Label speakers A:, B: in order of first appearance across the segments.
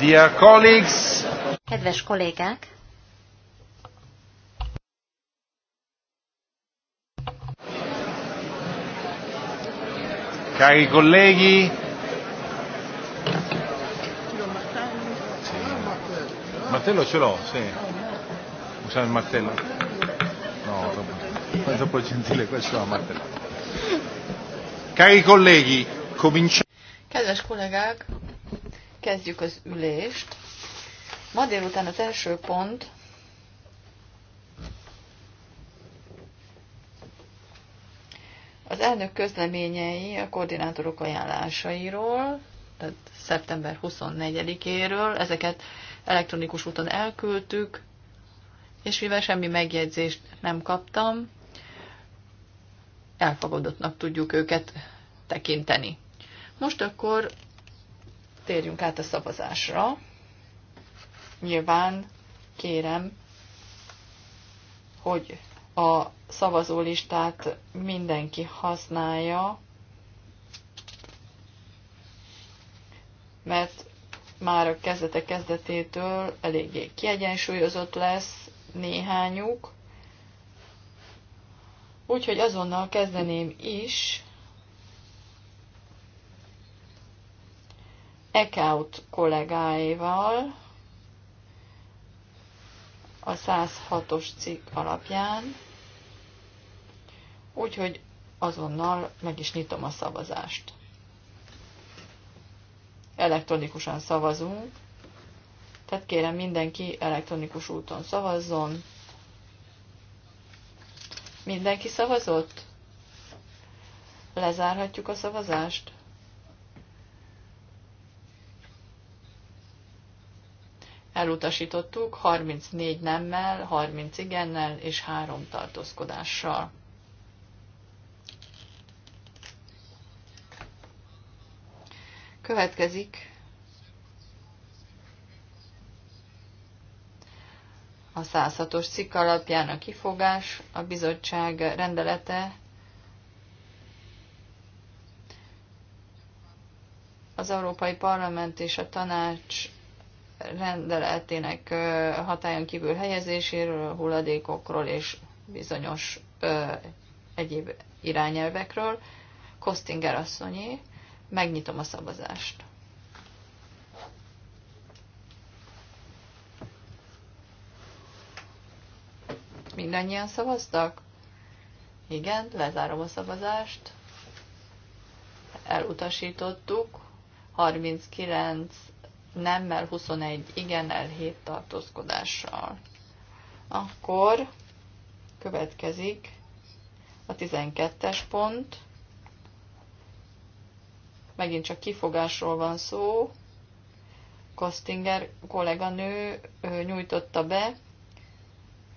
A: Dear colleagues. Kedves kollégák.
B: Cari colleghi. Sì. Martello ce l'ho, sì. Usiamo il martello. No, dopo, dopo gentile questo è il martello. Cari colleghi, cominciamo.
C: Kedves kollégák, Kezdjük az ülést. Ma délután az első pont az elnök közleményei a koordinátorok ajánlásairól, tehát szeptember 24-éről, ezeket elektronikus úton elküldtük, és mivel semmi megjegyzést nem kaptam, elfogadottnak tudjuk őket tekinteni. Most akkor térjünk át a szavazásra. Nyilván kérem, hogy a szavazólistát mindenki használja, mert már a kezdete kezdetétől eléggé kiegyensúlyozott lesz néhányuk. Úgyhogy azonnal kezdeném is Eckhout kollégáival a 106-os cikk alapján, úgyhogy azonnal meg is nyitom a szavazást. Elektronikusan szavazunk, tehát kérem mindenki elektronikus úton szavazzon. Mindenki szavazott? Lezárhatjuk a szavazást? elutasítottuk 34 nemmel, 30 igennel és 3 tartózkodással. Következik a 106-os cikk alapján a kifogás, a bizottság rendelete az Európai Parlament és a Tanács rendeletének hatályon kívül helyezéséről, hulladékokról és bizonyos ö, egyéb irányelvekről. Kostinger asszonyé, megnyitom a szavazást. Mindannyian szavaztak? Igen, lezárom a szavazást. Elutasítottuk. 39 nemmel, 21 igennel, 7 tartózkodással. Akkor következik a 12-es pont. Megint csak kifogásról van szó. Kostinger kolléganő nyújtotta be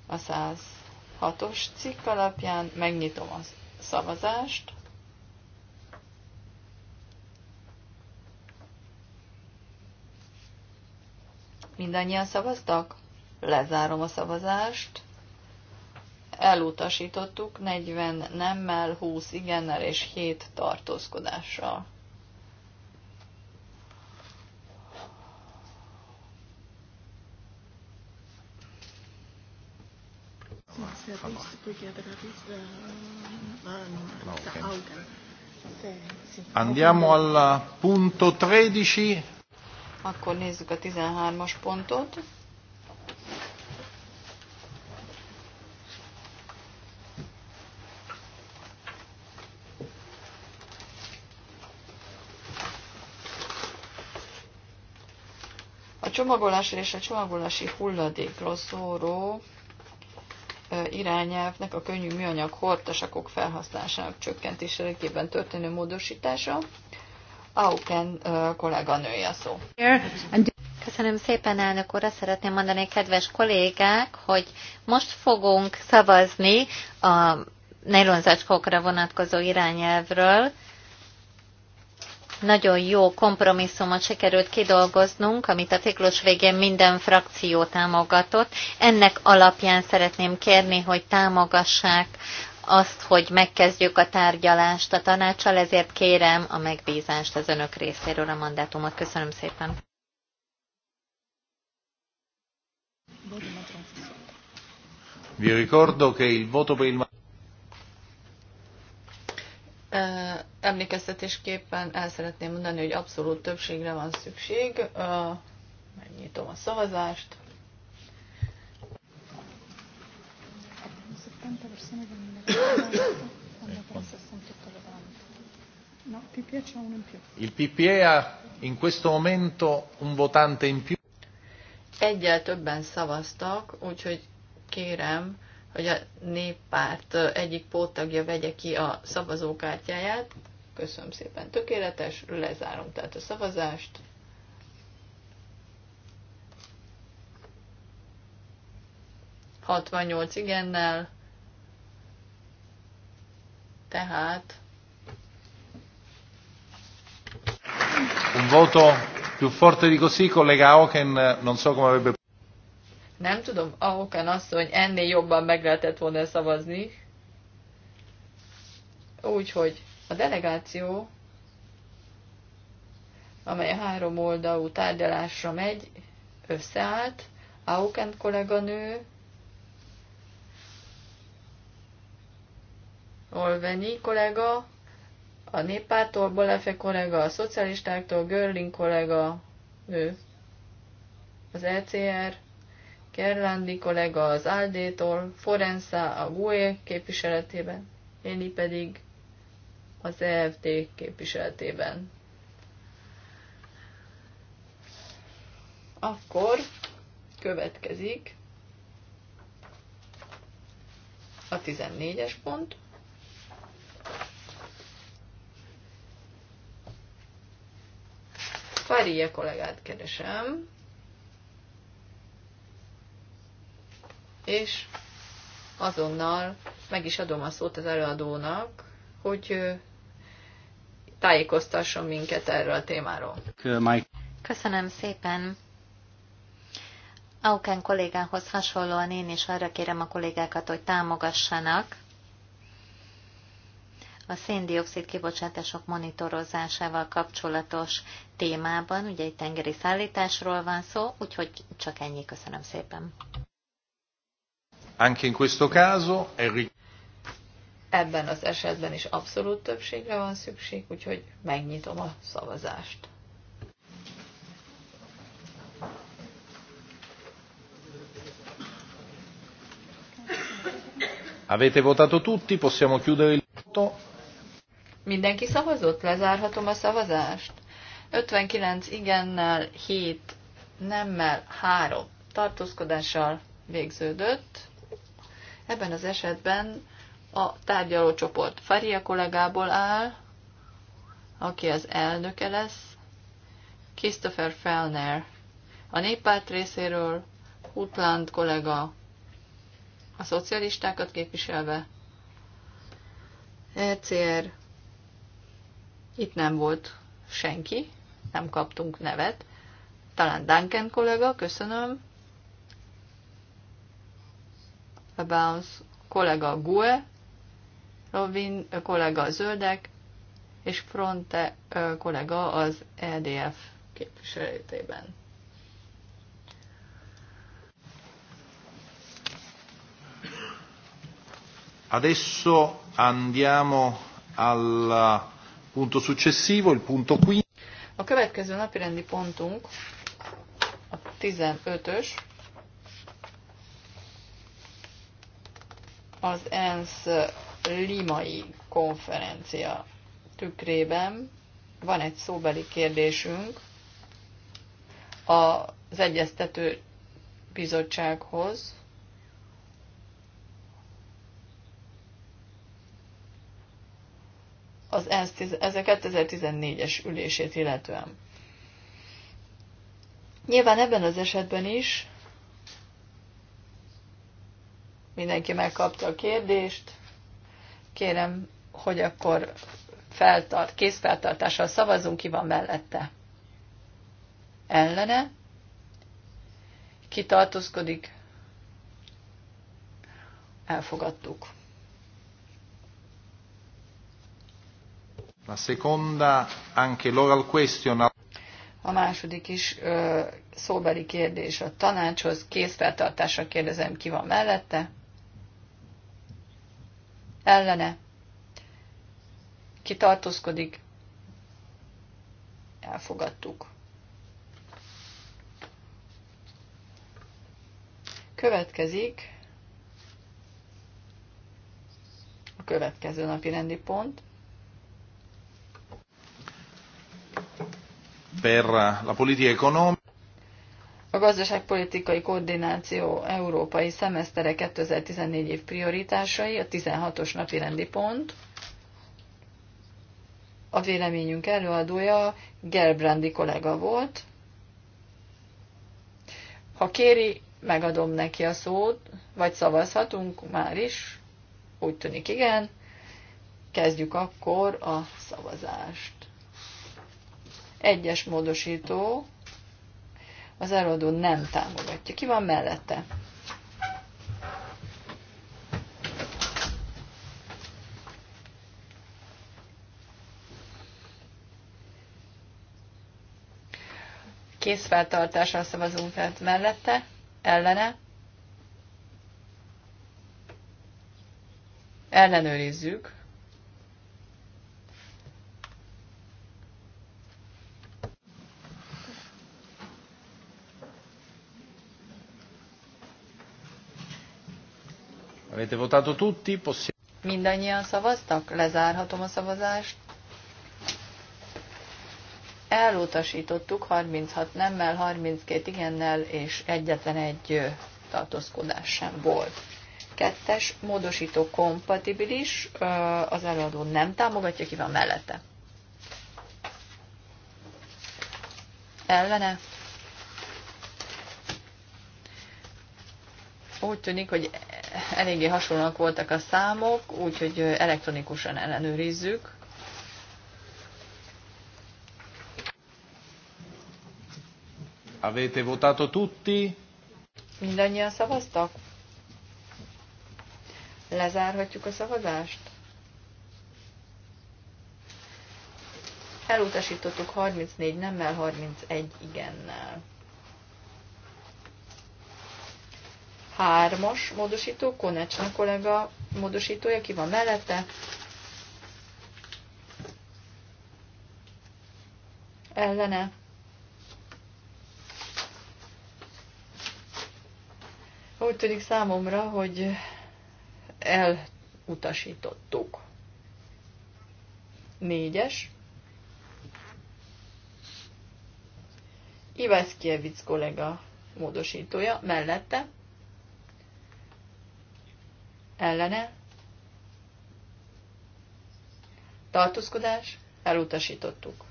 C: a 106-os cikk alapján. Megnyitom a szavazást. Mindannyian szavaztak?
D: Lezárom
C: a szavazást. Elutasítottuk 40 nemmel, 20 igennel és 7 tartózkodással.
B: Andiamo al punto 13
C: akkor nézzük a 13-as pontot. A csomagolásra és a csomagolási hulladékról szóró irányelvnek a könnyű műanyag hortasakok felhasználásának csökkentése érdekében történő módosítása. Auken kolléganője a szó.
A: Köszönöm szépen, elnök úr. Azt szeretném mondani, kedves kollégák, hogy most fogunk szavazni a nejlonzacskókra vonatkozó irányelvről. Nagyon jó kompromisszumot sikerült kidolgoznunk, amit a ciklus végén minden frakció támogatott. Ennek alapján szeretném kérni, hogy támogassák azt, hogy megkezdjük a tárgyalást a tanácssal, ezért kérem a megbízást az önök részéről a mandátumot. Köszönöm szépen.
B: Vi ricordo che il voto per il
C: Emlékeztetésképpen el szeretném mondani, hogy abszolút többségre van szükség. Megnyitom a szavazást.
B: Eh,
D: no, c'è uno in più.
B: Il PPE ha in questo momento un votante in più.
C: Egyel többen szavaztak, úgyhogy kérem, hogy a néppárt egyik póttagja vegye ki a szavazókártyáját. Köszönöm szépen, tökéletes, lezárom tehát a szavazást. Hatvannyolc igennel, tehát
B: Un voto più forte di così, collega Auken, non so come avrebbe...
C: Nem tudom, Auken asszony ennél jobban meg lehetett volna szavazni. Úgyhogy a delegáció, amely három oldalú tárgyalásra megy, összeállt. Auken kolléganő Olveni kollega, a néppártól Bolefe kollega, a szocialistáktól Görling kollega, ő, az ECR, Kerlandi kollega az Aldétól, Forensa a GUE képviseletében, Éli pedig az EFT képviseletében. Akkor következik a 14-es pont. Faria kollégát keresem, és azonnal meg is adom a szót az előadónak, hogy tájékoztasson minket erről a témáról. Köszönöm szépen!
A: Auken kollégához hasonlóan én is arra kérem a kollégákat, hogy támogassanak a széndiokszid kibocsátások monitorozásával kapcsolatos témában. Ugye egy tengeri szállításról van szó, úgyhogy csak ennyi. Köszönöm
C: szépen.
B: Anche in questo caso è
C: Ebben az esetben is abszolút többségre van szükség, úgyhogy megnyitom a szavazást.
B: Avete votato tutti, possiamo chiudere il
C: voto. Mindenki szavazott? Lezárhatom a szavazást? 59 igennel, 7 nemmel, 3 tartózkodással végződött. Ebben az esetben a tárgyalócsoport Faria kollégából áll, aki az elnöke lesz, Christopher Fellner a néppárt részéről, Hutland kollega a szocialistákat képviselve, ECR itt nem volt senki, nem kaptunk nevet. Talán Duncan kollega, köszönöm. A Bounce kollega GUE, Robin kollega a Zöldek, és Fronte kollega az EDF képviseletében.
B: Adesso andiamo alla Punto successivo, il punto qui.
C: A következő napirendi pontunk a 15-ös, az ENSZ limai konferencia tükrében van egy szóbeli kérdésünk az egyeztető bizottsághoz, az ENSZ, ez a 2014-es ülését illetően. Nyilván ebben az esetben is mindenki megkapta a kérdést. Kérem, hogy akkor feltart, készfeltartással szavazunk, ki van mellette. Ellene. Ki tartózkodik? Elfogadtuk.
B: La seconda, anche l'oral question.
C: A második is ö, szóbeli kérdés a tanácshoz. Készfeltartásra kérdezem, ki van mellette? Ellene? Ki tartózkodik? Elfogadtuk. Következik a következő napi rendi pont.
B: per la politica economica.
C: A gazdaságpolitikai koordináció európai szemesztere 2014 év prioritásai, a 16-os napi rendi pont. A véleményünk előadója Gerbrandi kollega volt. Ha kéri, megadom neki a szót, vagy szavazhatunk már is. Úgy tűnik igen. Kezdjük akkor a szavazást. Egyes módosító az előadó nem támogatja. Ki van mellette? készfeltartással szavazunk fel mellette, ellene. Ellenőrizzük.
B: Avete votato tutti?
C: Mindannyian szavaztak? Lezárhatom a szavazást. Elutasítottuk 36 nemmel, 32 igennel, és egyetlen egy tartózkodás sem volt. Kettes módosító kompatibilis, az előadó nem támogatja, ki van mellette. Ellene. Úgy tűnik, hogy eléggé hasonlóak voltak a számok, úgyhogy elektronikusan ellenőrizzük.
B: Avete votato tutti?
C: Mindannyian szavaztak? Lezárhatjuk a szavazást? Elutasítottuk 34 nemmel, 31 igennel. hármas módosító, Konecsna kollega módosítója, ki van mellette, ellene. Úgy tűnik számomra, hogy elutasítottuk. Négyes. Iveszkievic kollega módosítója mellette ellene, tartózkodás, elutasítottuk.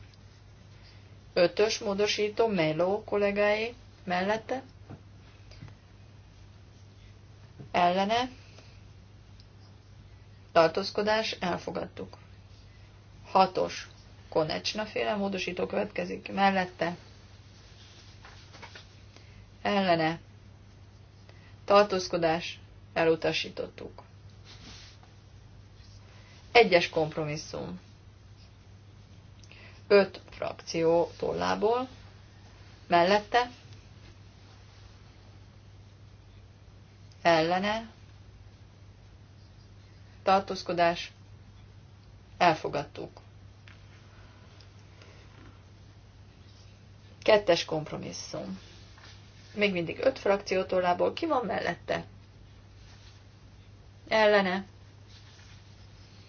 C: Ötös módosító Melo kollégái mellette, ellene, tartózkodás, elfogadtuk. Hatos Konecsna féle módosító következik mellette, ellene, tartózkodás, elutasítottuk. Egyes kompromisszum. Öt frakció tollából, mellette, ellene, tartózkodás, elfogadtuk. Kettes kompromisszum. Még mindig öt frakció tollából ki van mellette? ellene,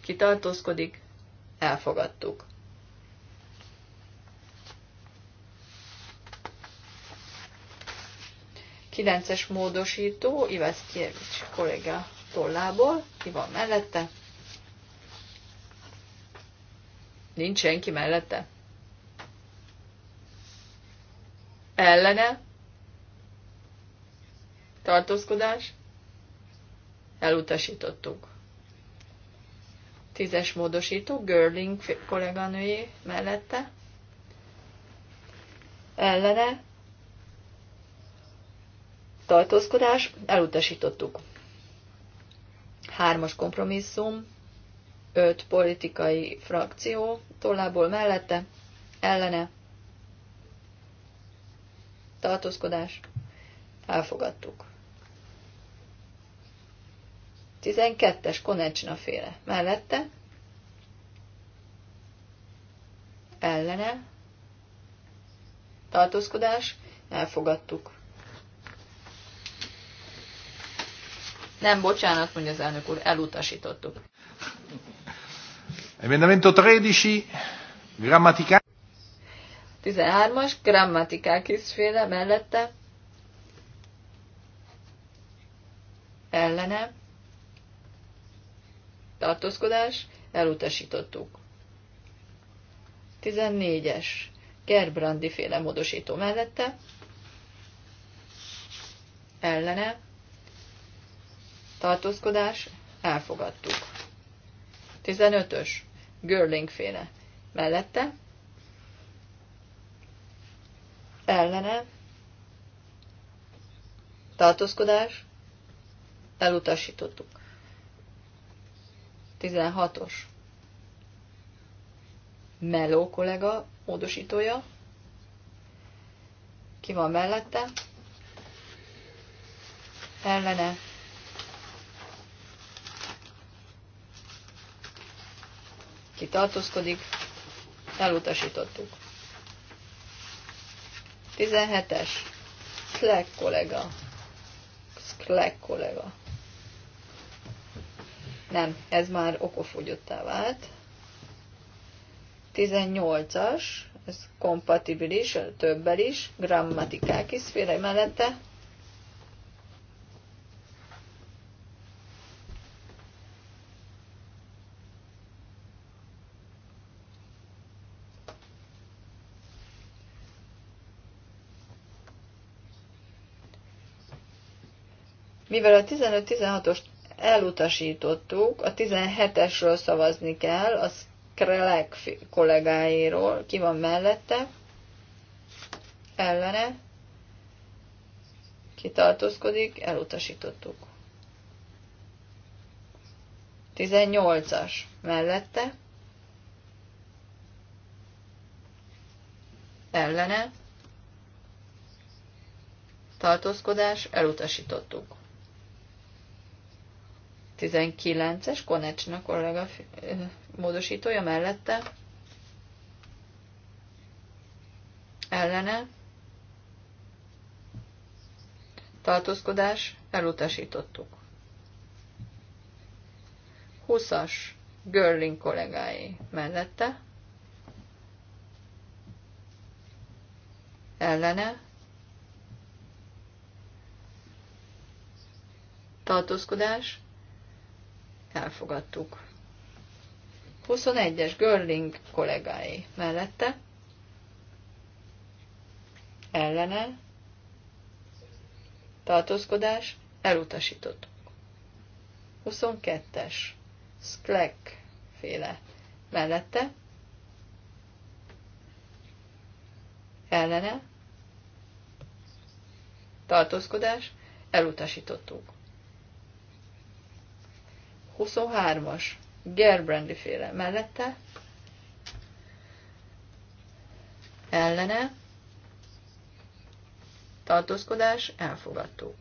C: ki tartózkodik, elfogadtuk. Kilences módosító, Iveszkiewicz kolléga tollából, ki van mellette? Nincs senki mellette? Ellene? Tartózkodás? elutasítottuk. Tízes módosító, Görling kolléganői mellette, ellene, tartózkodás, elutasítottuk. Hármas kompromisszum, öt politikai frakció, tollából mellette, ellene, tartózkodás, elfogadtuk. 12-es Konecsna féle. Mellette. Ellene. Tartózkodás. Elfogadtuk. Nem, bocsánat, mondja az elnök úr, elutasítottuk.
B: Emendamento 13, grammatica.
C: 13-as, grammatikákis féle mellette. Ellene tartózkodás, elutasítottuk. 14-es, Gerbrandi féle módosító mellette, ellene, tartózkodás, elfogadtuk. 15-ös, Görling féle mellette, ellene, tartózkodás, elutasítottuk. 16-os Meló kollega módosítója. Ki van mellette? Ellene. Ki tartózkodik? Elutasítottuk. 17-es. Slack kollega. Slack kollega. Nem, ez már okofogyottá vált. 18-as, ez kompatibilis, többel is, grammatikák is félre mellette. Mivel a 15-16-ost elutasítottuk, a 17-esről szavazni kell, az Krelek kollégáiról, ki van mellette, ellene, kitartózkodik, elutasítottuk. 18-as mellette, ellene, tartózkodás, elutasítottuk. 19-es Konecsnak kollega módosítója mellette ellene tartózkodás elutasítottuk. 20-as Görling kollégái mellette ellene tartózkodás elfogadtuk. 21-es Görling kollégái mellette, ellene, tartózkodás, elutasítottuk. 22-es Skleck féle mellette, ellene, tartózkodás, elutasítottuk. 23-as. Gerbrandi féle mellette. Ellene. Tartózkodás. Elfogadtuk.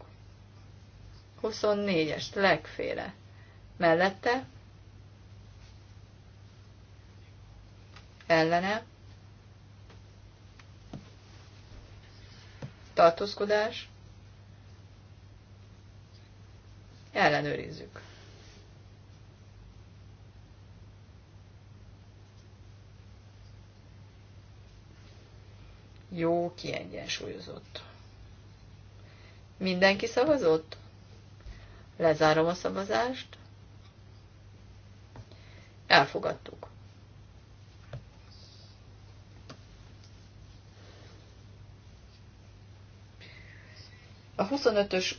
C: 24-es. Legféle. Mellette. Ellene. Tartózkodás. Ellenőrizzük. jó, kiegyensúlyozott. Mindenki szavazott? Lezárom a szavazást. Elfogadtuk. A 25-ös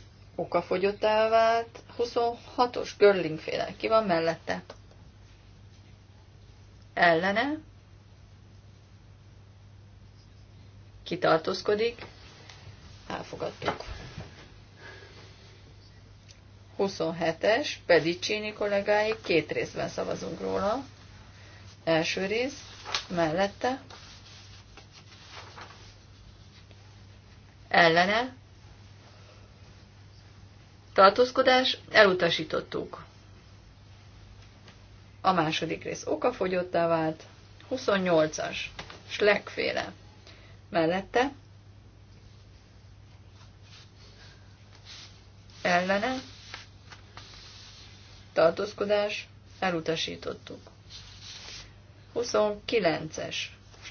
C: fogyott elvált, 26-os görlingféle ki van mellette. Ellene kitartózkodik, elfogadtuk. 27-es, Pedicini kollégáig, két részben szavazunk róla. Első rész, mellette, ellene, tartózkodás, elutasítottuk. A második rész okafogyottá vált, 28-as, slegféle mellette, ellene, tartózkodás, elutasítottuk. 29-es,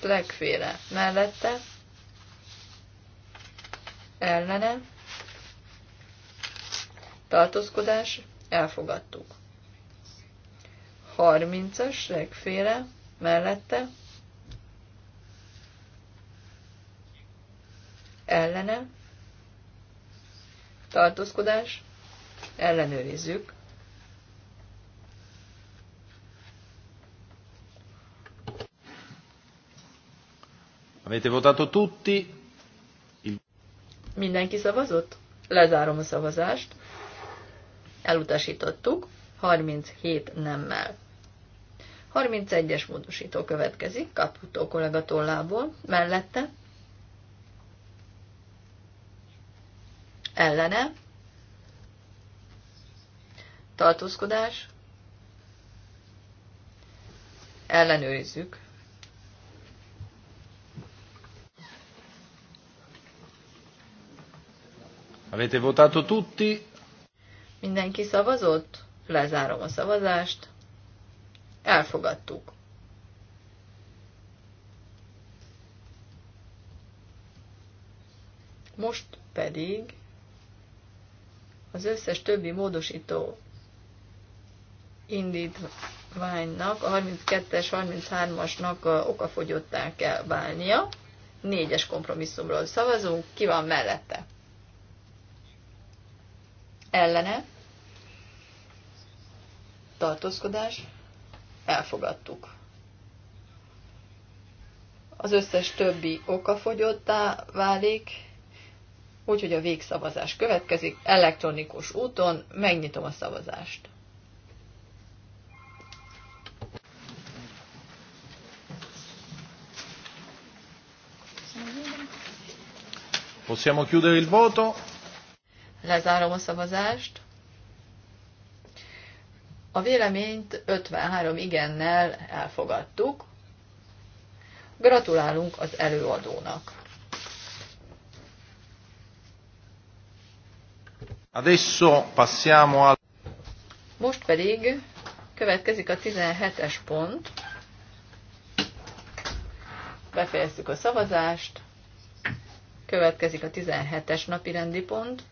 C: legféle, mellette, ellene, tartózkodás, elfogadtuk. 30-as, legféle, mellette, ellene, tartózkodás, ellenőrizzük.
B: Avete votato tutti? Il...
C: Mindenki szavazott? Lezárom a szavazást. Elutasítottuk. 37 nemmel. 31-es módosító következik, kaputó kollega tollából, mellette, ellene, tartózkodás, ellenőrizzük.
B: Avete votato tutti?
C: Mindenki szavazott? Lezárom a szavazást. Elfogadtuk. Most pedig az összes többi módosító indítványnak, a 32-es, 33-asnak okafogyottá kell válnia. Négyes kompromisszumról szavazunk, ki van mellette? Ellene? Tartózkodás? Elfogadtuk. Az összes többi okafogyottá válik, Úgyhogy a végszavazás következik elektronikus úton. Megnyitom a szavazást.
B: Possiamo chiudere il voto.
D: Lezárom
C: a szavazást. A véleményt 53 igennel elfogadtuk. Gratulálunk az előadónak.
B: Adesso passiamo al...
C: Most pedig következik a 17-es pont. Befejeztük a szavazást. Következik a 17-es napi rendi pont.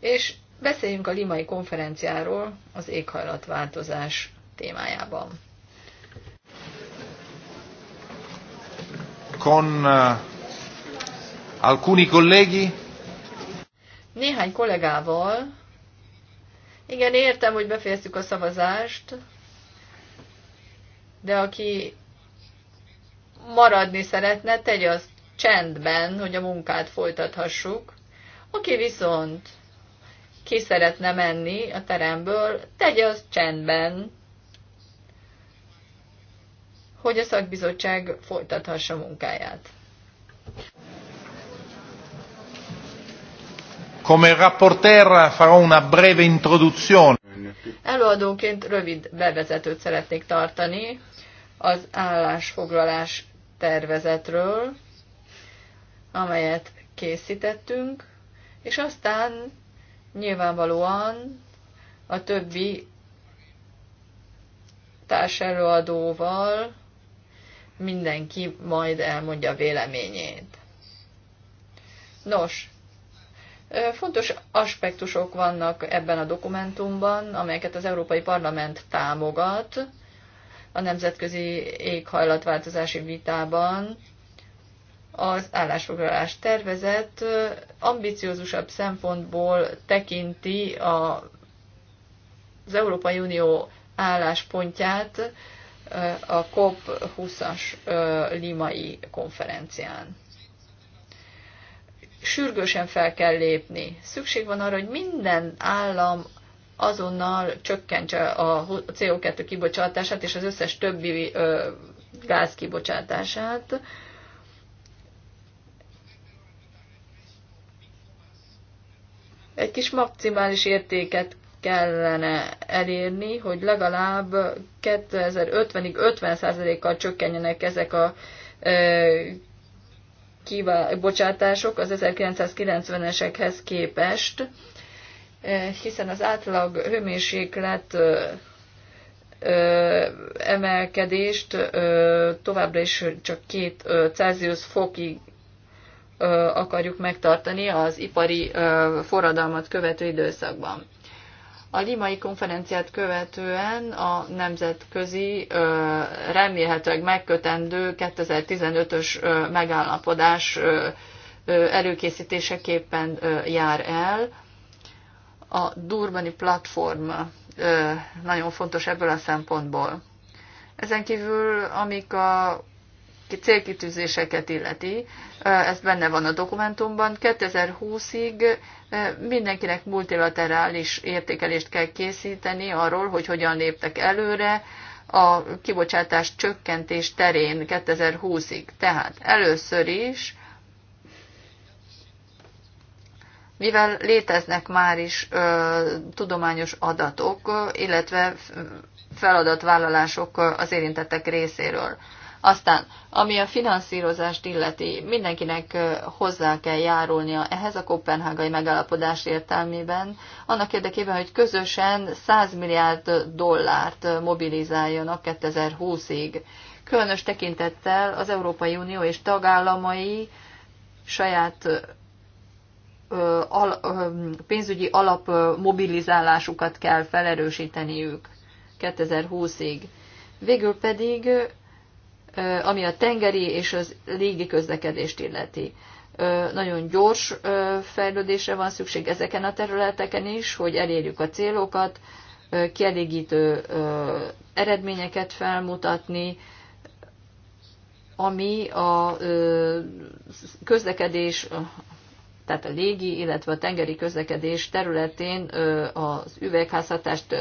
C: És beszéljünk a limai konferenciáról az éghajlatváltozás témájában.
B: Con eh, Alcuni colleghi?
C: Néhány kollégával. Igen, értem, hogy befejeztük a szavazást, de aki maradni szeretne, tegye azt csendben, hogy a munkát folytathassuk. Aki viszont ki szeretne menni a teremből, tegye azt csendben, hogy a szakbizottság folytathassa munkáját.
B: Come rapporter farò una breve introduzione.
C: Előadóként rövid bevezetőt szeretnék tartani az állásfoglalás tervezetről, amelyet készítettünk, és aztán nyilvánvalóan a többi társelőadóval mindenki majd elmondja véleményét. Nos, Fontos aspektusok vannak ebben a dokumentumban, amelyeket az Európai Parlament támogat a nemzetközi éghajlatváltozási vitában. Az állásfoglalás tervezet ambiciózusabb szempontból tekinti a, az Európai Unió álláspontját a COP20-as limai konferencián sürgősen fel kell lépni. Szükség van arra, hogy minden állam azonnal csökkentse a CO2 kibocsátását és az összes többi ö, gáz kibocsátását. Egy kis maximális értéket kellene elérni, hogy legalább 2050-ig 50%-kal csökkenjenek ezek a kibocsátások az 1990-esekhez képest, eh, hiszen az átlag hőmérséklet eh, eh, emelkedést továbbra is csak két Celsius fokig akarjuk megtartani az ipari forradalmat követő időszakban. A limai konferenciát követően a nemzetközi remélhetőleg megkötendő 2015-ös megállapodás előkészítéseképpen jár el. A Durbani platform nagyon fontos ebből a szempontból. Ezen kívül, amik a célkitűzéseket illeti, ez benne van a dokumentumban, 2020-ig Mindenkinek multilaterális értékelést kell készíteni arról, hogy hogyan léptek előre a kibocsátás csökkentés terén 2020-ig. Tehát először is, mivel léteznek már is ö, tudományos adatok, illetve feladatvállalások az érintettek részéről. Aztán, ami a finanszírozást illeti, mindenkinek hozzá kell járulnia ehhez a kopenhágai megállapodás értelmében, annak érdekében, hogy közösen 100 milliárd dollárt mobilizáljanak 2020-ig. Különös tekintettel az Európai Unió és tagállamai saját pénzügyi alap mobilizálásukat kell felerősíteniük 2020-ig. Végül pedig ami a tengeri és az légi közlekedést illeti. Nagyon gyors fejlődésre van szükség ezeken a területeken is, hogy elérjük a célokat, kielégítő eredményeket felmutatni, ami a közlekedés, tehát a légi, illetve a tengeri közlekedés területén az üvegházhatást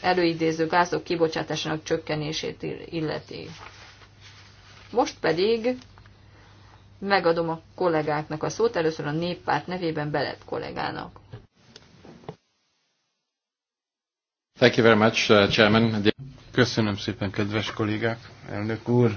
C: előidéző gázok kibocsátásának csökkenését illeti. Most pedig megadom a kollégáknak a szót, először a néppárt nevében Belet kollégának.
E: Thank you very much, uh, Chairman. Köszönöm szépen, kedves kollégák, elnök úr,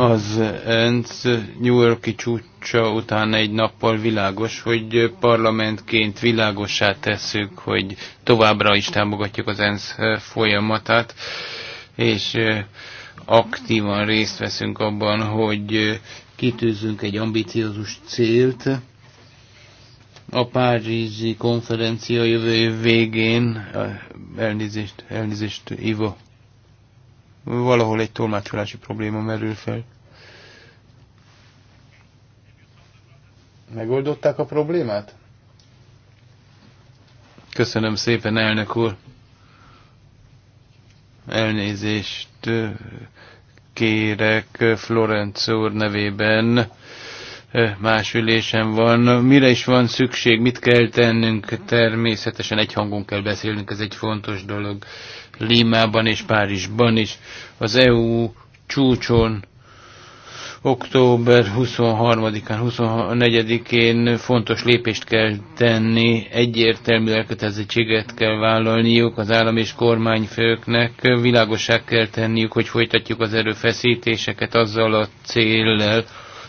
E: az ENSZ New Yorki csúcsa után egy nappal világos, hogy parlamentként világossá tesszük, hogy továbbra is támogatjuk az ENSZ folyamatát, és aktívan részt veszünk abban, hogy kitűzzünk egy ambiciózus célt, a Párizsi konferencia jövő év végén, elnézést, elnézést Ivo valahol egy tolmácsolási probléma merül fel. Megoldották a problémát? Köszönöm szépen, elnök úr. Elnézést kérek Florenc úr nevében más ülésen van. Mire is van szükség, mit kell tennünk? Természetesen egy hangon kell beszélnünk, ez egy fontos dolog. Límában és Párizsban is. Az EU csúcson október 23-án, 24-én fontos lépést kell tenni, egyértelmű elkötelezettséget kell vállalniuk az állam és kormányfőknek, világosság kell tenniük, hogy folytatjuk az erőfeszítéseket azzal a céllel,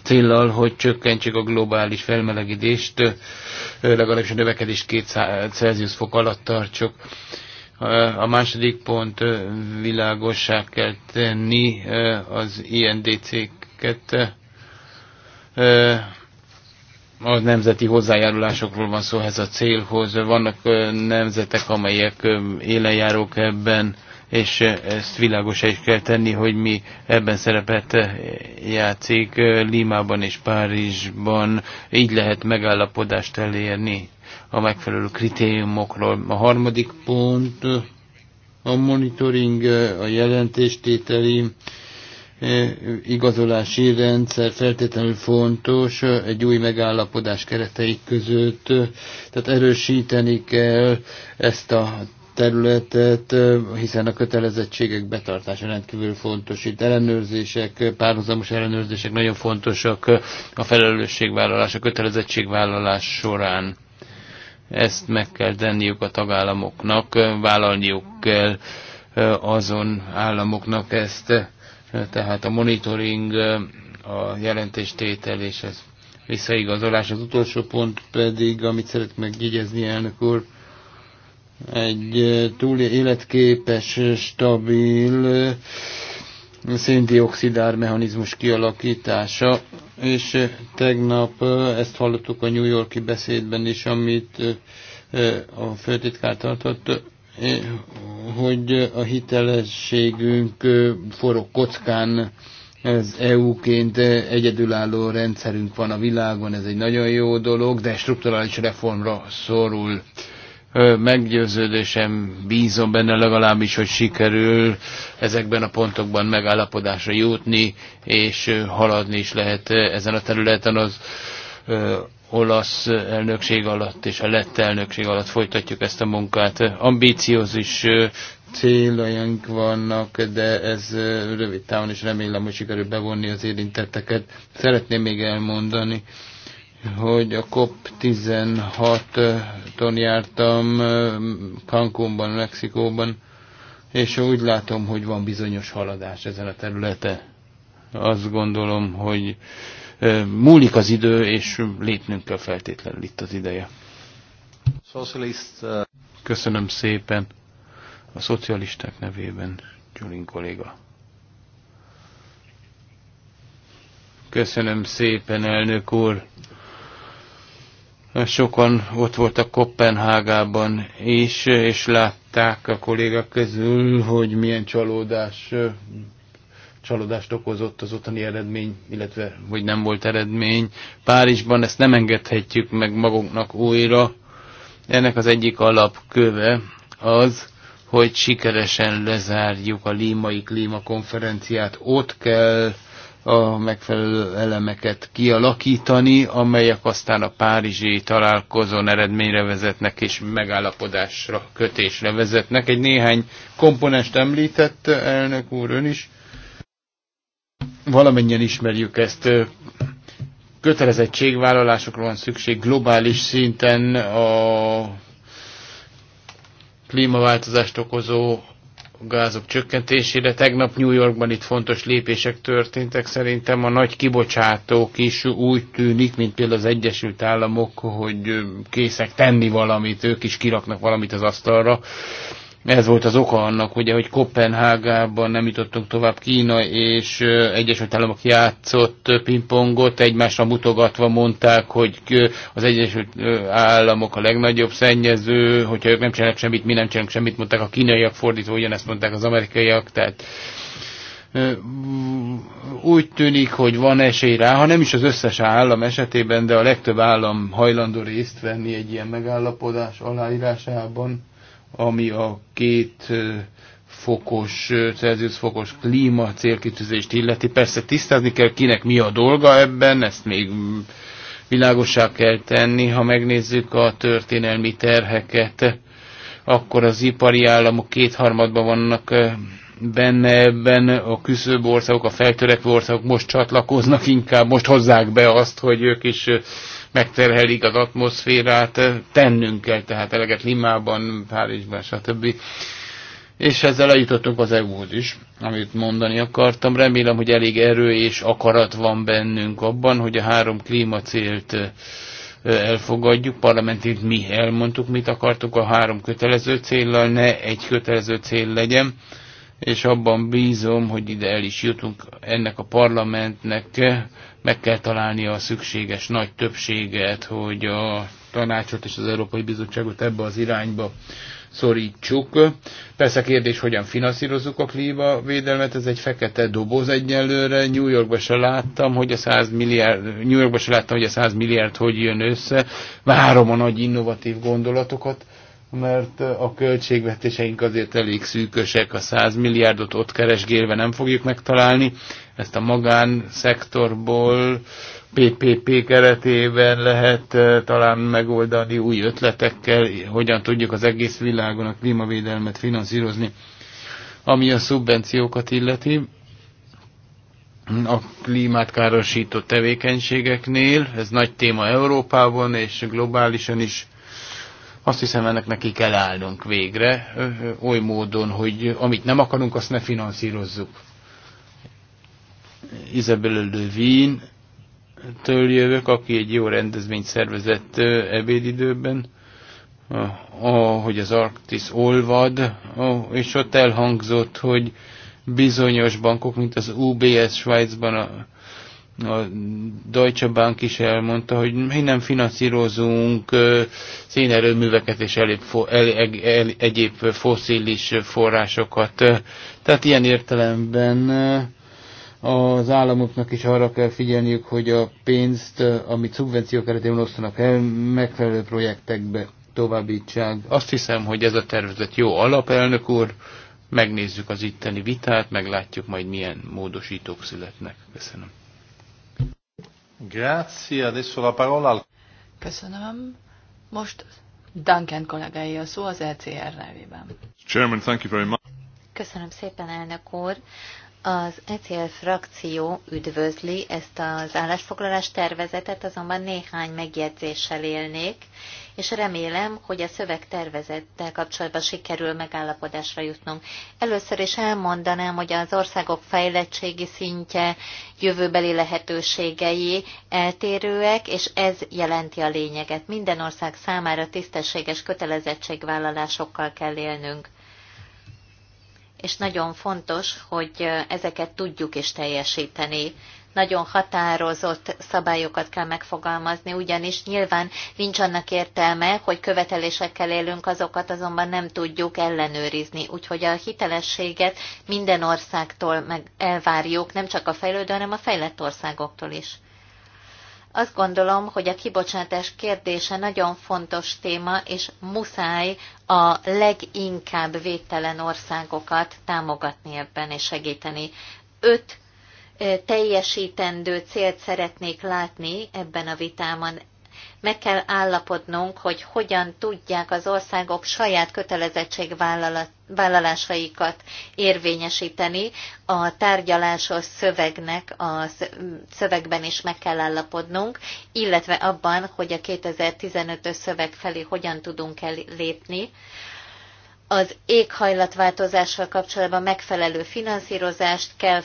E: célral, hogy csökkentsék a globális felmelegedést, legalábbis a növekedést 2 Celsius fok alatt tartsuk. A második pont világossá kell tenni az INDC-ket. A nemzeti hozzájárulásokról van szó ez a célhoz. Vannak nemzetek, amelyek élenjárók ebben és eh, ezt világosá is kell tenni, hogy mi ebben szerepet eh, játszik eh, Límában és Párizsban, így lehet megállapodást elérni a megfelelő kritériumokról. A harmadik pont a monitoring, a jelentéstételi igazolási rendszer feltétlenül fontos egy új megállapodás keretei között, tehát erősíteni kell ezt a területet, hiszen a kötelezettségek betartása rendkívül fontos. Itt ellenőrzések, párhuzamos ellenőrzések nagyon fontosak a felelősségvállalás, a kötelezettségvállalás során. Ezt meg kell tenniük a tagállamoknak, vállalniuk kell azon államoknak ezt, tehát a monitoring, a jelentéstétel és ez visszaigazolás. Az utolsó pont pedig, amit szeretnék megjegyezni elnök úr, egy túl életképes, stabil széndiokszidár mechanizmus kialakítása, és tegnap ezt hallottuk a New Yorki beszédben is, amit a főtitkár tartott, hogy a hitelességünk forog kockán, ez EU-ként egyedülálló rendszerünk van a világon, ez egy nagyon jó dolog, de strukturális reformra szorul meggyőződésem, bízom benne legalábbis, hogy sikerül ezekben a pontokban megállapodásra jutni, és haladni is lehet ezen a területen az olasz elnökség alatt és a lett elnökség alatt folytatjuk ezt a munkát. Ambíciózis céljaink vannak, de ez rövid távon is remélem, hogy sikerül bevonni az érintetteket. Szeretném még elmondani, hogy a COP16-on jártam Cancúnban, Mexikóban, és úgy látom, hogy van bizonyos haladás ezen a területen. Azt gondolom, hogy múlik az idő, és lépnünk kell feltétlenül itt az ideje. Köszönöm szépen a szocialisták nevében, Gyulin kolléga. Köszönöm szépen, elnök úr. Sokan ott voltak Kopenhágában is, és látták a kollégák közül, hogy milyen csalódás, csalódást okozott az ottani eredmény, illetve hogy nem volt eredmény. Párizsban ezt nem engedhetjük meg magunknak újra. Ennek az egyik alapköve az, hogy sikeresen lezárjuk a límai klímakonferenciát. Ott kell a megfelelő elemeket kialakítani, amelyek aztán a párizsi találkozón eredményre vezetnek és megállapodásra, kötésre vezetnek. Egy néhány komponest említett elnök úr ön is. Valamennyien ismerjük ezt. Kötelezettségvállalásokról van szükség globális szinten a klímaváltozást okozó gázok csökkentésére. Tegnap New Yorkban itt fontos lépések történtek. Szerintem a nagy kibocsátók is úgy tűnik, mint például az Egyesült Államok, hogy készek tenni valamit, ők is kiraknak valamit az asztalra. Ez volt az oka annak, ugye, hogy Kopenhágában nem jutottunk tovább Kína, és Egyesült Államok játszott pingpongot, egymásra mutogatva mondták, hogy az Egyesült Államok a legnagyobb szennyező, hogyha ők nem csinálnak semmit, mi nem csinálunk semmit, mondták a kínaiak fordítva, ugyanezt mondták az amerikaiak, tehát úgy tűnik, hogy van esély rá, ha nem is az összes állam esetében, de a legtöbb állam hajlandó részt venni egy ilyen megállapodás aláírásában ami a két fokos, Celsius fokos klíma célkitűzést illeti. Persze tisztázni kell, kinek mi a dolga ebben, ezt még világosá kell tenni. Ha megnézzük a történelmi terheket, akkor az ipari államok kétharmadban vannak benne ebben a küszöbb országok, a feltörekvő országok most csatlakoznak inkább, most hozzák be azt, hogy ők is megterhelik az atmoszférát, tennünk kell tehát eleget Limában, Párizsban, stb. És ezzel eljutottunk az eu is, amit mondani akartam. Remélem, hogy elég erő és akarat van bennünk abban, hogy a három klímacélt elfogadjuk. Parlamentint mi elmondtuk, mit akartuk a három kötelező céllal, ne egy kötelező cél legyen és abban bízom, hogy ide el is jutunk ennek a parlamentnek meg kell találni a szükséges nagy többséget, hogy a tanácsot és az Európai Bizottságot ebbe az irányba szorítsuk. Persze kérdés, hogyan finanszírozzuk a klímavédelmet, ez egy fekete doboz egyelőre. New Yorkba se láttam, hogy a 100 milliárd, New Yorkba se láttam, hogy a 100 milliárd hogy jön össze. Várom a nagy innovatív gondolatokat mert a költségvetéseink azért elég szűkösek, a 100 milliárdot ott keresgélve nem fogjuk megtalálni, ezt a magánszektorból PPP keretében lehet eh, talán megoldani új ötletekkel, hogyan tudjuk az egész világon a klímavédelmet finanszírozni. Ami a szubvenciókat illeti, a klímát károsító tevékenységeknél, ez nagy téma Európában és globálisan is, azt hiszem, ennek neki kell állnunk végre, oly módon, hogy amit nem akarunk, azt ne finanszírozzuk. Isabelle Lövin től jövök, aki egy jó rendezvényt szervezett ebédidőben, hogy az Arktis olvad, és ott elhangzott, hogy bizonyos bankok, mint az UBS Svájcban, a a Deutsche Bank is elmondta, hogy mi nem finanszírozunk szénerőműveket és elébb, el, el, el, egyéb foszilis forrásokat. Tehát ilyen értelemben az államoknak is arra kell figyelniük, hogy a pénzt, amit szubvenció keretében osztanak el, megfelelő projektekbe továbbítsák. Azt hiszem, hogy ez a tervezet jó alapelnök úr, megnézzük az itteni vitát, meglátjuk majd milyen módosítók születnek. Köszönöm.
B: Grazie, adesso la parola al...
C: Köszönöm. Most Duncan kollégai a szó az ECR nevében.
B: Chairman, thank you very much.
C: Köszönöm
A: szépen, elnök úr. Az ECL frakció üdvözli ezt az állásfoglalás tervezetet, azonban néhány megjegyzéssel élnék, és remélem, hogy a szövegtervezettel kapcsolatban sikerül megállapodásra jutnunk. Először is elmondanám, hogy az országok fejlettségi szintje, jövőbeli lehetőségei eltérőek, és ez jelenti a lényeget. Minden ország számára tisztességes kötelezettségvállalásokkal kell élnünk és nagyon fontos, hogy ezeket tudjuk is teljesíteni. Nagyon határozott szabályokat kell megfogalmazni, ugyanis nyilván nincs annak értelme, hogy követelésekkel élünk, azokat azonban nem tudjuk ellenőrizni. Úgyhogy a hitelességet minden országtól meg elvárjuk, nem csak a fejlődő, hanem a fejlett országoktól is. Azt gondolom, hogy a kibocsátás kérdése nagyon fontos téma, és muszáj a leginkább védtelen országokat támogatni ebben és segíteni. Öt eh, teljesítendő célt szeretnék látni ebben a vitában meg kell állapodnunk, hogy hogyan tudják az országok saját kötelezettségvállalásaikat érvényesíteni. A tárgyalásos szövegnek a szövegben is meg kell állapodnunk, illetve abban, hogy a 2015-ös szöveg felé hogyan tudunk el lépni az éghajlatváltozással kapcsolatban megfelelő finanszírozást kell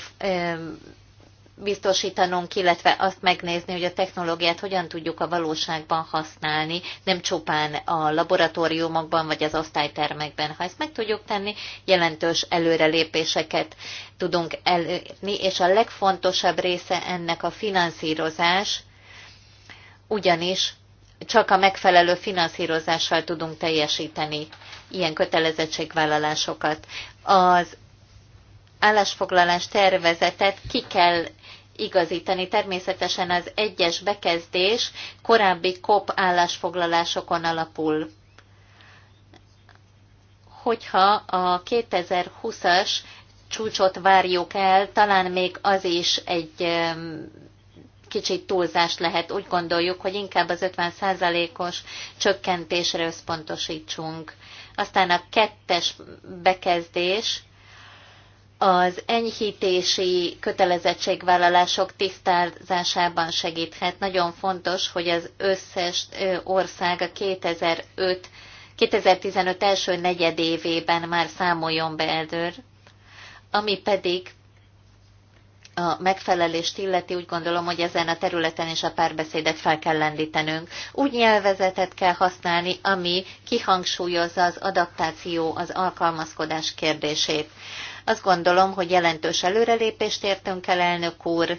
A: biztosítanunk, illetve azt megnézni, hogy a technológiát hogyan tudjuk a valóságban használni, nem csupán a laboratóriumokban vagy az osztálytermekben. Ha ezt meg tudjuk tenni, jelentős előrelépéseket tudunk elérni, és a legfontosabb része ennek a finanszírozás, ugyanis csak a megfelelő finanszírozással tudunk teljesíteni ilyen kötelezettségvállalásokat. Az állásfoglalás tervezetet ki kell igazítani. Természetesen az egyes bekezdés korábbi kop állásfoglalásokon alapul. Hogyha a 2020-as csúcsot várjuk el, talán még az is egy kicsit túlzás lehet. Úgy gondoljuk, hogy inkább az 50%-os csökkentésre összpontosítsunk. Aztán a kettes bekezdés az enyhítési kötelezettségvállalások tisztázásában segíthet. Nagyon fontos, hogy az összes ország a 2005, 2015 első negyedévében már számoljon be erről, ami pedig a megfelelést illeti, úgy gondolom, hogy ezen a területen is a párbeszédet fel kell lendítenünk. Úgy nyelvezetet kell használni, ami kihangsúlyozza az adaptáció, az alkalmazkodás kérdését. Azt gondolom, hogy jelentős előrelépést értünk el, elnök úr,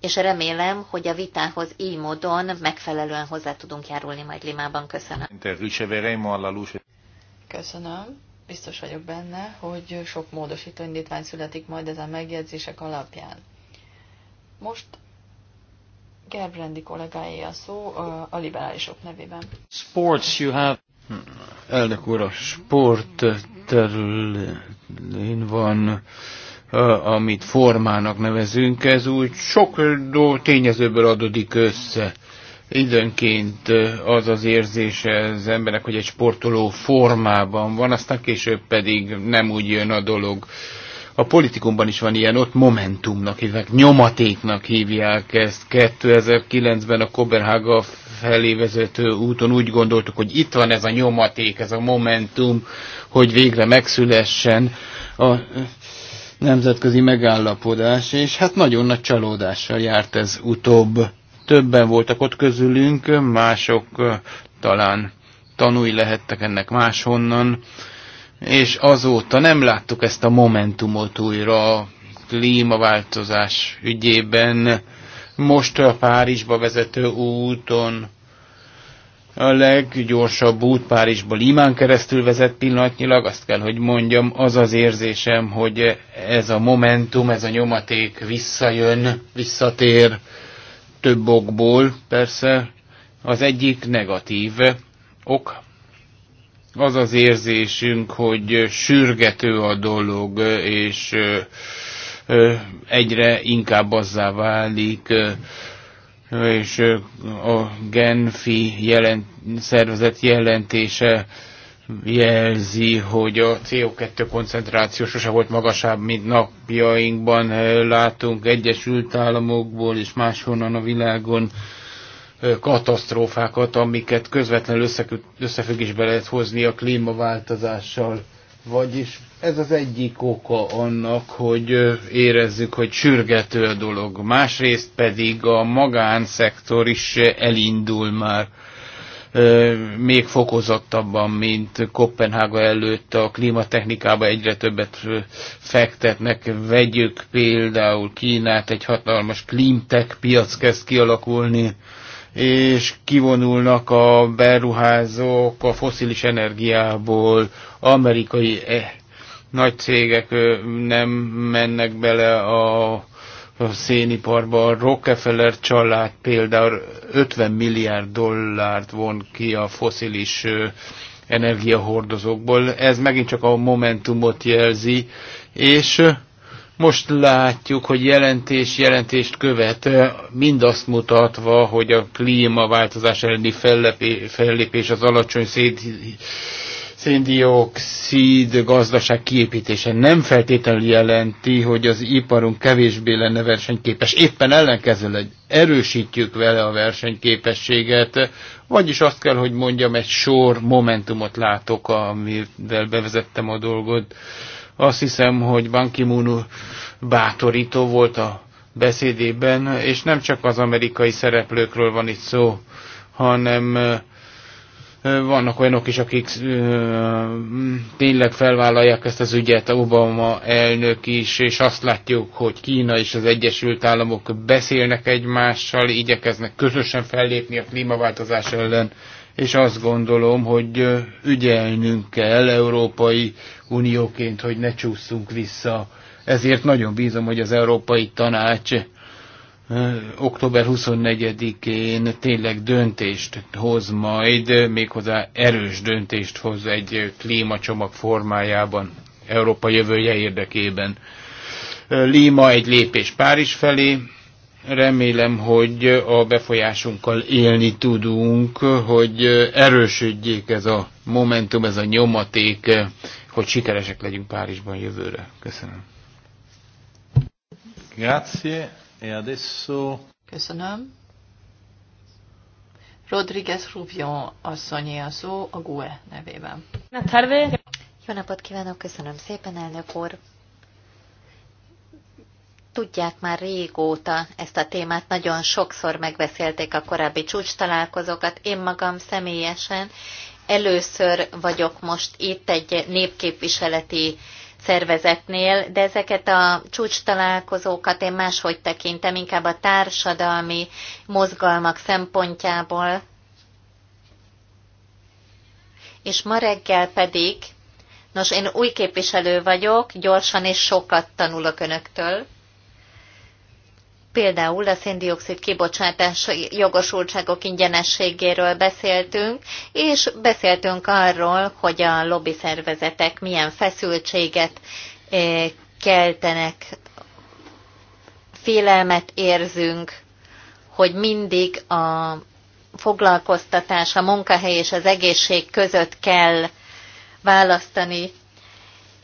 A: és remélem, hogy a vitához így módon megfelelően hozzá tudunk járulni majd Limában.
C: Köszönöm. Köszönöm. Biztos vagyok benne, hogy sok módosító indítvány születik majd ezen megjegyzések alapján. Most Gerbrandi kollégáé a szó a liberálisok nevében.
E: Sports you have. Hm. Elnök úr, a sport van, amit formának nevezünk, ez úgy sok tényezőből adódik össze. Időnként az az érzése az embernek, hogy egy sportoló formában van, aztán később pedig nem úgy jön a dolog. A politikumban is van ilyen, ott momentumnak hívják, nyomatéknak hívják ezt. 2009-ben a Koberhága felé vezető úton úgy gondoltuk, hogy itt van ez a nyomaték, ez a momentum, hogy végre megszülessen a eh, nemzetközi megállapodás, és hát nagyon nagy csalódással járt ez utóbb. Többen voltak ott közülünk, mások eh, talán tanúi lehettek ennek máshonnan és azóta nem láttuk ezt a momentumot újra a klímaváltozás ügyében. Most a Párizsba vezető úton a leggyorsabb út Párizsba Limán keresztül vezet pillanatnyilag, azt kell, hogy mondjam, az az érzésem, hogy ez a momentum, ez a nyomaték visszajön, visszatér több okból, persze. Az egyik negatív ok az az érzésünk, hogy sürgető a dolog, és egyre inkább azzá válik, és a Genfi jelent, szervezet jelentése jelzi, hogy a CO2 koncentráció sose volt magasabb, mint napjainkban látunk Egyesült Államokból és máshonnan a világon katasztrófákat, amiket közvetlenül összefüggésbe lehet hozni a klímaváltozással. Vagyis ez az egyik oka annak, hogy érezzük, hogy sürgető a dolog. Másrészt pedig a magánszektor is elindul már még fokozottabban, mint Kopenhága előtt a klímatechnikába egyre többet fektetnek. Vegyük például Kínát, egy hatalmas klímtek piac kezd kialakulni, és kivonulnak a beruházók a foszilis energiából, amerikai eh, nagy cégek nem mennek bele a a széniparban a Rockefeller család például 50 milliárd dollárt von ki a foszilis energiahordozókból. Ez megint csak a momentumot jelzi, és most látjuk, hogy jelentés jelentést követ, mindazt mutatva, hogy a klímaváltozás elleni fellépés az alacsony szét széndiokszid gazdaság kiépítése nem feltétlenül jelenti, hogy az iparunk kevésbé lenne versenyképes. Éppen ellenkezőleg erősítjük vele a versenyképességet, vagyis azt kell, hogy mondjam, egy sor momentumot látok, amivel bevezettem a dolgot. Azt hiszem, hogy Ban ki bátorító volt a beszédében, és nem csak az amerikai szereplőkről van itt szó, hanem vannak olyanok is, akik tényleg felvállalják ezt az ügyet, Obama elnök is, és azt látjuk, hogy Kína és az Egyesült Államok beszélnek egymással, igyekeznek közösen fellépni a klímaváltozás ellen és azt gondolom, hogy ügyelnünk kell Európai Unióként, hogy ne csúszunk vissza. Ezért nagyon bízom, hogy az Európai Tanács október 24-én tényleg döntést hoz majd, méghozzá erős döntést hoz egy klímacsomag formájában, Európa jövője érdekében. Líma egy lépés Párizs felé, Remélem, hogy a befolyásunkkal élni tudunk, hogy erősödjék ez a momentum, ez a nyomaték, hogy sikeresek legyünk Párizsban jövőre. Köszönöm.
B: Grazie. E adesso...
C: Köszönöm. Rodriguez Rubion asszonyé a szó a GUE nevében.
A: Jó napot kívánok, köszönöm szépen, elnök úr tudják már régóta ezt a témát, nagyon sokszor megbeszélték a korábbi csúcs találkozókat, én magam személyesen először vagyok most itt egy népképviseleti szervezetnél, de ezeket a csúcs találkozókat én máshogy tekintem, inkább a társadalmi mozgalmak szempontjából. És ma reggel pedig, nos, én új képviselő vagyok, gyorsan és sokat tanulok önöktől, Például a széndiokszid kibocsátás jogosultságok ingyenességéről beszéltünk, és beszéltünk arról, hogy a lobby szervezetek milyen feszültséget eh, keltenek, félelmet érzünk, hogy mindig a foglalkoztatás, a munkahely és az egészség között kell választani.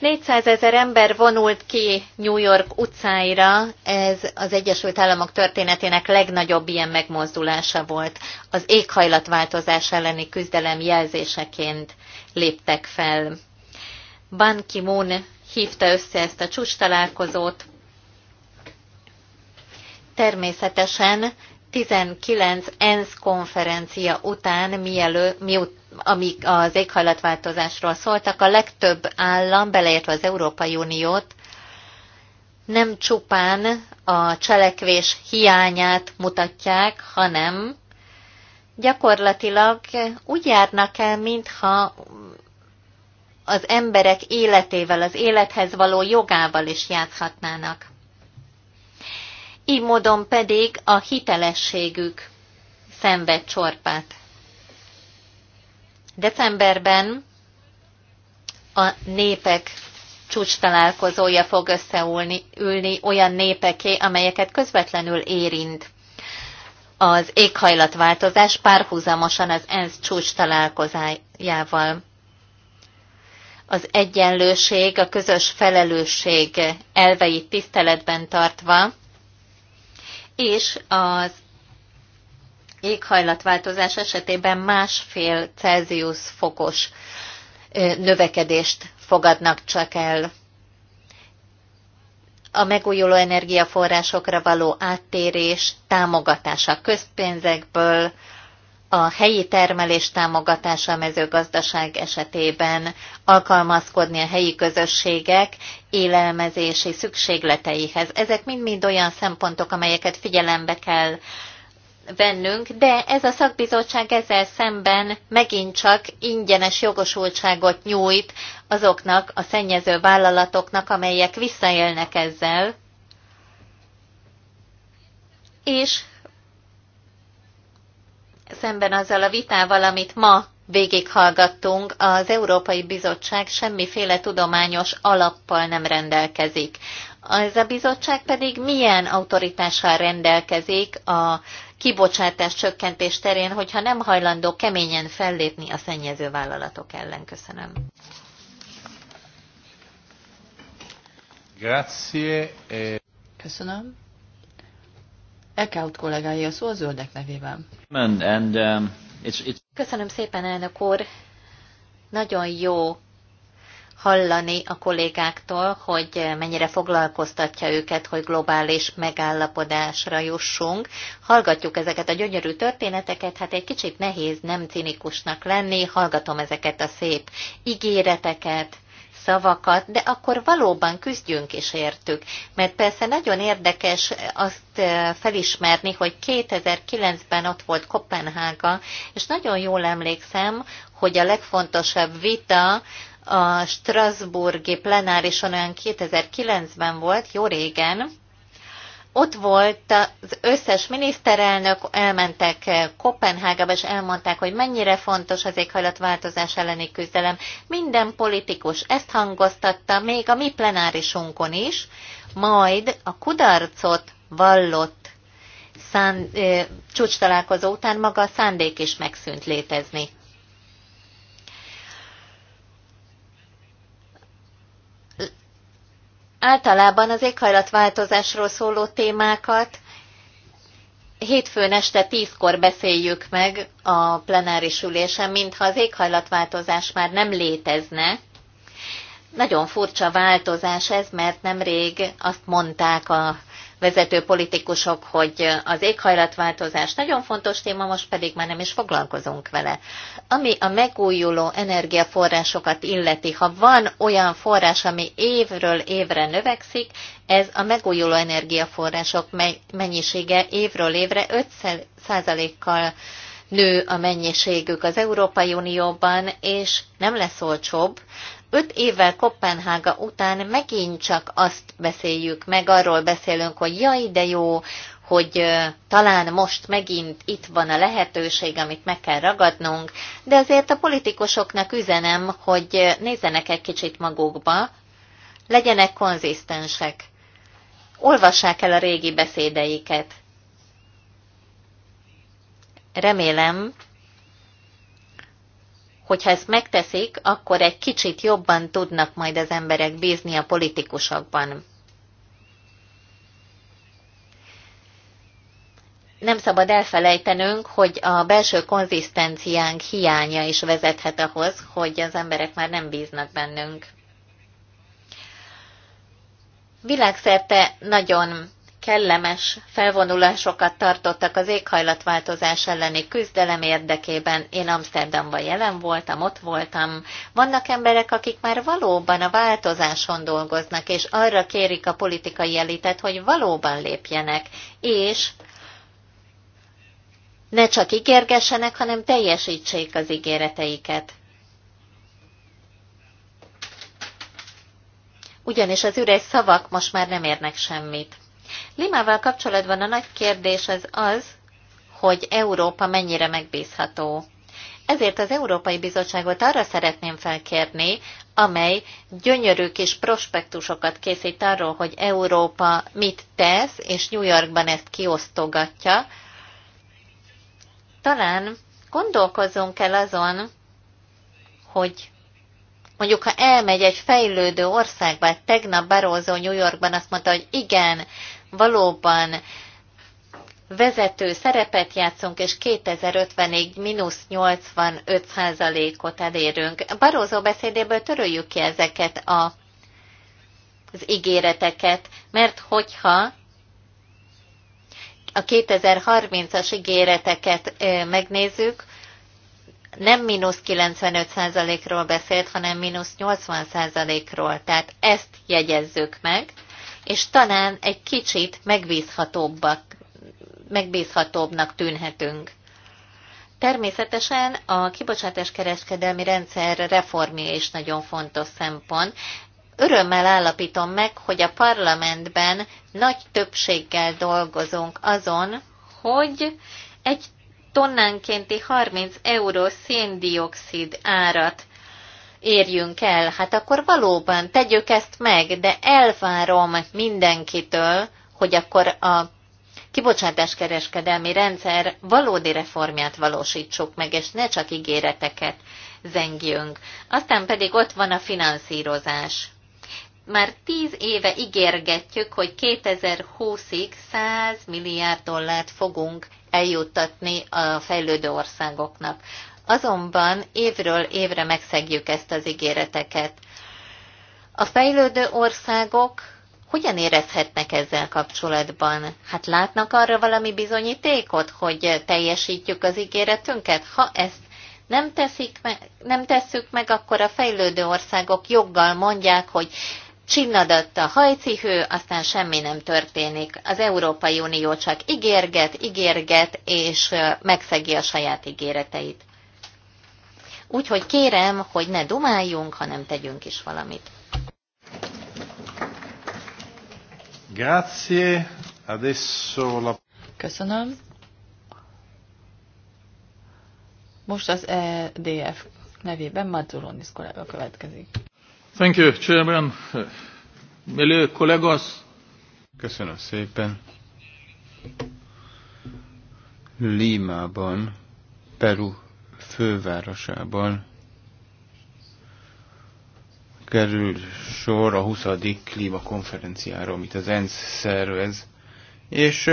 A: 400 ezer ember vonult ki New York utcáira, ez az Egyesült Államok történetének legnagyobb ilyen megmozdulása volt. Az éghajlatváltozás elleni küzdelem jelzéseként léptek fel. Ban Ki-moon hívta össze ezt a csúcs találkozót. Természetesen 19 ENSZ konferencia után, mielő, miut, amik az éghajlatváltozásról szóltak, a legtöbb állam, beleértve az Európai Uniót, nem csupán a cselekvés hiányát mutatják, hanem gyakorlatilag úgy járnak el, mintha az emberek életével, az élethez való jogával is játszhatnának. Így módon pedig a hitelességük szenved csorpát. Decemberben a népek csúcs találkozója fog összeülni ülni olyan népeké, amelyeket közvetlenül érint. Az éghajlatváltozás párhuzamosan az ENSZ csúcs találkozójával. Az egyenlőség, a közös felelősség elveit tiszteletben tartva, és az éghajlatváltozás esetében másfél Celsius fokos növekedést fogadnak csak el. A megújuló energiaforrásokra való áttérés támogatása közpénzekből, a helyi termelés támogatása a mezőgazdaság esetében alkalmazkodni a helyi közösségek élelmezési szükségleteihez. Ezek mind-mind olyan szempontok, amelyeket figyelembe kell vennünk, de ez a szakbizottság ezzel szemben megint csak ingyenes jogosultságot nyújt azoknak a szennyező vállalatoknak, amelyek visszaélnek ezzel, és szemben azzal a vitával, amit ma végighallgattunk, az Európai Bizottság semmiféle tudományos alappal nem rendelkezik. Ez a bizottság pedig milyen autoritással rendelkezik a kibocsátás csökkentés terén, hogyha nem hajlandó keményen fellépni a szennyező vállalatok ellen. Köszönöm.
B: Grazie. Eh.
C: Köszönöm. Ekaut kollégái a szó a zöldek nevében.
F: And, and, um, it's, it's...
C: Köszönöm szépen, elnök
A: úr. Nagyon jó hallani a kollégáktól, hogy mennyire foglalkoztatja őket, hogy globális megállapodásra jussunk. Hallgatjuk ezeket a gyönyörű történeteket, hát egy kicsit nehéz nem cinikusnak lenni, hallgatom ezeket a szép ígéreteket, szavakat, de akkor valóban küzdjünk is értük. Mert persze nagyon érdekes azt eh, felismerni, hogy 2009-ben ott volt Kopenhága, és nagyon jól emlékszem, hogy a legfontosabb vita a Strasburgi plenárison olyan 2009-ben volt, jó régen, ott volt az összes miniszterelnök, elmentek Kopenhágába, és elmondták, hogy mennyire fontos az éghajlatváltozás elleni küzdelem. Minden politikus ezt hangoztatta, még a mi plenárisunkon is, majd a kudarcot vallott szán, e, csúcs találkozó után maga a szándék is megszűnt létezni. általában az éghajlatváltozásról szóló témákat hétfőn este tízkor beszéljük meg a plenáris ülésen, mintha az éghajlatváltozás már nem létezne. Nagyon furcsa változás ez, mert nemrég azt mondták a vezető politikusok, hogy az éghajlatváltozás nagyon fontos téma, most pedig már nem is foglalkozunk vele. Ami a megújuló energiaforrásokat illeti, ha van olyan forrás, ami évről évre növekszik, ez a megújuló energiaforrások mennyisége évről évre 5%-kal nő a mennyiségük az Európai Unióban, és nem lesz olcsóbb, öt évvel Kopenhága után megint csak azt beszéljük meg, arról beszélünk, hogy jaj, de jó, hogy talán most megint itt van a lehetőség, amit meg kell ragadnunk, de azért a politikusoknak üzenem, hogy nézzenek egy kicsit magukba, legyenek konzisztensek, olvassák el a régi beszédeiket. Remélem, hogyha ezt megteszik, akkor egy kicsit jobban tudnak majd az emberek bízni a politikusokban. nem szabad elfelejtenünk, hogy a belső konzisztenciánk hiánya is vezethet ahhoz, hogy az emberek már nem bíznak bennünk. Világszerte nagyon kellemes felvonulásokat tartottak az éghajlatváltozás elleni küzdelem érdekében. Én Amsterdamban jelen voltam, ott voltam. Vannak emberek, akik már valóban a változáson dolgoznak, és arra kérik a politikai elitet, hogy valóban lépjenek, és ne csak ígérgessenek, hanem teljesítsék az ígéreteiket. ugyanis az üres szavak most már nem érnek semmit. Limával kapcsolatban a nagy kérdés az az, hogy Európa mennyire megbízható. Ezért az Európai Bizottságot arra szeretném felkérni, amely gyönyörű kis prospektusokat készít arról, hogy Európa mit tesz, és New Yorkban ezt kiosztogatja. Talán gondolkozzunk el azon, hogy mondjuk ha elmegy egy fejlődő országba, tegnap Barózó New Yorkban azt mondta, hogy igen, valóban vezető szerepet játszunk, és 2050-ig mínusz 85 százalékot elérünk. Barózó beszédéből töröljük ki ezeket a, az ígéreteket, mert hogyha a 2030-as ígéreteket megnézzük, nem mínusz 95%-ról beszélt, hanem mínusz 80%-ról. Tehát ezt jegyezzük meg és talán egy kicsit megbízhatóbbak, megbízhatóbbnak tűnhetünk. Természetesen a kibocsátás kereskedelmi rendszer reformja is nagyon fontos szempont. Örömmel állapítom meg, hogy a parlamentben nagy többséggel dolgozunk azon, hogy egy tonnánkénti 30 euró széndiokszid árat érjünk el, hát akkor valóban tegyük ezt meg, de elvárom mindenkitől, hogy akkor a kibocsátáskereskedelmi rendszer valódi reformját valósítsuk meg, és ne csak ígéreteket zengjünk. Aztán pedig ott van a finanszírozás. Már tíz éve ígérgetjük, hogy 2020-ig 100 milliárd dollárt fogunk eljuttatni a fejlődő országoknak. Azonban évről évre megszegjük ezt az ígéreteket. A fejlődő országok hogyan érezhetnek ezzel kapcsolatban? Hát látnak arra valami bizonyítékot, hogy teljesítjük az ígéretünket? Ha ezt nem, teszik meg, nem tesszük meg, akkor a fejlődő országok joggal mondják, hogy csinnadatt a hajcihő, aztán semmi nem történik. Az Európai Unió csak ígérget, ígérget, és megszegi a saját ígéreteit. Úgyhogy kérem, hogy ne dumáljunk, hanem tegyünk is valamit.
B: Grazie. Adesso la... Köszönöm.
C: Most az EDF nevében Mazuronis kollega következik.
E: Thank you, Chairman. Milő kollégos. Köszönöm szépen. Límában, Peru fővárosában kerül sor a 20. klímakonferenciára, amit az ENSZ szervez, és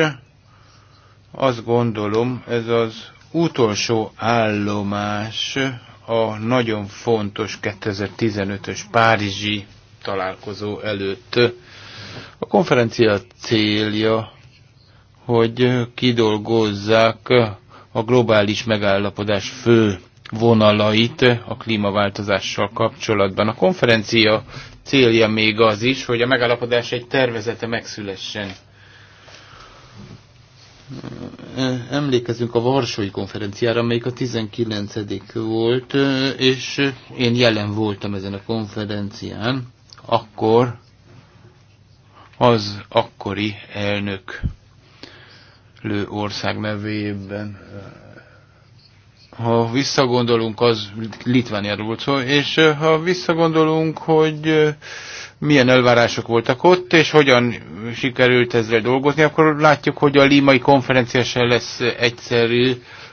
E: azt gondolom, ez az utolsó állomás a nagyon fontos 2015-ös Párizsi találkozó előtt. A konferencia célja, hogy kidolgozzák a globális megállapodás fő vonalait a klímaváltozással kapcsolatban. A konferencia célja még az is, hogy a megállapodás egy tervezete megszülessen. Emlékezünk a Varsói konferenciára, amelyik a 19. volt, és én jelen voltam ezen a konferencián, akkor az akkori elnök lő ország nevében. Ha visszagondolunk, az Litvánia volt szó, és ha visszagondolunk, hogy milyen elvárások voltak ott, és hogyan sikerült ezzel dolgozni, akkor látjuk, hogy a límai konferencia sem lesz egyszerű.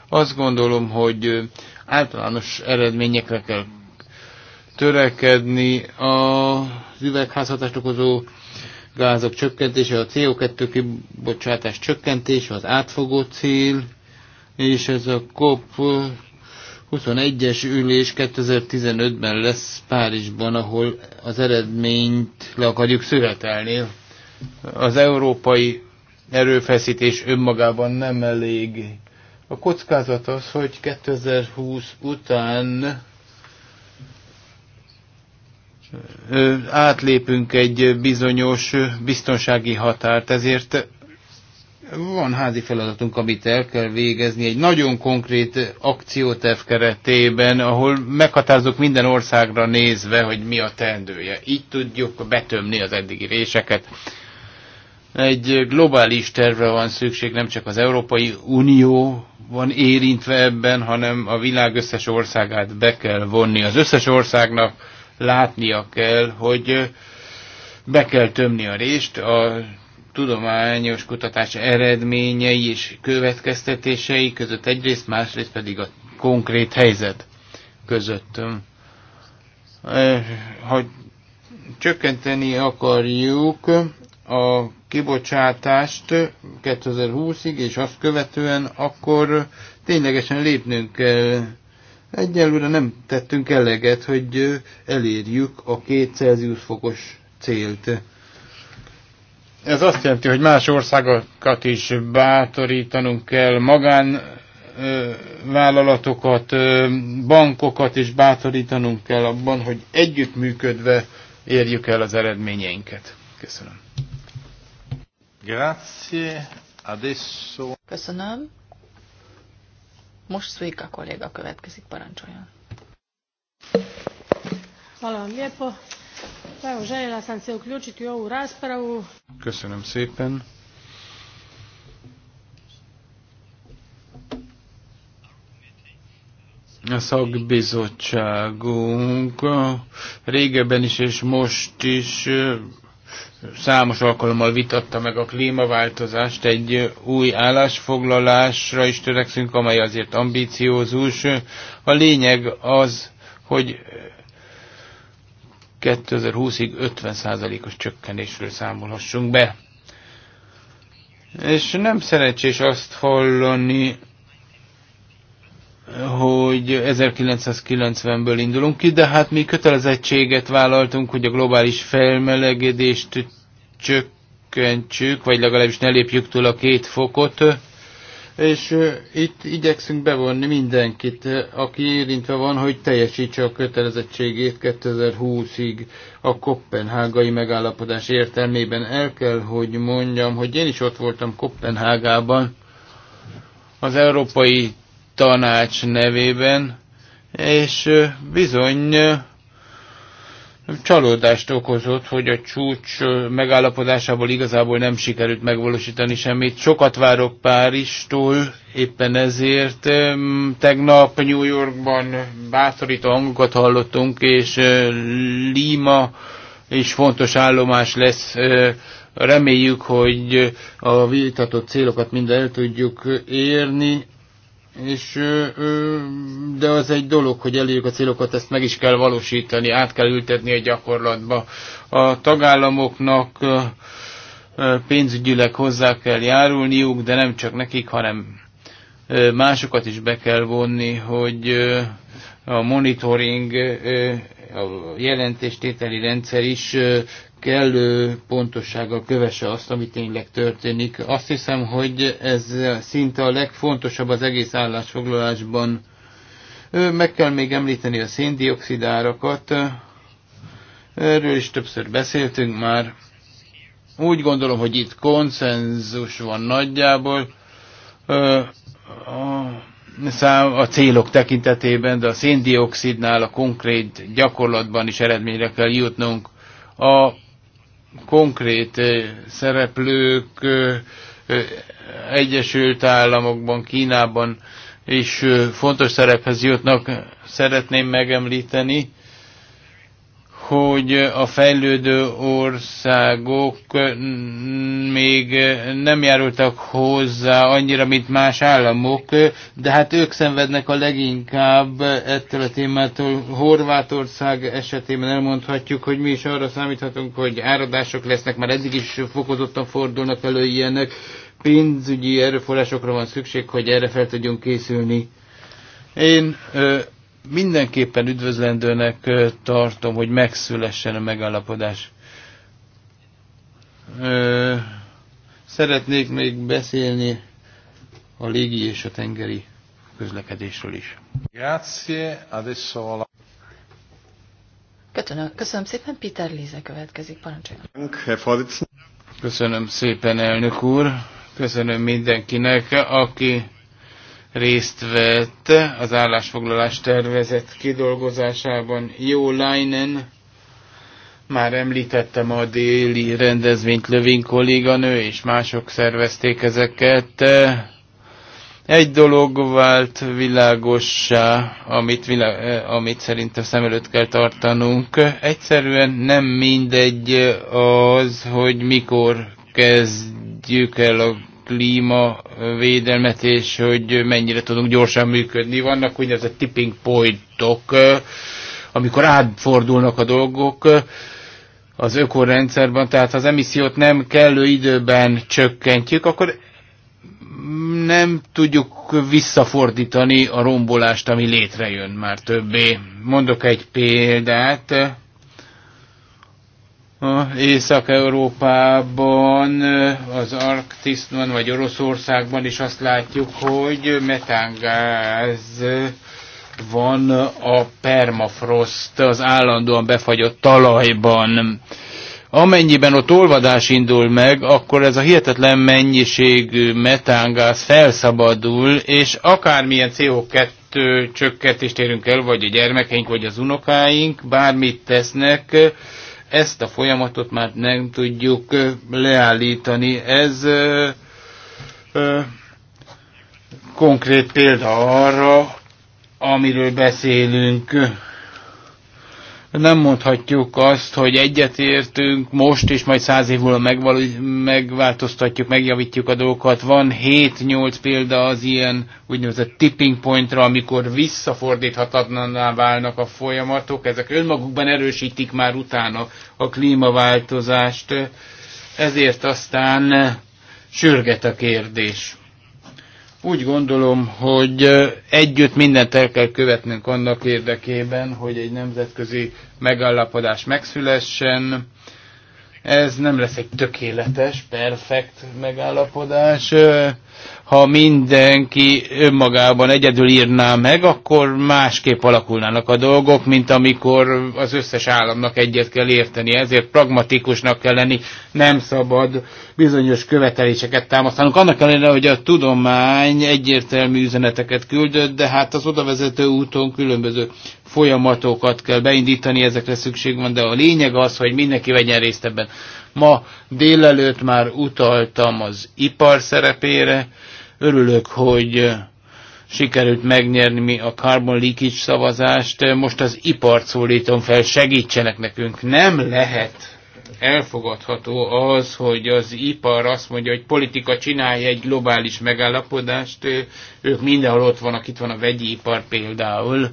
E: Azt gondolom, hogy általános eredményekre kell törekedni. Az üvegházhatást okozó gázok csökkentése, a CO2 kibocsátás csökkentése, az átfogó cél, és ez a COP 21-es ülés 2015-ben lesz Párizsban, ahol az eredményt le akarjuk születelni. Az európai erőfeszítés önmagában nem elég. A kockázat az, hogy 2020 után átlépünk egy bizonyos biztonsági határt, ezért van házi feladatunk, amit el kell végezni egy nagyon konkrét akcióterv keretében, ahol meghatározunk minden országra nézve, hogy mi a teendője. Így tudjuk betömni az eddigi réseket. Egy globális tervre van szükség, nem csak az Európai Unió van érintve ebben, hanem a világ összes országát be kell vonni. Az összes országnak látnia kell, hogy be kell tömni a rést, a tudományos kutatás eredményei és következtetései között egyrészt, másrészt pedig a konkrét helyzet között. Ha csökkenteni akarjuk a kibocsátást 2020-ig, és azt követően akkor ténylegesen lépnünk kell Egyelőre nem tettünk eleget, hogy elérjük a 2 Celsius fokos célt. Ez azt jelenti, hogy más országokat is bátorítanunk kell, magán vállalatokat, bankokat is bátorítanunk kell abban, hogy együttműködve érjük el az eredményeinket. Köszönöm.
B: Grazie. Adesso... Köszönöm.
C: Most Szvika kolléga következik, parancsoljon.
E: Köszönöm szépen. A szakbizottságunk régebben is és most is számos alkalommal vitatta meg a klímaváltozást, egy új állásfoglalásra is törekszünk, amely azért ambíciózus. A lényeg az, hogy 2020-ig 50%-os csökkenésről számolhassunk be. És nem szerencsés azt hallani, hogy 1990-ből indulunk ki, de hát mi kötelezettséget vállaltunk, hogy a globális felmelegedést csökkentsük, vagy legalábbis ne lépjük túl a két fokot, és itt igyekszünk bevonni mindenkit, aki érintve van, hogy teljesítse a kötelezettségét 2020-ig a kopenhágai megállapodás értelmében. El kell, hogy mondjam, hogy én is ott voltam Kopenhágában, az európai tanács nevében, és bizony csalódást okozott, hogy a csúcs megállapodásából igazából nem sikerült megvalósítani semmit. Sokat várok Páristól, éppen ezért tegnap New Yorkban bátorító hangokat hallottunk, és Lima is fontos állomás lesz. Reméljük, hogy a vitatott célokat mind el tudjuk érni, és, de az egy dolog, hogy elérjük a célokat, ezt meg is kell valósítani, át kell ültetni a gyakorlatba. A tagállamoknak pénzügyileg hozzá kell járulniuk, de nem csak nekik, hanem másokat is be kell vonni, hogy a monitoring, a jelentéstételi rendszer is kellő pontossággal kövesse azt, ami tényleg történik. Azt hiszem, hogy ez szinte a legfontosabb az egész állásfoglalásban. Meg kell még említeni a széndiokszid árakat. Erről is többször beszéltünk már. Úgy gondolom, hogy itt konszenzus van nagyjából szám a célok tekintetében, de a széndiokszidnál a konkrét gyakorlatban is eredményre kell jutnunk. A konkrét eh, szereplők eh, eh, Egyesült Államokban, Kínában is fontos szerephez jutnak, szeretném megemlíteni hogy a fejlődő országok még nem járultak hozzá annyira, mint más államok, de hát ők szenvednek a leginkább ettől a témától. Horvátország esetében elmondhatjuk, hogy mi is arra számíthatunk, hogy áradások lesznek, már eddig is fokozottan fordulnak elő ilyenek. Pénzügyi erőforrásokra van szükség, hogy erre fel tudjunk készülni. Én ö, Mindenképpen üdvözlendőnek tartom, hogy megszülessen a megállapodás. szeretnék még beszélni a légi és a tengeri közlekedésről is.
B: Grazie,
E: adesso
C: Köszönöm, köszönöm szépen, Peter Líze következik, parancsoljunk.
E: Köszönöm szépen, elnök úr. Köszönöm mindenkinek, aki részt vett az állásfoglalás tervezet kidolgozásában. Jó Leinen már említettem a déli rendezvényt Lövin kolléganő, és mások szervezték ezeket. Egy dolog vált világossá, amit, vilá, amit szerintem szem előtt kell tartanunk. Egyszerűen nem mindegy az, hogy mikor kezdjük el a klímavédelmet, és hogy mennyire tudunk gyorsan működni. Vannak úgynevezett tipping pointok, amikor átfordulnak a dolgok az ökorendszerben, tehát ha az emissziót nem kellő időben csökkentjük, akkor nem tudjuk visszafordítani a rombolást, ami létrejön már többé. Mondok egy példát, Észak-Európában, eh, az Arktiszban vagy Oroszországban is azt látjuk, hogy metángáz van a permafrost, az állandóan befagyott talajban. Amennyiben ott olvadás indul meg, akkor ez a hihetetlen mennyiségű metángáz felszabadul, és akármilyen CO2 csökkentést érünk el, vagy a gyermekeink, vagy az unokáink, bármit tesznek, ezt a folyamatot már nem tudjuk leállítani. Ez ö, ö, konkrét példa arra, amiről beszélünk nem mondhatjuk azt, hogy egyetértünk most, és majd száz év múlva megváltoztatjuk, megjavítjuk a dolgokat. Van 7-8 példa az ilyen úgynevezett tipping pointra, amikor visszafordíthatatlaná válnak a folyamatok. Ezek önmagukban erősítik már utána a klímaváltozást. Ezért aztán sürget a kérdés. Úgy gondolom, hogy együtt mindent el kell követnünk annak érdekében, hogy egy nemzetközi megállapodás megszülessen, ez nem lesz egy tökéletes, perfekt megállapodás. Ha mindenki önmagában egyedül írná meg, akkor másképp alakulnának a dolgok, mint amikor az összes államnak egyet kell érteni. Ezért pragmatikusnak kell lenni, nem szabad bizonyos követeléseket támasztanunk. Annak ellenére, hogy a tudomány egyértelmű üzeneteket küldött, de hát az odavezető úton különböző folyamatokat kell beindítani, ezekre szükség van, de a lényeg az, hogy mindenki vegyen részt ebben. Ma délelőtt már utaltam az ipar szerepére, örülök, hogy eh, sikerült megnyerni mi a Carbon Leakage szavazást, eh, most az ipart szólítom fel, segítsenek nekünk. Nem lehet elfogadható az, hogy az ipar azt mondja, hogy politika csinálja egy globális megállapodást, eh, ők mindenhol ott vannak, itt van a vegyi ipar például,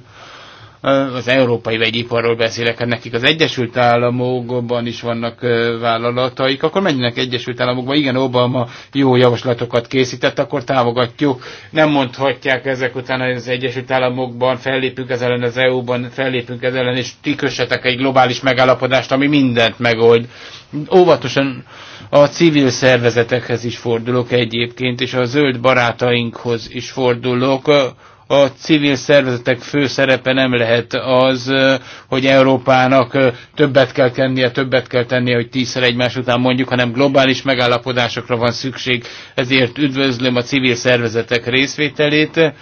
E: az európai vegyiparról beszélek, hát nekik az Egyesült Államokban is vannak vállalataik, akkor menjenek Egyesült Államokba, igen, Obama jó javaslatokat készített, akkor támogatjuk. Nem mondhatják ezek után, hogy az Egyesült Államokban fellépünk ez ellen, az EU-ban fellépünk ez ellen, és ti egy globális megállapodást, ami mindent megold. Óvatosan a civil szervezetekhez is fordulok egyébként, és a zöld barátainkhoz is fordulok, a civil szervezetek fő szerepe nem lehet az, hogy Európának többet kell tennie, többet kell tennie, hogy tízszer egymás után mondjuk, hanem globális megállapodásokra van szükség, ezért üdvözlöm a civil szervezetek részvételét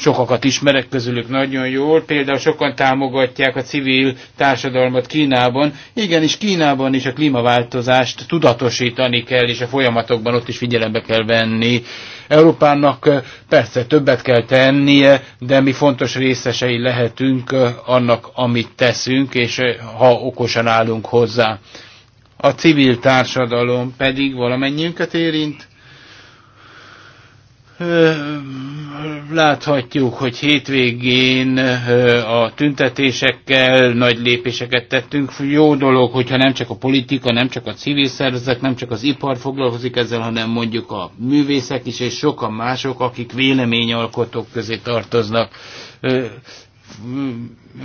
E: sokakat ismerek közülük nagyon jól, például sokan támogatják a civil társadalmat Kínában. Igenis, Kínában is a klímaváltozást tudatosítani kell, és a folyamatokban ott is figyelembe kell venni. Európának eh, persze többet kell tennie, de mi fontos részesei lehetünk eh, annak, amit teszünk, és eh, ha okosan állunk hozzá. A civil társadalom pedig valamennyiünket érint, láthatjuk, hogy hétvégén a tüntetésekkel nagy lépéseket tettünk. Jó dolog, hogyha nem csak a politika, nem csak a civil szervezet, nem csak az ipar foglalkozik ezzel, hanem mondjuk a művészek is, és sokan mások, akik véleményalkotók közé tartoznak.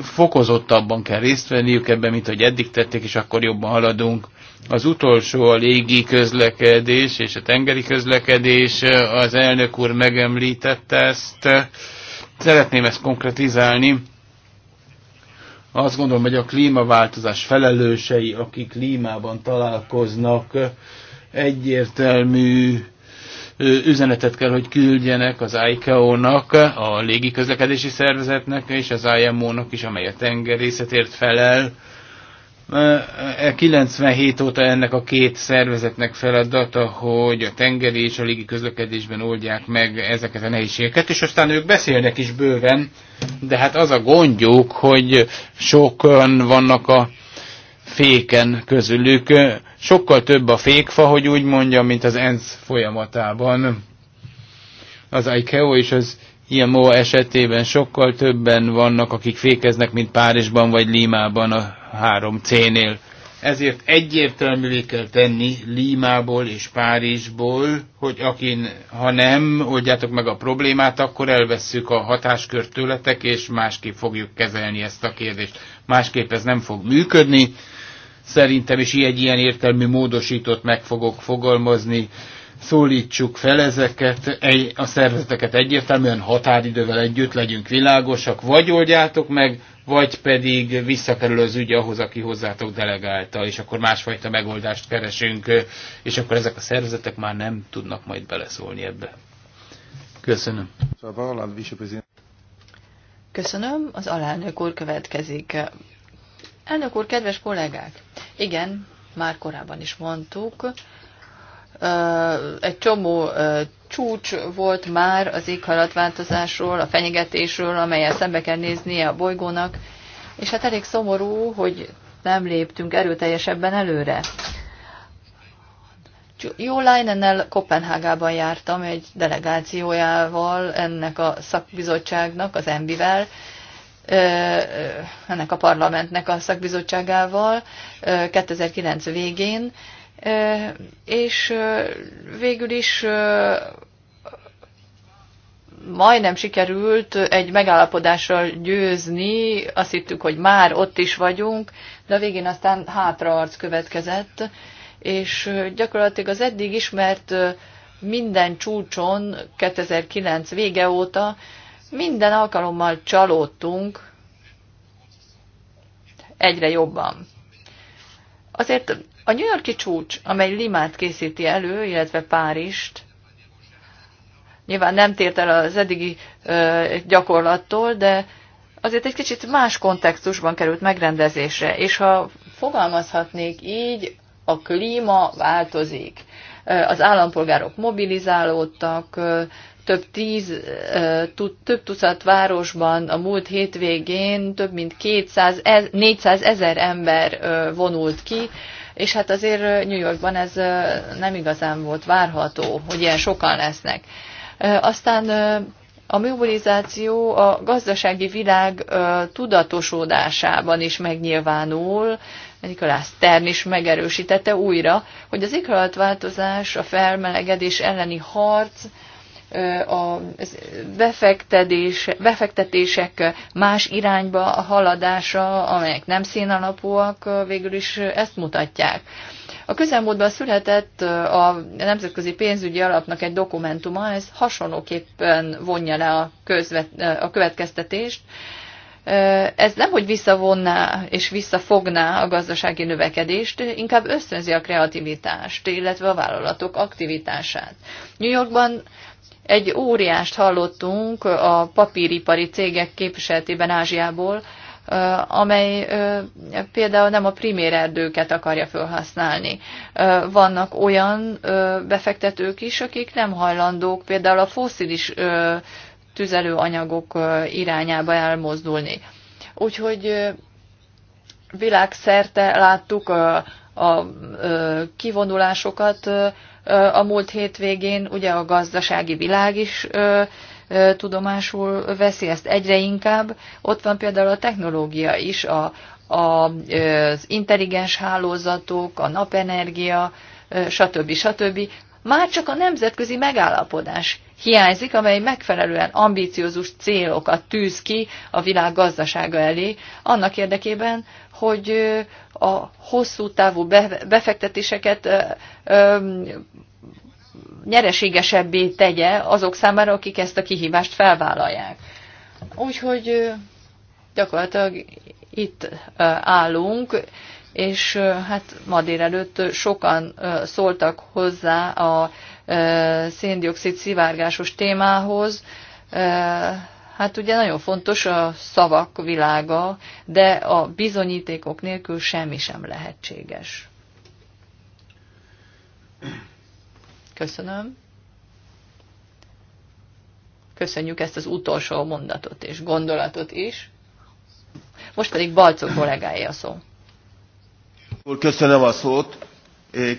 E: Fokozottabban kell részt venniük ebben, mint hogy eddig tették, és akkor jobban haladunk az utolsó a légi közlekedés és a tengeri közlekedés, az elnök úr megemlítette ezt. Szeretném ezt konkretizálni. Azt gondolom, hogy a klímaváltozás felelősei, akik klímában találkoznak, egyértelmű üzenetet kell, hogy küldjenek az ICAO-nak, a légiközlekedési szervezetnek és az IMO-nak is, amely a tengerészetért felel 97 óta ennek a két szervezetnek feladata, hogy a tengeri és a légi közlekedésben oldják meg ezeket a nehézségeket, és aztán ők beszélnek is bőven, de hát az a gondjuk, hogy sokan vannak a féken közülük. Sokkal több a fékfa, hogy úgy mondjam, mint az ENSZ folyamatában. Az ICAO és az IMO esetében sokkal többen vannak, akik fékeznek, mint Párizsban vagy Límában a 3C-nél. Ezért egyértelművé kell tenni Límából és Párizsból, hogy akin, ha nem oldjátok meg a problémát, akkor elvesszük a hatáskört tőletek, és másképp fogjuk kezelni ezt a kérdést. Másképp ez nem fog működni. Szerintem is egy ilyen értelmű módosítót meg fogok fogalmazni. Szólítsuk fel ezeket, a szervezeteket egyértelműen határidővel együtt legyünk világosak, vagy oldjátok meg, vagy pedig visszakerül az ügy ahhoz, aki hozzátok delegálta, és akkor másfajta megoldást keresünk, és akkor ezek a szervezetek már nem tudnak majd beleszólni ebbe. Köszönöm.
C: Köszönöm. Az alelnök úr következik. Elnök úr, kedves kollégák! Igen, már korábban is mondtuk, egy csomó csúcs volt már az éghajlatváltozásról, a fenyegetésről, amelyel szembe kell néznie a bolygónak, és hát elég szomorú, hogy nem léptünk erőteljesebben előre. Jó Leinennel Kopenhágában jártam egy delegációjával ennek a szakbizottságnak, az Envivel, ennek a parlamentnek a szakbizottságával 2009 végén, és végül is majdnem sikerült egy megállapodásra győzni, azt hittük, hogy már ott is vagyunk, de a végén aztán hátraarc következett, és gyakorlatilag az eddig ismert minden csúcson 2009 vége óta minden alkalommal csalódtunk egyre jobban. Azért a New Yorki csúcs, amely Limát készíti elő, illetve Párizst, nyilván nem tért el az eddigi gyakorlattól, de azért egy kicsit más kontextusban került megrendezésre, és ha fogalmazhatnék így, a klíma változik. Az állampolgárok mobilizálódtak, több tíz, több tucat városban a múlt hétvégén több mint 200, 400 e, ezer ember vonult ki, és hát azért New Yorkban ez nem igazán volt várható, hogy ilyen sokan lesznek. Aztán a mobilizáció a gazdasági világ tudatosodásában is megnyilvánul, Nikolás Stern is megerősítette újra, hogy az éghajlatváltozás, a felmelegedés elleni harc a befektetés, befektetések más irányba haladása, amelyek nem színalapúak, végül is ezt mutatják. A közelmúltban született a Nemzetközi Pénzügyi Alapnak egy dokumentuma, ez hasonlóképpen vonja le a, közvet, a következtetést. Ez nem, hogy visszavonná és visszafogná a gazdasági növekedést, inkább ösztönzi a kreativitást, illetve a vállalatok aktivitását. New Yorkban egy óriást hallottunk a papíripari cégek képviseletében Ázsiából, amely például nem a primér erdőket akarja felhasználni. Vannak olyan befektetők is, akik nem hajlandók például a foszilis tüzelőanyagok irányába elmozdulni. Úgyhogy világszerte láttuk a kivonulásokat a múlt hétvégén, ugye a gazdasági világ is tudomásul veszi ezt egyre inkább. Ott van például a technológia is, a, a, az intelligens hálózatok, a napenergia, stb. stb. Már csak a nemzetközi megállapodás hiányzik, amely megfelelően ambíciózus célokat tűz ki a világ gazdasága elé, annak érdekében, hogy a hosszú távú befektetéseket nyereségesebbé tegye azok számára, akik ezt a kihívást felvállalják. Úgyhogy gyakorlatilag itt állunk, és hát ma délelőtt sokan szóltak hozzá a széndiokszid szivárgásos témához, Hát ugye nagyon fontos a szavak világa, de a bizonyítékok nélkül semmi sem lehetséges. Köszönöm. Köszönjük ezt az utolsó mondatot és gondolatot is. Most pedig Balcó kollégája szó.
D: köszönöm a szót.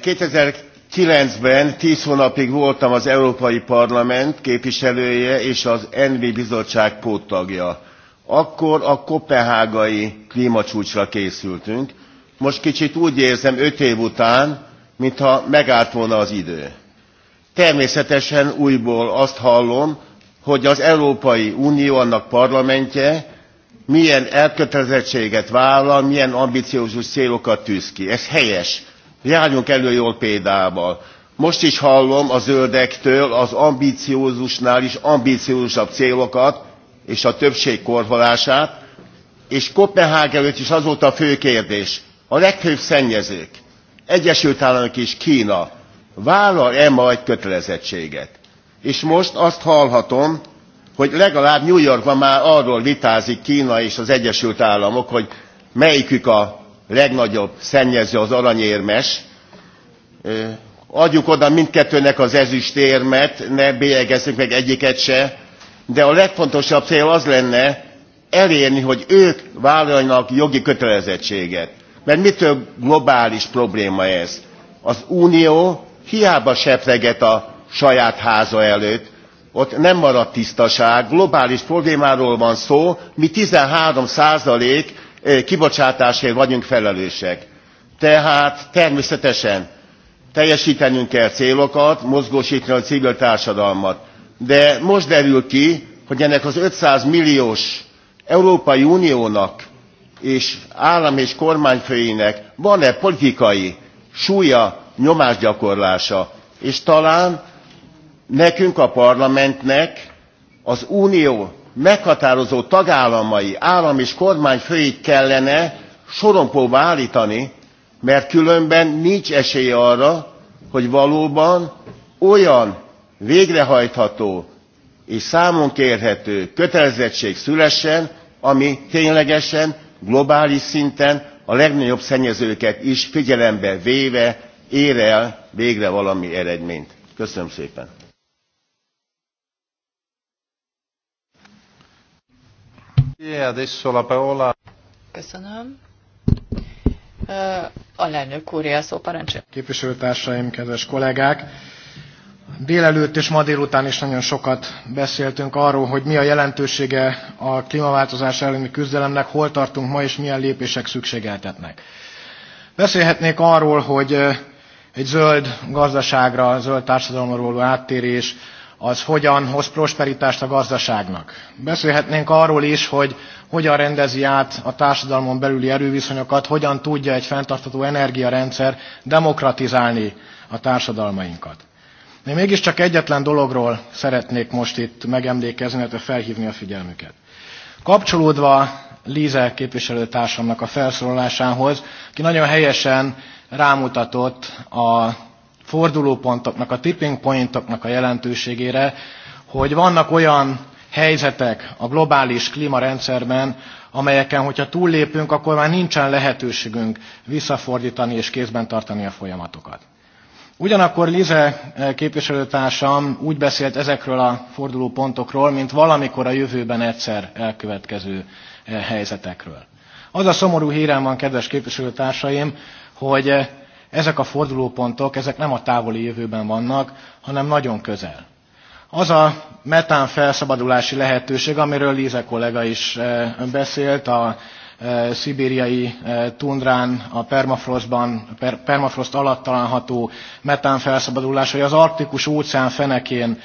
D: 2000 nine ben ten hónapig voltam az európai parlament képviselője és az envi bizottság póttagja. akkor a koppenhágai klmacsúcsra készültünk most kicsit úgy érzem öt év után mintha megállt volna az idő. természetesen újból azt hallom hogy az európai unió annak parlamentje milyen elkötelezettséget vállal milyen ambiciózus célokat tűz ki. ez helyes járjunk elő jól példával. Most is hallom a zöldektől az ambíciózusnál is ambíciózusabb célokat és a többség korvalását, és Kopenhág előtt is az volt a fő kérdés. A legfőbb szennyezők, Egyesült Államok és Kína vállal-e majd kötelezettséget? És most azt hallhatom, hogy legalább New Yorkban már arról vitázik Kína és az Egyesült Államok, hogy melyikük a legnagyobb szennyező az aranyérmes. Adjuk oda mindkettőnek az ezüstérmet, ne bélyegezzünk meg egyiket se, de a legfontosabb cél az lenne elérni, hogy ők vállaljanak jogi kötelezettséget. Mert mitől globális probléma ez? Az Unió hiába sepreget a saját háza előtt, ott nem maradt tisztaság, globális problémáról van szó, mi 13 százalék kibocsátásért vagyunk felelősek. Tehát természetesen teljesítenünk kell célokat, mozgósítani a civil társadalmat. De most derül ki, hogy ennek az 500 milliós Európai Uniónak és állam és kormányfőinek van-e politikai súlya, nyomásgyakorlása. És talán nekünk a parlamentnek az unió meghatározó tagállamai állam és főit kellene sorompóba állítani, mert különben nincs esélye arra hogy valóban olyan végrehajtható és számon kérhető kötelezettség szülessen ami ténylegesen globális szinten a legnagyobb szennyezőket is figyelembe véve ér el végre valami eredményt. köszönöm szépen!
C: Köszönöm. Uh, alelnök úr, a szó parancsol.
F: Képviselőtársaim, kedves kollégák! Délelőtt és ma délután is nagyon sokat beszéltünk arról, hogy mi a jelentősége a klímaváltozás elleni küzdelemnek, hol tartunk ma és milyen lépések szükségeltetnek. Beszélhetnék arról, hogy uh, egy zöld gazdaságra, zöld társadalomról áttérés, az hogyan hoz prosperitást a gazdaságnak. Beszélhetnénk arról is, hogy hogyan rendezi át a társadalmon belüli erőviszonyokat, hogyan tudja egy fenntartható energiarendszer demokratizálni a társadalmainkat. Én mégiscsak egyetlen dologról szeretnék most itt megemlékezni, illetve felhívni a figyelmüket. Kapcsolódva Líze képviselőtársamnak a felszólalásához, ki nagyon helyesen rámutatott a fordulópontoknak, a tipping pointoknak a jelentőségére, hogy vannak olyan helyzetek a globális klímarendszerben, amelyeken, hogyha túllépünk, akkor már nincsen lehetőségünk visszafordítani és kézben tartani a folyamatokat. Ugyanakkor Lize eh, képviselőtársam úgy beszélt ezekről a fordulópontokról, mint valamikor a jövőben egyszer elkövetkező eh, helyzetekről. Az a szomorú hírem van, kedves képviselőtársaim, hogy eh, ezek a fordulópontok, ezek nem a távoli jövőben vannak, hanem nagyon közel. Az a metán felszabadulási lehetőség, amiről Líze kollega is e, beszélt, a e, szibériai e, tundrán, a permafrostban, per, permafrost alatt található metán felszabadulás, vagy az arktikus óceán fenekén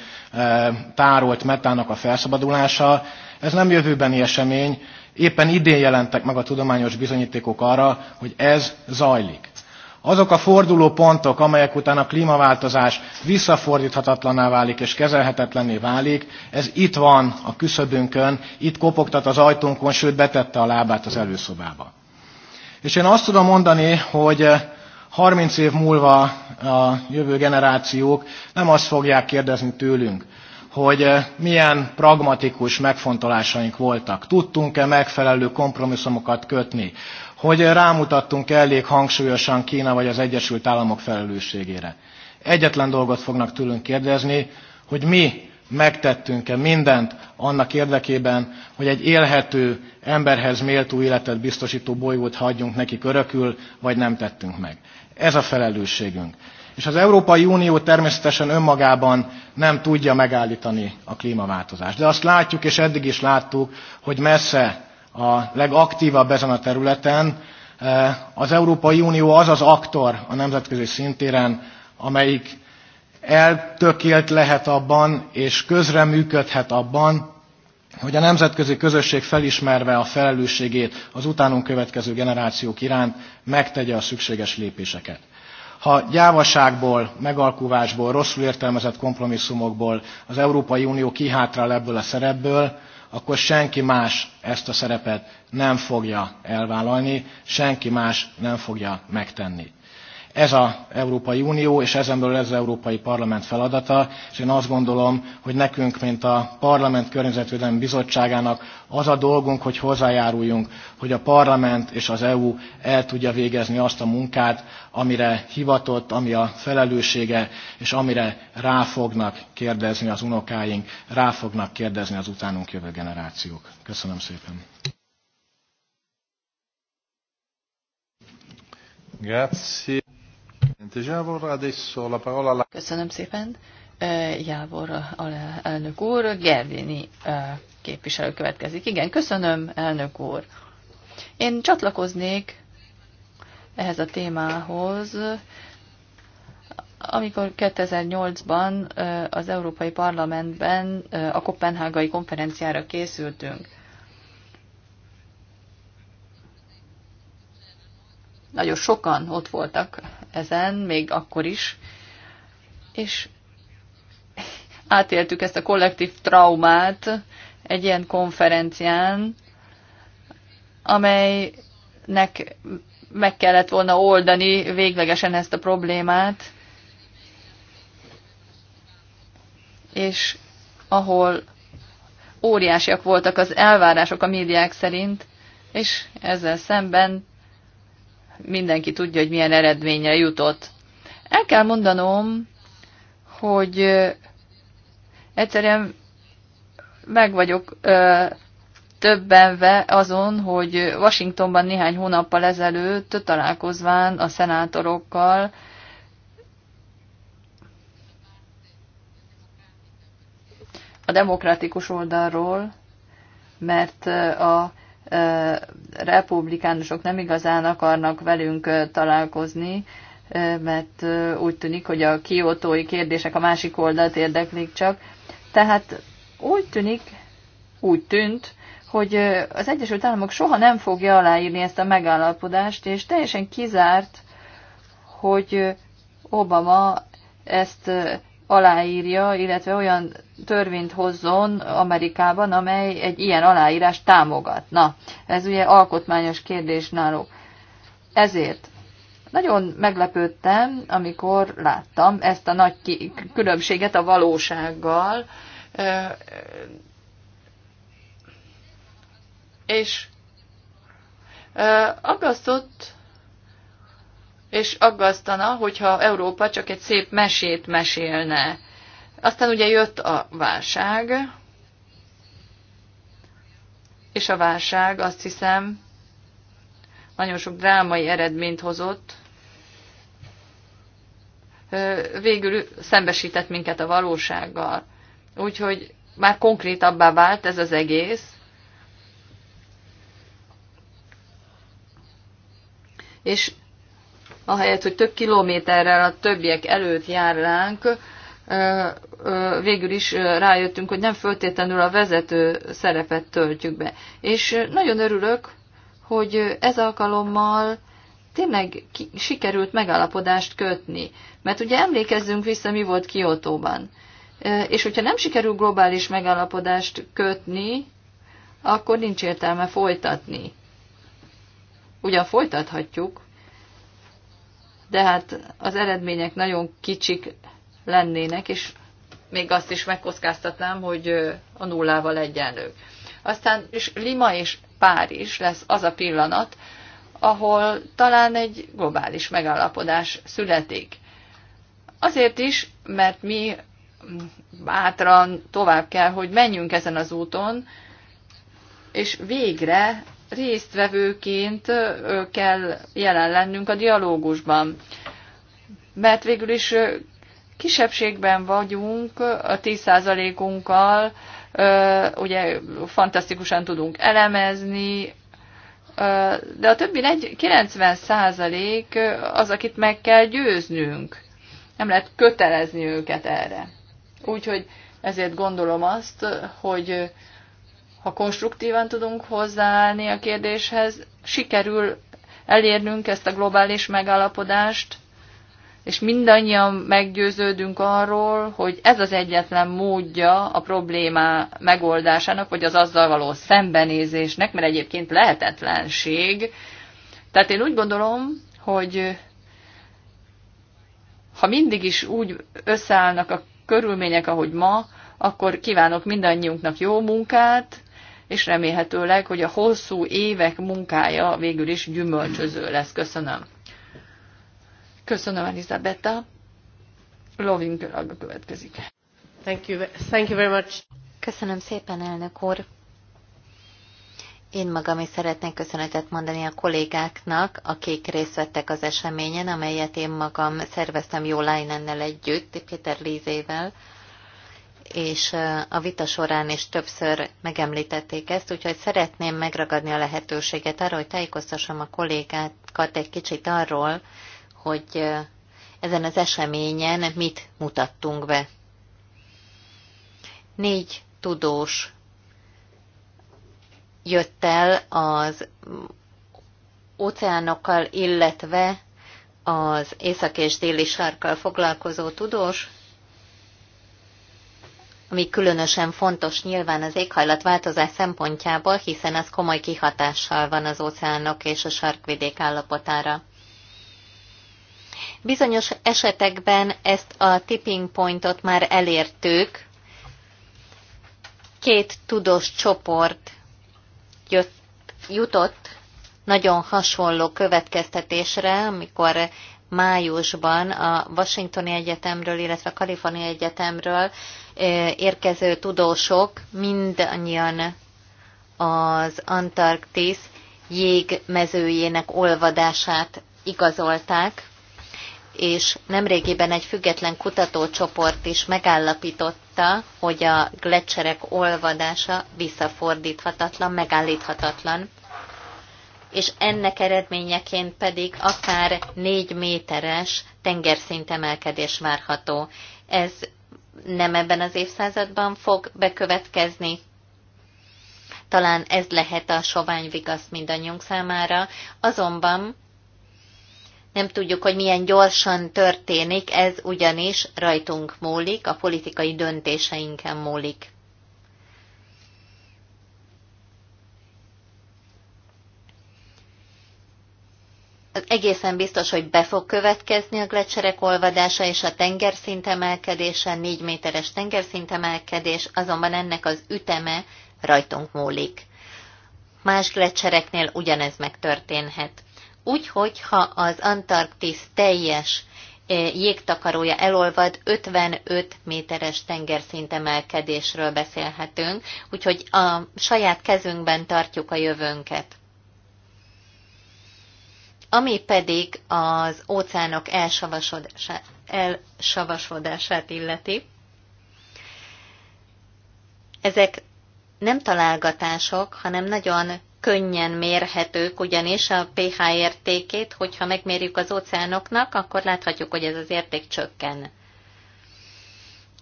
F: tárolt metának a felszabadulása, ez nem jövőbeni esemény, éppen idén jelentek meg a tudományos bizonyítékok arra, hogy ez zajlik. Azok a fordulópontok, amelyek után a klímaváltozás visszafordíthatatlaná válik és kezelhetetlenné válik, ez itt van a küszöbünkön, itt kopogtat az ajtónkon, sőt betette a lábát az előszobába. És én azt tudom mondani, hogy 30 eh, év múlva a jövő generációk nem azt fogják kérdezni tőlünk, hogy eh, milyen pragmatikus megfontolásaink voltak. Tudtunk-e megfelelő kompromisszumokat kötni? hogy rámutattunk elég hangsúlyosan Kína vagy az Egyesült Államok felelősségére. Egyetlen dolgot fognak tőlünk kérdezni, hogy mi megtettünk-e mindent annak érdekében, hogy egy élhető, emberhez méltó életet biztosító bolygót hagyjunk neki körökül, vagy nem tettünk meg. Ez a felelősségünk. És az Európai Unió természetesen önmagában nem tudja megállítani a klímaváltozást. De azt látjuk, és eddig is láttuk, hogy messze a legaktívabb ezen a területen. Eh, az Európai Unió az az aktor a nemzetközi szintéren, amelyik eltökélt lehet abban, és közreműködhet abban, hogy a nemzetközi közösség felismerve a felelősségét az utánunk következő generációk iránt megtegye a szükséges lépéseket. Ha gyávaságból, megalkuvásból, rosszul értelmezett kompromisszumokból az Európai Unió kihátrál ebből a szerepből, akkor senki más ezt a szerepet nem fogja elvállalni, senki más nem fogja megtenni. Ez az Európai Unió, és ezen belül ez az Európai Parlament feladata, és én azt gondolom, hogy nekünk, mint a Parlament Környezetvédelmi Bizottságának az a dolgunk, hogy hozzájáruljunk, hogy a Parlament és az EU el tudja végezni azt a munkát, amire hivatott, ami a felelőssége, és amire rá fognak kérdezni az unokáink, rá fognak kérdezni az utánunk jövő generációk. Köszönöm szépen.
B: Köszönöm szépen.
C: Jávor elnök úr, Gervini képviselő következik. Igen, köszönöm, elnök úr. Én csatlakoznék ehhez a témához. Amikor 2008-ban az Európai Parlamentben a Kopenhágai konferenciára készültünk, nagyon sokan ott voltak ezen, még akkor is, és átéltük ezt a kollektív traumát egy ilyen konferencián, amelynek meg kellett volna oldani véglegesen ezt a problémát, és ahol óriásiak voltak az elvárások a médiák szerint, és ezzel szemben mindenki tudja, hogy milyen eredményre jutott. El kell mondanom, hogy egyszerűen meg vagyok többenve azon, hogy Washingtonban néhány hónappal ezelőtt találkozván a szenátorokkal a demokratikus oldalról, mert eh, a eh, republikánusok nem igazán akarnak velünk eh, találkozni, mert úgy tűnik, hogy a kiótói kérdések a másik oldalt érdeklik csak. Tehát úgy tűnik, úgy tűnt, hogy az Egyesült Államok soha nem fogja aláírni ezt a megállapodást, és teljesen kizárt, hogy Obama ezt aláírja, illetve olyan törvényt hozzon Amerikában, amely egy ilyen aláírás támogatna. Ez ugye alkotmányos kérdés náluk. Ezért nagyon meglepődtem, amikor láttam ezt a nagy különbséget a valósággal és aggasztott, és aggasztana, hogyha Európa csak egy szép mesét mesélne. Aztán ugye jött a válság, és a válság azt hiszem nagyon sok drámai eredményt hozott. Végül szembesített minket a valósággal. Úgyhogy már konkrétabbá vált ez az egész, és ahelyett, hogy több kilométerrel a többiek előtt járnánk, végül is rájöttünk, hogy nem föltétlenül a vezető szerepet töltjük be. És nagyon örülök, hogy ez alkalommal tényleg sikerült megállapodást kötni. Mert ugye emlékezzünk vissza, mi volt Kiotóban. És hogyha nem sikerül globális megállapodást kötni, akkor nincs értelme folytatni. Ugyan folytathatjuk, de hát az eredmények nagyon kicsik lennének, és még azt is megkockáztatnám, hogy a nullával egyenlők. Aztán és Lima és Párizs lesz az a pillanat, ahol talán egy globális megállapodás születik. Azért is, mert mi mm, bátran tovább kell, hogy menjünk ezen az úton, és végre résztvevőként kell jelen lennünk a dialógusban. Mert végül is kisebbségben vagyunk a 10%-unkkal, ugye fantasztikusan tudunk elemezni, de a többi 90% az, akit meg kell győznünk. Nem lehet kötelezni őket erre. Úgyhogy ezért gondolom azt, hogy ha konstruktívan tudunk hozzáállni a kérdéshez, sikerül elérnünk ezt a globális megállapodást, és mindannyian meggyőződünk arról, hogy ez az egyetlen módja a problémá megoldásának, vagy az azzal való szembenézésnek, mert egyébként lehetetlenség. Tehát én úgy gondolom, hogy ha mindig is úgy összeállnak a körülmények, ahogy ma, akkor kívánok mindannyiunknak jó munkát, és remélhetőleg, hogy a hosszú évek munkája végül is gyümölcsöző lesz. Köszönöm. Köszönöm, Elizabetta. Lovin Gölag következik. Thank you, thank you very much. Köszönöm szépen,
A: elnök úr. Én magam is szeretnék köszönetet mondani a kollégáknak, akik részt vettek az eseményen, amelyet én magam szerveztem Jó Lájnennel együtt, Péter Lízével és a vita során is többször megemlítették ezt, úgyhogy szeretném megragadni a lehetőséget arra, hogy tájékoztassam a kollégákat egy kicsit arról, hogy ezen az eseményen mit mutattunk be. Négy tudós jött el az óceánokkal, illetve az észak és déli sarkkal foglalkozó tudós, ami különösen fontos nyilván az éghajlatváltozás szempontjából, hiszen ez komoly kihatással van az óceánok és a sarkvidék állapotára. Bizonyos esetekben ezt a tipping pointot már elértük. Két tudós csoport jött, jutott nagyon hasonló következtetésre, amikor májusban a Washingtoni Egyetemről, illetve a Kalifornia Egyetemről érkező tudósok mindannyian az Antarktisz jégmezőjének olvadását igazolták, és nemrégiben egy független kutatócsoport is megállapította, hogy a gletszerek olvadása visszafordíthatatlan, megállíthatatlan, és ennek eredményeként pedig akár négy méteres tengerszint emelkedés várható. Ez nem ebben az évszázadban fog bekövetkezni. Talán ez lehet a sovány vigasz mindannyiunk számára, azonban nem tudjuk, hogy milyen gyorsan történik, ez ugyanis rajtunk múlik, a politikai döntéseinken múlik. egészen biztos, hogy be fog következni a gletszerek olvadása és a tengerszint emelkedése, négy méteres tengerszint emelkedés, azonban ennek az üteme rajtunk múlik. Más gletszereknél ugyanez megtörténhet. Úgyhogy, ha az Antarktisz teljes eh, jégtakarója elolvad, 55 méteres tengerszint emelkedésről beszélhetünk, úgyhogy a saját kezünkben tartjuk a jövőnket. Ami pedig az óceánok elsavasodását illeti, ezek nem találgatások, hanem nagyon könnyen mérhetők, ugyanis a pH értékét, hogyha megmérjük az óceánoknak, akkor láthatjuk, hogy ez az érték csökken.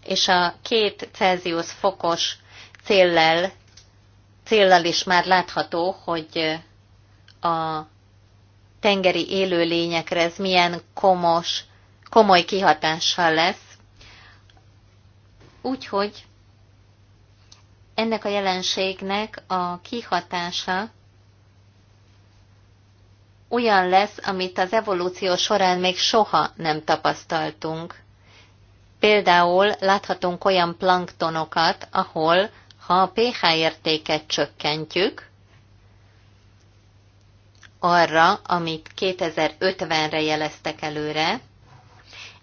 A: És a két Celsius fokos céllel, céllal is már látható, hogy a tengeri élőlényekre ez milyen komos, komoly kihatással lesz. Úgyhogy ennek a jelenségnek a kihatása olyan lesz, amit az evolúció során még soha nem tapasztaltunk. Például láthatunk olyan planktonokat, ahol, ha a pH értéket csökkentjük, arra, amit 2050-re jeleztek előre,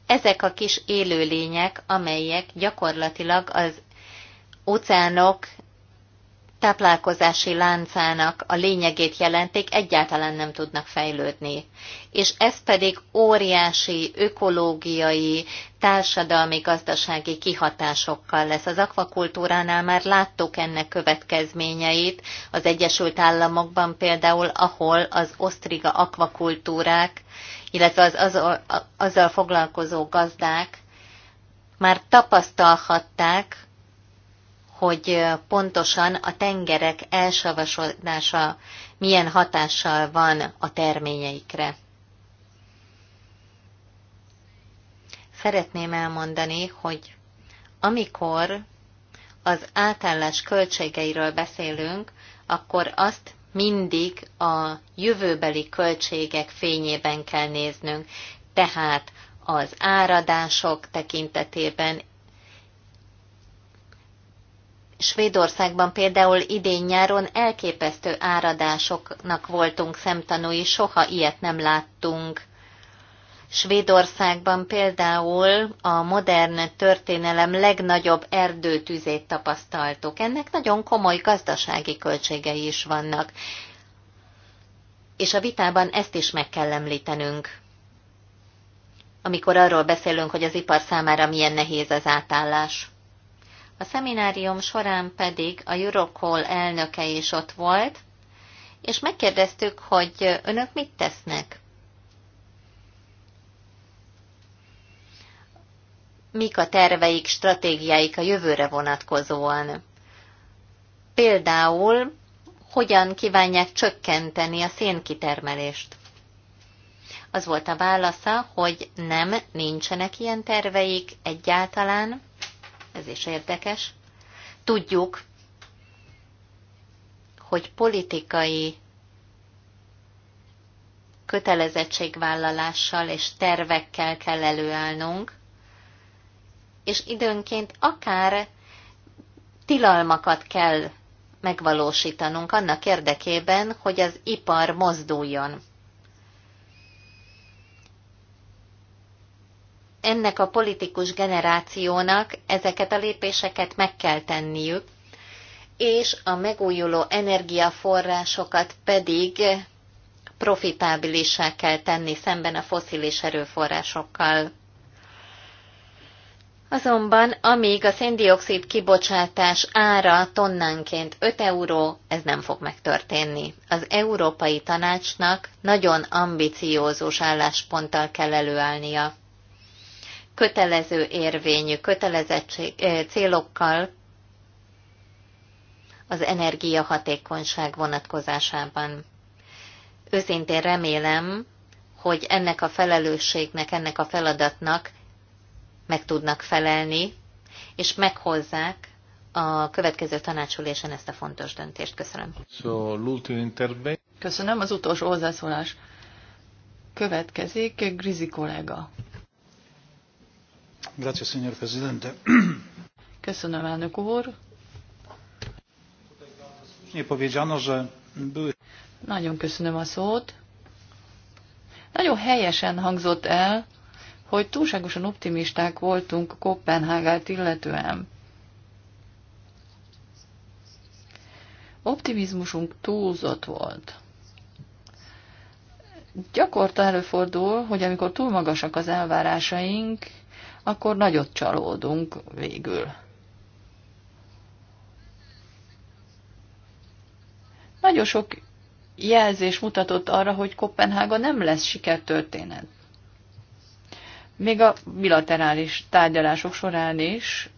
A: ezek a kis élőlények, amelyek gyakorlatilag az óceánok táplálkozási láncának a lényegét jelentik, egyáltalán nem tudnak fejlődni. És ez pedig óriási ökológiai, társadalmi, gazdasági kihatásokkal lesz. Az akvakultúránál már láttuk ennek következményeit, az Egyesült Államokban például, ahol az osztriga akvakultúrák, illetve az, az, azzal foglalkozó gazdák már tapasztalhatták, hogy pontosan a tengerek elsavasodása milyen hatással van a terményeikre. Szeretném elmondani, hogy amikor az átállás költségeiről beszélünk, akkor azt mindig a jövőbeli költségek fényében kell néznünk. Tehát az áradások tekintetében Svédországban például idén-nyáron elképesztő áradásoknak voltunk szemtanúi, soha ilyet nem láttunk. Svédországban például a modern történelem legnagyobb erdőtüzét tapasztaltuk. Ennek nagyon komoly gazdasági költségei is vannak. És a vitában ezt is meg kell említenünk. Amikor arról beszélünk, hogy az ipar számára milyen nehéz az átállás. A szeminárium során pedig a Eurocall elnöke is ott volt, és megkérdeztük, hogy önök mit tesznek. Mik a terveik, stratégiáik a jövőre vonatkozóan. Például, hogyan kívánják csökkenteni a szénkitermelést. Az volt a válasza, hogy nem, nincsenek ilyen terveik egyáltalán, ez is érdekes. Tudjuk, hogy politikai kötelezettségvállalással és tervekkel kell előállnunk, és időnként akár tilalmakat kell megvalósítanunk annak érdekében, hogy az ipar mozduljon. ennek a politikus generációnak ezeket a lépéseket meg kell tenniük, és a megújuló energiaforrásokat pedig profitábilissá kell tenni szemben a foszilis erőforrásokkal. Azonban, amíg a széndiokszid kibocsátás ára tonnánként 5 euró, ez nem fog megtörténni. Az Európai Tanácsnak nagyon ambiciózus állásponttal kell előállnia kötelező érvényű, kötelezettség célokkal az energiahatékonyság vonatkozásában. Őszintén remélem, hogy ennek a felelősségnek, ennek a feladatnak meg tudnak felelni, és meghozzák a következő tanácsülésen ezt
C: a fontos döntést. Köszönöm. Köszönöm. Az utolsó hozzászólás következik. Grizi kollega. Köszönöm, elnök úr. Nagyon köszönöm a szót. Nagyon helyesen hangzott el, hogy túlságosan optimisták voltunk Kopenhágát illetően. Optimizmusunk túlzott volt. Gyakorta előfordul, hogy amikor túl magasak az elvárásaink, akkor nagyot csalódunk végül. Nagyon sok jelzés mutatott arra, hogy Kopenhága nem lesz sikertörténet. Még a bilaterális tárgyalások során is,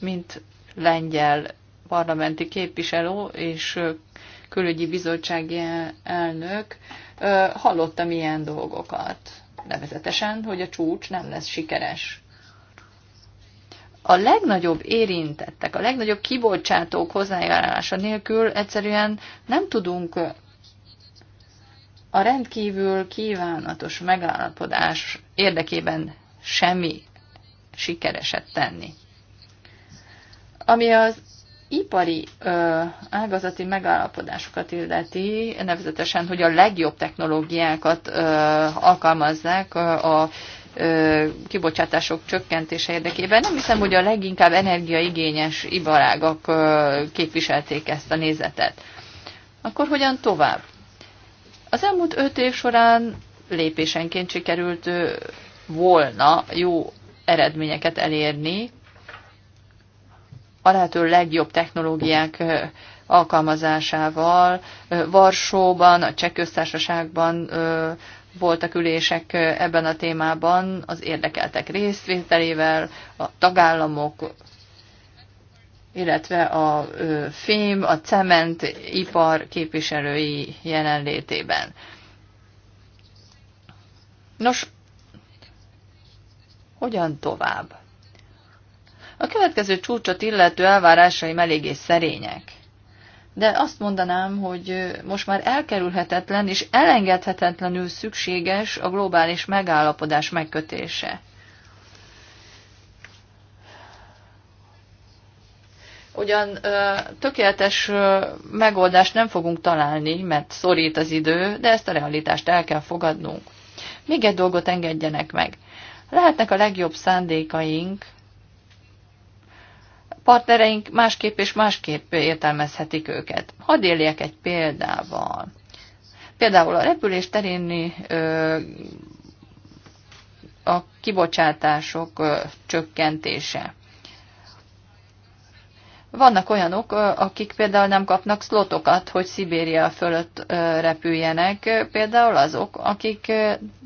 C: mint lengyel parlamenti képviselő és külügyi bizottsági elnök, hallottam ilyen dolgokat. Nevezetesen, hogy a csúcs nem lesz sikeres a legnagyobb érintettek, a legnagyobb kibocsátók hozzájárulása nélkül egyszerűen nem tudunk a rendkívül kívánatos megállapodás érdekében semmi sikereset tenni. Ami az ipari ö, ágazati megállapodásokat illeti, nevezetesen, hogy a legjobb technológiákat ö, alkalmazzák ö, a kibocsátások csökkentése érdekében. Nem hiszem, hogy a leginkább energiaigényes ibarágak képviselték ezt a nézetet. Akkor hogyan tovább? Az elmúlt öt év során lépésenként sikerült volna jó eredményeket elérni, a lehető legjobb technológiák alkalmazásával. Varsóban, a Cseh Köztársaságban voltak ülések ebben a témában az érdekeltek részvételével, a tagállamok, illetve a fém, a cement ipar képviselői jelenlétében. Nos, hogyan tovább? A következő csúcsot illető elvárásaim eléggé szerények de azt mondanám, hogy most már elkerülhetetlen és elengedhetetlenül szükséges a globális megállapodás megkötése. Ugyan tökéletes megoldást nem fogunk találni, mert szorít az idő, de ezt a realitást el kell fogadnunk. Még egy dolgot engedjenek meg. Lehetnek a legjobb szándékaink, partnereink másképp és másképp értelmezhetik őket. Hadd éljek egy példával. Például a repülés teréni a kibocsátások csökkentése. Vannak olyanok, akik például nem kapnak szlotokat, hogy Szibéria fölött repüljenek, például azok, akik,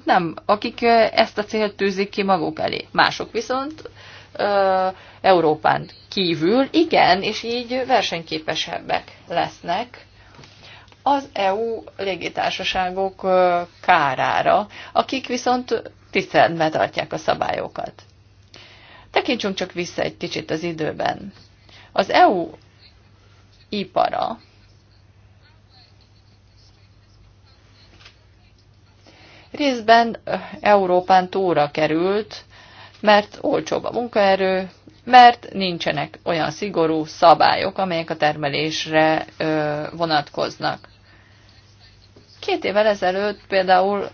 C: nem, akik ezt a célt tűzik ki maguk elé. Mások viszont Európán kívül igen, és így versenyképesebbek lesznek az EU légitársaságok kárára, akik viszont tiszteletbe tartják a szabályokat. Tekintsünk csak vissza egy kicsit az időben. Az EU ipara részben Európán túra került, mert olcsóbb a munkaerő, mert nincsenek olyan szigorú szabályok, amelyek a termelésre vonatkoznak. Két évvel ezelőtt például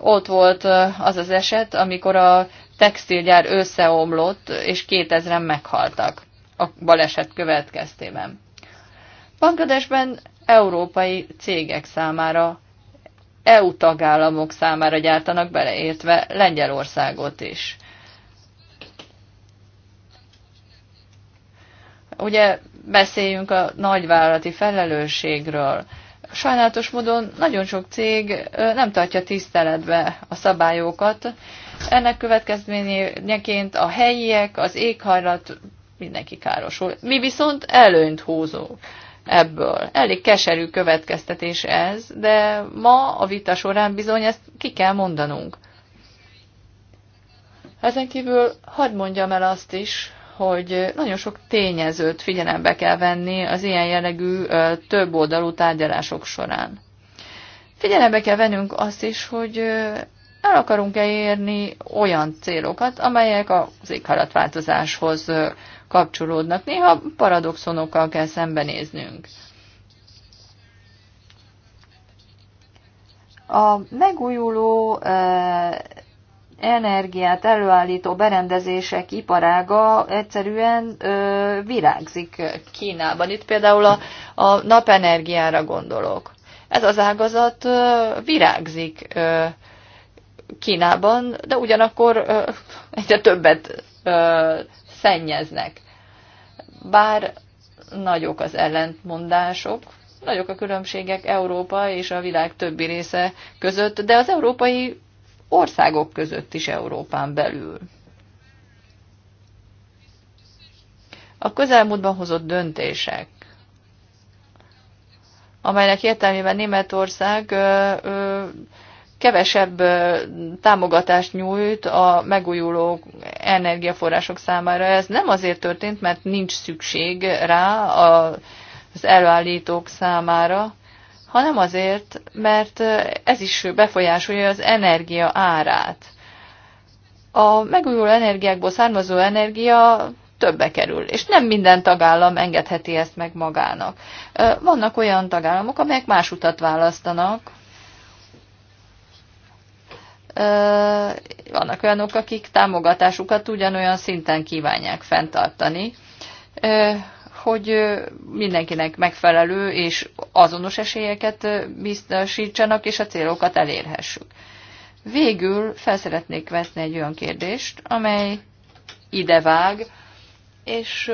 C: ott volt az az eset, amikor a textilgyár összeomlott, és 2000 meghaltak a baleset következtében. Bangladesben európai cégek számára EU tagállamok számára gyártanak, beleértve Lengyelországot is. Ugye beszéljünk a nagyvállalati felelősségről. Sajnálatos módon nagyon sok cég nem tartja tiszteletbe a szabályokat. Ennek következményeként a helyiek, az éghajlat mindenki károsul. Mi viszont előnyt húzunk ebből. Elég keserű következtetés ez, de ma a vita során bizony ezt ki kell mondanunk. Ezen kívül hadd mondjam el azt is, hogy nagyon sok tényezőt figyelembe kell venni az ilyen jellegű több oldalú tárgyalások során. Figyelembe kell vennünk azt is, hogy el akarunk-e érni olyan célokat, amelyek az éghajlatváltozáshoz kapcsolódnak. Néha paradoxonokkal kell szembenéznünk. A megújuló e, energiát előállító berendezések iparága egyszerűen e, virágzik Kínában. Itt például a, a napenergiára gondolok. Ez az ágazat e, virágzik Kínában, de ugyanakkor ö, egyre többet szennyeznek bár nagyok az ellentmondások, nagyok a különbségek Európa és a világ többi része között, de az európai országok között is Európán belül. A közelmúltban hozott döntések, amelynek értelmében Németország ö, ö, kevesebb támogatást nyújt a megújuló energiaforrások számára. Ez nem azért történt, mert nincs szükség rá az előállítók számára, hanem azért, mert ez is befolyásolja az energia árát. A megújuló energiákból származó energia többe kerül, és nem minden tagállam engedheti ezt meg magának. Vannak olyan tagállamok, amelyek más utat választanak, vannak olyanok, akik támogatásukat ugyanolyan szinten kívánják fenntartani, hogy mindenkinek megfelelő és azonos esélyeket biztosítsanak, és a célokat elérhessük. Végül felszeretnék vetni egy olyan kérdést, amely idevág, és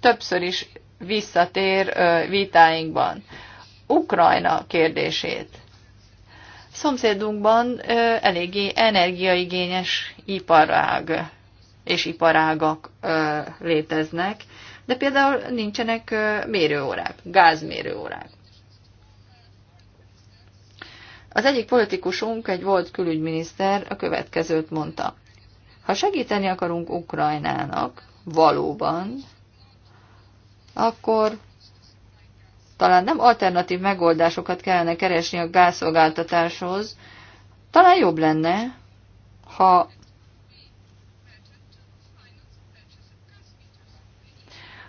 C: többször is visszatér vitáinkban. Ukrajna kérdését szomszédunkban eléggé energiaigényes iparág és iparágak léteznek, de például nincsenek mérőórák, gázmérőórák. Az egyik politikusunk, egy volt külügyminiszter a következőt mondta. Ha segíteni akarunk Ukrajnának, valóban, akkor talán nem alternatív megoldásokat kellene keresni a gázszolgáltatáshoz, talán jobb lenne, ha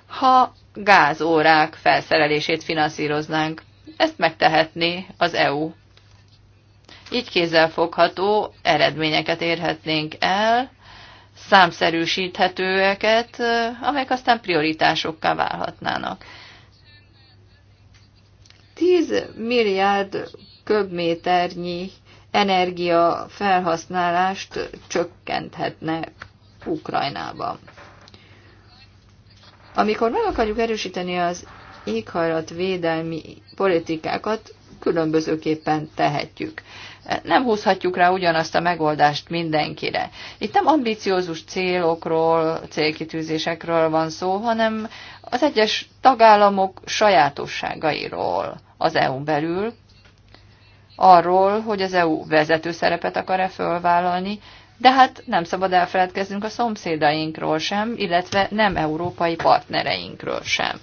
C: ha gázórák felszerelését finanszíroznánk. Ezt megtehetné az EU. Így kézzelfogható eredményeket érhetnénk el, számszerűsíthetőeket, amelyek aztán prioritásokká válhatnának. 10 milliárd köbméternyi energia felhasználást csökkenthetne Ukrajnában. Amikor meg akarjuk erősíteni az védelmi politikákat, különbözőképpen tehetjük. Nem húzhatjuk rá ugyanazt a megoldást mindenkire. Itt nem ambiciózus célokról, célkitűzésekről van szó, hanem az egyes tagállamok sajátosságairól az eu belül, arról, hogy az EU vezető szerepet akar-e fölvállalni, de hát nem szabad elfeledkeznünk a szomszédainkról sem, illetve nem európai partnereinkről sem.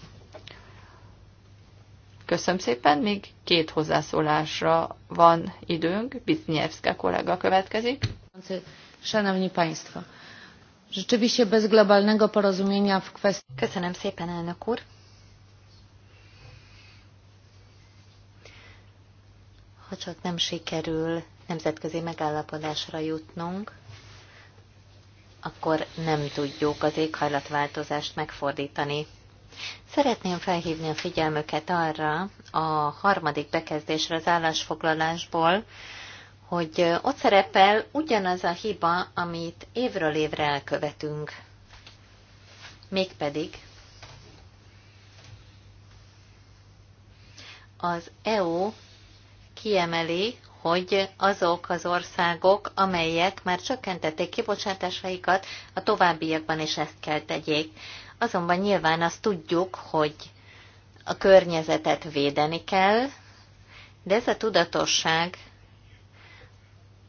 C: Köszönöm szépen, még két hozzászólásra van időnk. Bitnyevszke kollega következik. Szanowni Państwo, Rzeczywiście bez globalnego
A: porozumienia w kwestii... Köszönöm szépen, elnök úr. Ha csak nem sikerül nemzetközi megállapodásra jutnunk, akkor nem tudjuk az éghajlatváltozást megfordítani. Szeretném felhívni a figyelmüket arra a harmadik bekezdésre az állásfoglalásból, hogy ott szerepel ugyanaz a hiba, amit évről évre elkövetünk. Mégpedig az EU kiemeli, hogy azok az országok, amelyek már csökkentették kibocsátásaikat, a továbbiakban is ezt kell tegyék. Azonban nyilván azt tudjuk, hogy a környezetet védeni kell, de ez a tudatosság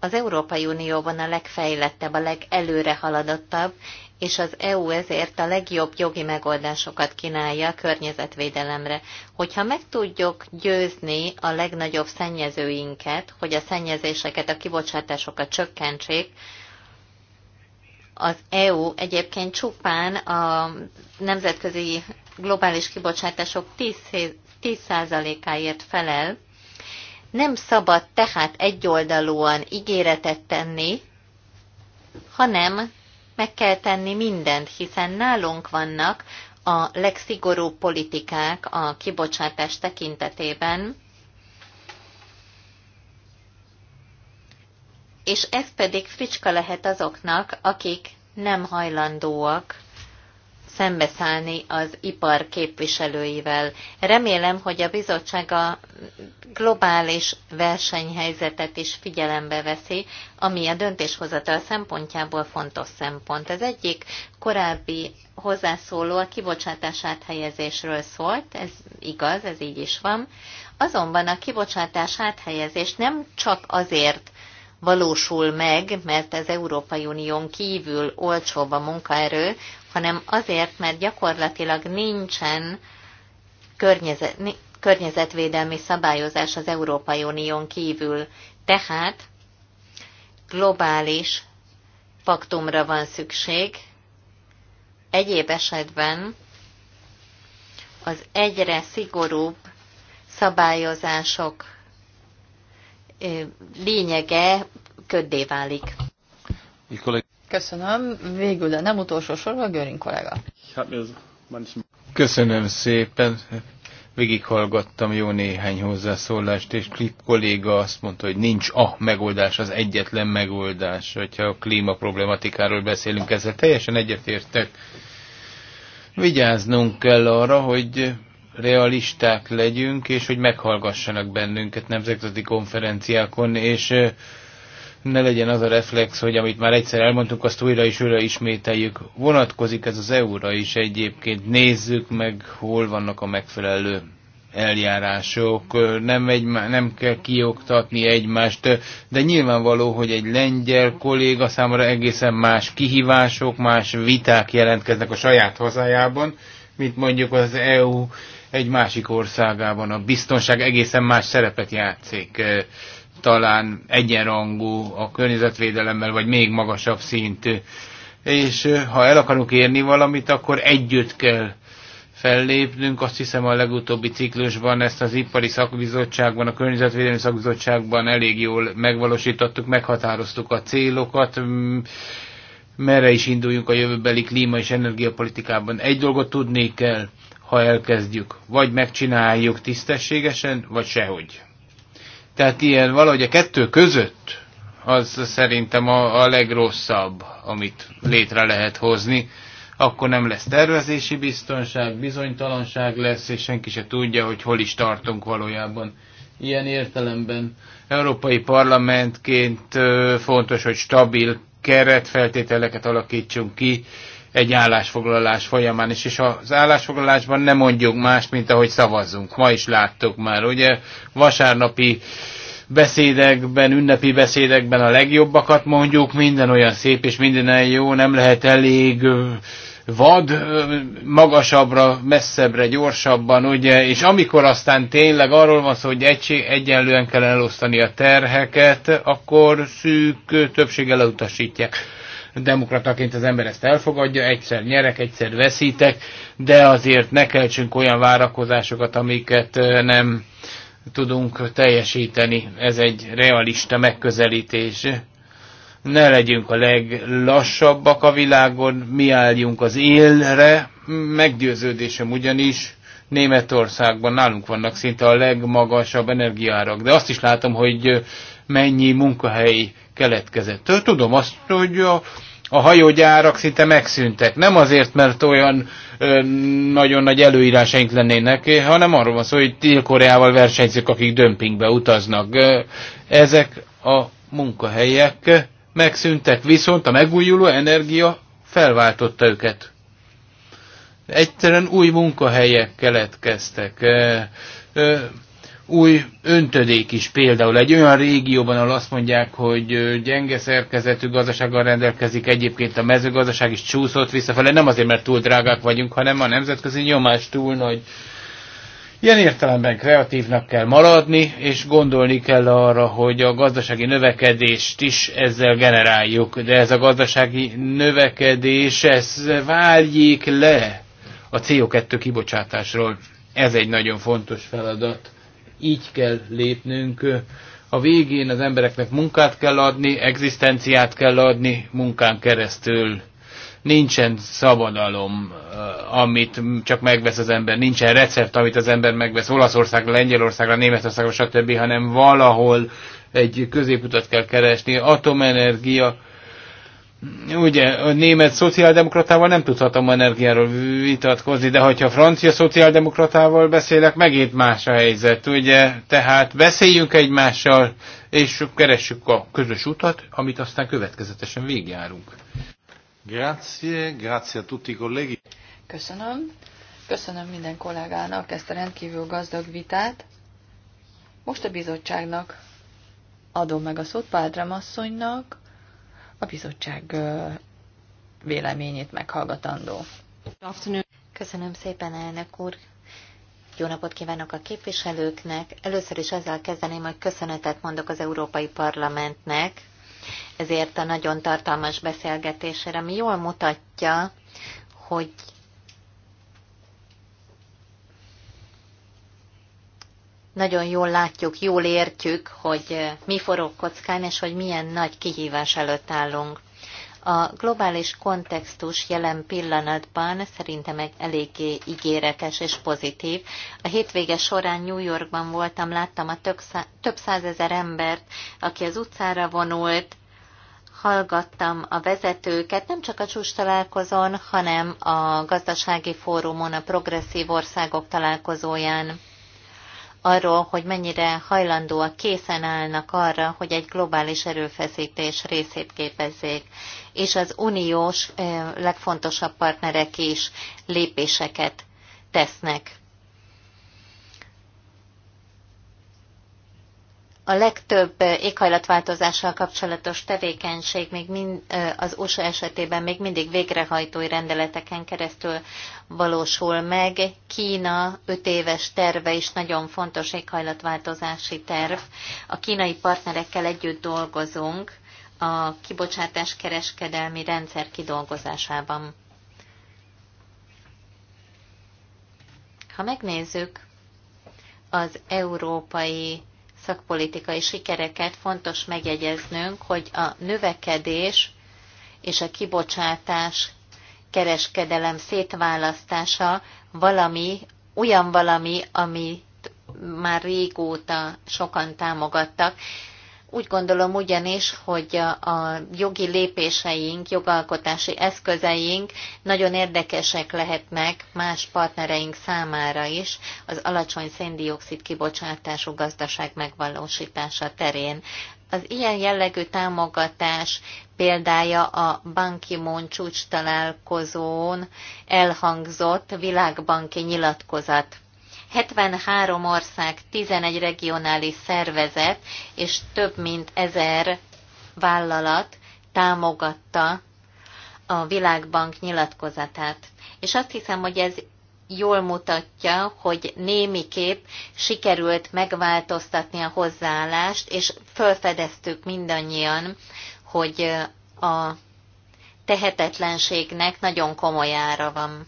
A: az Európai Unióban a legfejlettebb, a legelőre haladottabb, és az EU ezért a legjobb jogi megoldásokat kínálja a környezetvédelemre. Hogyha meg tudjuk győzni a legnagyobb szennyezőinket, hogy a szennyezéseket, a kibocsátásokat csökkentsék, az EU egyébként csupán a nemzetközi globális kibocsátások 10%-áért felel, nem szabad tehát egyoldalúan ígéretet tenni, hanem meg kell tenni mindent, hiszen nálunk vannak a legszigorúbb politikák a kibocsátás tekintetében, és ez pedig fricska lehet azoknak, akik nem hajlandóak szembeszállni az ipar képviselőivel. Remélem, hogy a bizottság a globális versenyhelyzetet is figyelembe veszi, ami a döntéshozatal szempontjából fontos szempont. Az egyik korábbi hozzászóló a kibocsátás áthelyezésről szólt, ez igaz, ez így is van. Azonban a kibocsátás áthelyezés nem csak azért valósul meg, mert az Európai Unión kívül olcsóbb a munkaerő, hanem azért, mert gyakorlatilag nincsen környezet, környezetvédelmi szabályozás az Európai Unión kívül. Tehát globális paktumra van szükség. Egyéb esetben az egyre szigorúbb szabályozások lényege
C: köddé válik. Köszönöm. Végül, de nem utolsó sorban, kollega.
D: Hát,
E: Köszönöm szépen. Végighallgattam jó néhány hozzászólást, és Klip kolléga azt mondta, hogy nincs a megoldás, az egyetlen megoldás, hogyha a klíma problematikáról beszélünk. Ezzel teljesen egyetértek. Vigyáznunk kell arra, hogy realisták legyünk, és hogy meghallgassanak bennünket nemzetközi konferenciákon, és ne legyen az a reflex, hogy amit már egyszer elmondtunk, azt újra és újra ismételjük. Vonatkozik ez az EU-ra is egyébként. Nézzük meg, hol vannak a megfelelő eljárások, nem, egy, nem kell kioktatni egymást, de nyilvánvaló, hogy egy lengyel kolléga számára egészen más kihívások, más viták jelentkeznek a saját hazájában, mint mondjuk az EU egy másik országában. A biztonság egészen más szerepet játszik talán egyenrangú a környezetvédelemmel, vagy még magasabb szintű. És ha el akarunk érni valamit, akkor együtt kell fellépnünk. Azt hiszem a legutóbbi ciklusban ezt az ipari szakbizottságban, a környezetvédelmi szakbizottságban elég jól megvalósítottuk, meghatároztuk a célokat, merre is induljunk a jövőbeli klíma és energiapolitikában. Egy dolgot tudni kell, ha elkezdjük. Vagy megcsináljuk tisztességesen, vagy sehogy. Tehát ilyen valahogy a kettő között az szerintem a, a legrosszabb, amit létre lehet hozni. Akkor nem lesz tervezési biztonság, bizonytalanság lesz, és senki se tudja, hogy hol is tartunk valójában. Ilyen értelemben Európai Parlamentként fontos, hogy stabil keretfeltételeket alakítsunk ki, egy állásfoglalás folyamán is, és az állásfoglalásban nem mondjuk más, mint ahogy szavazzunk. Ma is láttuk már, ugye vasárnapi beszédekben, ünnepi beszédekben a legjobbakat mondjuk, minden olyan szép és minden jó, nem lehet elég vad, magasabbra, messzebbre, gyorsabban, ugye, és amikor aztán tényleg arról van szó, hogy egység, egyenlően kell elosztani a terheket, akkor szűk többséggel elutasítják demokrataként az ember ezt elfogadja, egyszer nyerek, egyszer veszítek, de azért ne keltsünk olyan várakozásokat, amiket nem tudunk teljesíteni. Ez egy realista megközelítés. Ne legyünk a leglassabbak a világon, mi álljunk az élre, meggyőződésem ugyanis, Németországban nálunk vannak szinte a legmagasabb energiárak, de azt is látom, hogy mennyi munkahely keletkezett. Tudom azt, hogy a, a hajógyárak szinte megszűntek. Nem azért, mert olyan ö, nagyon nagy előírásaink lennének, hanem arról van szó, hogy Dél-Koreával versenyzők, akik dömpingbe utaznak. Ezek a munkahelyek megszűntek, viszont a megújuló energia felváltotta őket. Egyszerűen új munkahelyek keletkeztek. Ö, ö, új öntödék is például egy olyan régióban, ahol azt mondják, hogy gyenge szerkezetű gazdasággal rendelkezik, egyébként a mezőgazdaság is csúszott visszafele, nem azért, mert túl drágák vagyunk, hanem a nemzetközi nyomás túl nagy. Ilyen értelemben kreatívnak kell maradni, és gondolni kell arra, hogy a gazdasági növekedést is ezzel generáljuk, de ez a gazdasági növekedés, ez váljék le a CO2 kibocsátásról. Ez egy nagyon fontos feladat így kell lépnünk. A végén az embereknek munkát kell adni, egzisztenciát kell adni munkán keresztül. Nincsen szabadalom, eh, amit csak megvesz az ember. Nincsen recept, amit az ember megvesz Olaszországra, Lengyelországra, Németországra, stb., hanem valahol egy középutat kell keresni. Atomenergia, ugye a német szociáldemokratával nem tudhatom energiáról vitatkozni, de hogyha a francia szociáldemokratával beszélek, megint más a helyzet, ugye? Tehát beszéljünk egymással, és keressük a közös utat, amit aztán következetesen végigjárunk.
B: Grazie, grazie a tutti colleghi.
C: Köszönöm. Köszönöm minden kollégának ezt a rendkívül gazdag vitát. Most a bizottságnak adom meg a szót Pádram asszonynak, a bizottság véleményét meghallgatandó.
A: Köszönöm szépen, elnök úr! Jó napot kívánok a képviselőknek! Először is azzal kezdeném, hogy köszönetet mondok az Európai Parlamentnek ezért a nagyon tartalmas beszélgetésre, ami jól mutatja, hogy nagyon jól látjuk, jól értjük, hogy eh, mi forog kockán, és hogy milyen nagy kihívás előtt állunk. A globális kontextus jelen pillanatban szerintem egy eléggé ígéretes és pozitív. A hétvége során New Yorkban voltam, láttam a több, szá- több százezer embert, aki az utcára vonult, hallgattam a vezetőket, nem csak a csúcs találkozón, hanem a gazdasági fórumon, a progresszív országok találkozóján arról, hogy mennyire hajlandóak, készen állnak arra, hogy egy globális erőfeszítés részét képezzék, és az uniós eh, legfontosabb partnerek is lépéseket tesznek a legtöbb éghajlatváltozással kapcsolatos tevékenység még mind, az USA esetében még mindig végrehajtói rendeleteken keresztül valósul meg. Kína öt éves terve is nagyon fontos éghajlatváltozási terv. A kínai partnerekkel együtt dolgozunk a kibocsátás kereskedelmi rendszer kidolgozásában. Ha megnézzük az európai szakpolitikai sikereket fontos megjegyeznünk, hogy a növekedés és a kibocsátás kereskedelem szétválasztása valami, olyan valami, ami már régóta sokan támogattak, úgy gondolom ugyanis, hogy a jogi lépéseink, jogalkotási eszközeink nagyon érdekesek lehetnek más partnereink számára is az alacsony széndiokszid kibocsátású gazdaság megvalósítása terén. Az ilyen jellegű támogatás példája a Banki csúcs találkozón elhangzott világbanki nyilatkozat. 73 ország, 11 regionális szervezet és több mint ezer vállalat támogatta a Világbank nyilatkozatát. És azt hiszem, hogy ez jól mutatja, hogy némiképp sikerült megváltoztatni a hozzáállást, és felfedeztük mindannyian, hogy a tehetetlenségnek nagyon komoly ára van.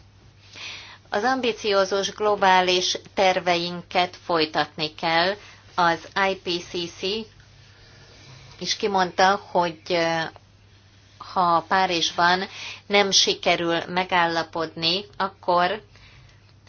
A: Az ambiciózus globális terveinket folytatni kell. Az IPCC is kimondta, hogy ha Párizsban nem sikerül megállapodni, akkor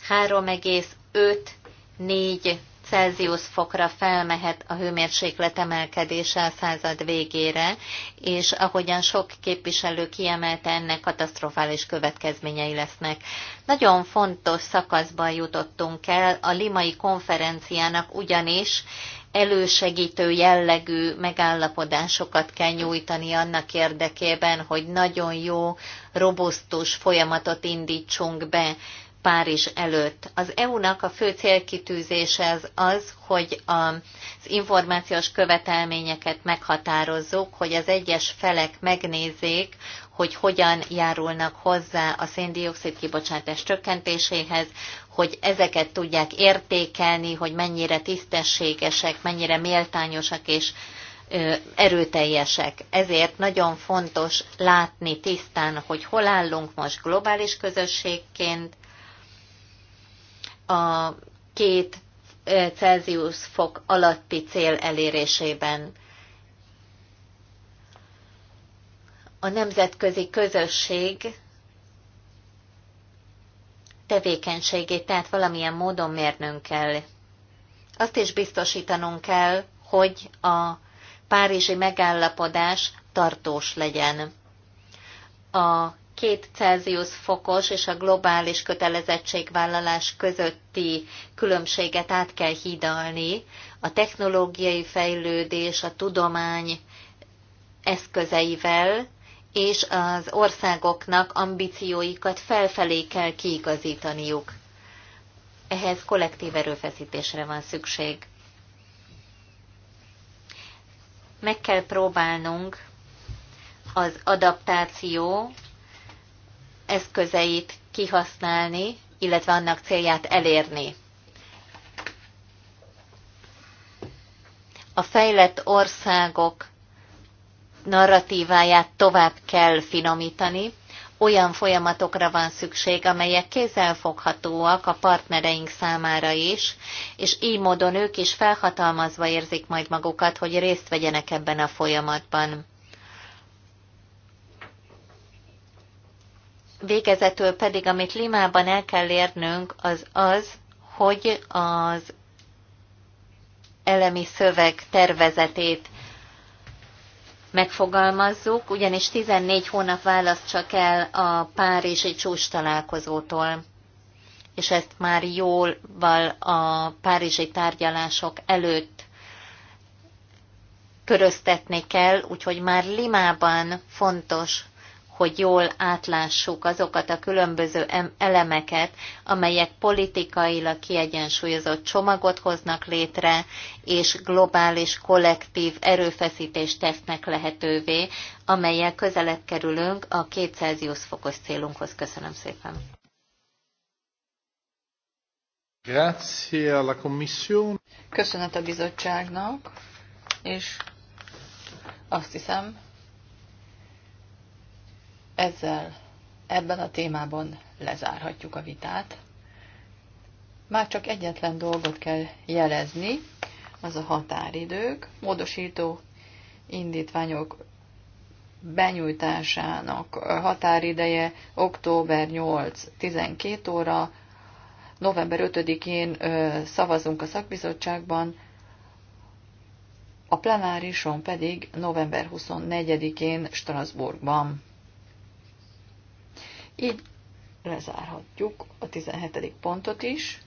A: 3,5-4 Celsius fokra felmehet a hőmérséklet emelkedése a század végére, és ahogyan sok képviselő kiemelte, ennek katasztrofális következményei lesznek. Nagyon fontos szakaszban jutottunk el a limai konferenciának ugyanis elősegítő jellegű megállapodásokat kell nyújtani annak érdekében, hogy nagyon jó, robusztus folyamatot indítsunk be. Párizs előtt. Az EU-nak a fő célkitűzése az az, hogy az információs követelményeket meghatározzuk, hogy az egyes felek megnézzék, hogy hogyan járulnak hozzá a széndiokszid kibocsátás csökkentéséhez, hogy ezeket tudják értékelni, hogy mennyire tisztességesek, mennyire méltányosak és erőteljesek. Ezért nagyon fontos látni tisztán, hogy hol állunk most globális közösségként, a két Celsius fok alatti cél elérésében. A nemzetközi közösség tevékenységét, tehát valamilyen módon mérnünk kell. Azt is biztosítanunk kell, hogy a párizsi megállapodás tartós legyen. A két Celsius fokos és a globális kötelezettségvállalás közötti különbséget át kell hidalni. A technológiai fejlődés, a tudomány eszközeivel, és az országoknak ambícióikat felfelé kell kiigazítaniuk. Ehhez kollektív erőfeszítésre van szükség. Meg kell próbálnunk az adaptáció eszközeit kihasználni, illetve annak célját elérni. A fejlett országok narratíváját tovább kell finomítani, olyan folyamatokra van szükség, amelyek kézzelfoghatóak a partnereink számára is, és így módon ők is felhatalmazva érzik majd magukat, hogy részt vegyenek ebben a folyamatban. Végezetül pedig, amit Limában el kell érnünk, az az, hogy az elemi szöveg tervezetét megfogalmazzuk, ugyanis 14 hónap választ csak el a Párizsi csúcs találkozótól, és ezt már jóval a párizsi tárgyalások előtt köröztetni kell, úgyhogy már Limában fontos hogy jól átlássuk azokat a különböző elemeket, amelyek politikailag kiegyensúlyozott csomagot hoznak létre, és globális kollektív erőfeszítést tesznek lehetővé, amelyel közelebb kerülünk a 2 Celsius fokos célunkhoz. Köszönöm szépen!
B: Grazie alla Commissione.
C: Köszönet a bizottságnak, és azt hiszem, ezzel ebben a témában lezárhatjuk a vitát. Már csak egyetlen dolgot kell jelezni, az a határidők, módosító indítványok benyújtásának határideje október 8-12 óra, november 5-én szavazunk a szakbizottságban, a plenárison pedig november 24-én Strasbourgban. Így lezárhatjuk a 17. pontot is,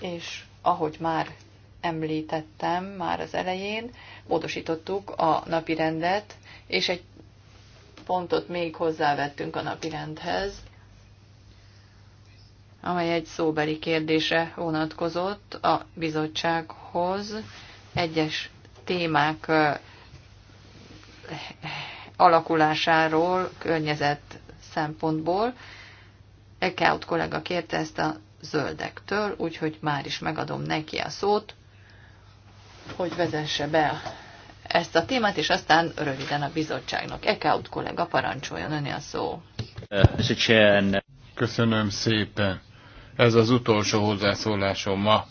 C: és ahogy már említettem már az elején, módosítottuk a napi rendet, és egy pontot még hozzávettünk a napi rendhez, amely egy szóbeli kérdése vonatkozott a bizottsághoz egyes témák alakulásáról környezet szempontból. Eckhout kollega kérte ezt a zöldektől, úgyhogy már is megadom neki a szót, hogy vezesse be ezt a témát, és aztán röviden a bizottságnak. Eckhout kollega parancsoljon, öné a szó.
E: Köszönöm szépen. Ez az utolsó hozzászólásom ma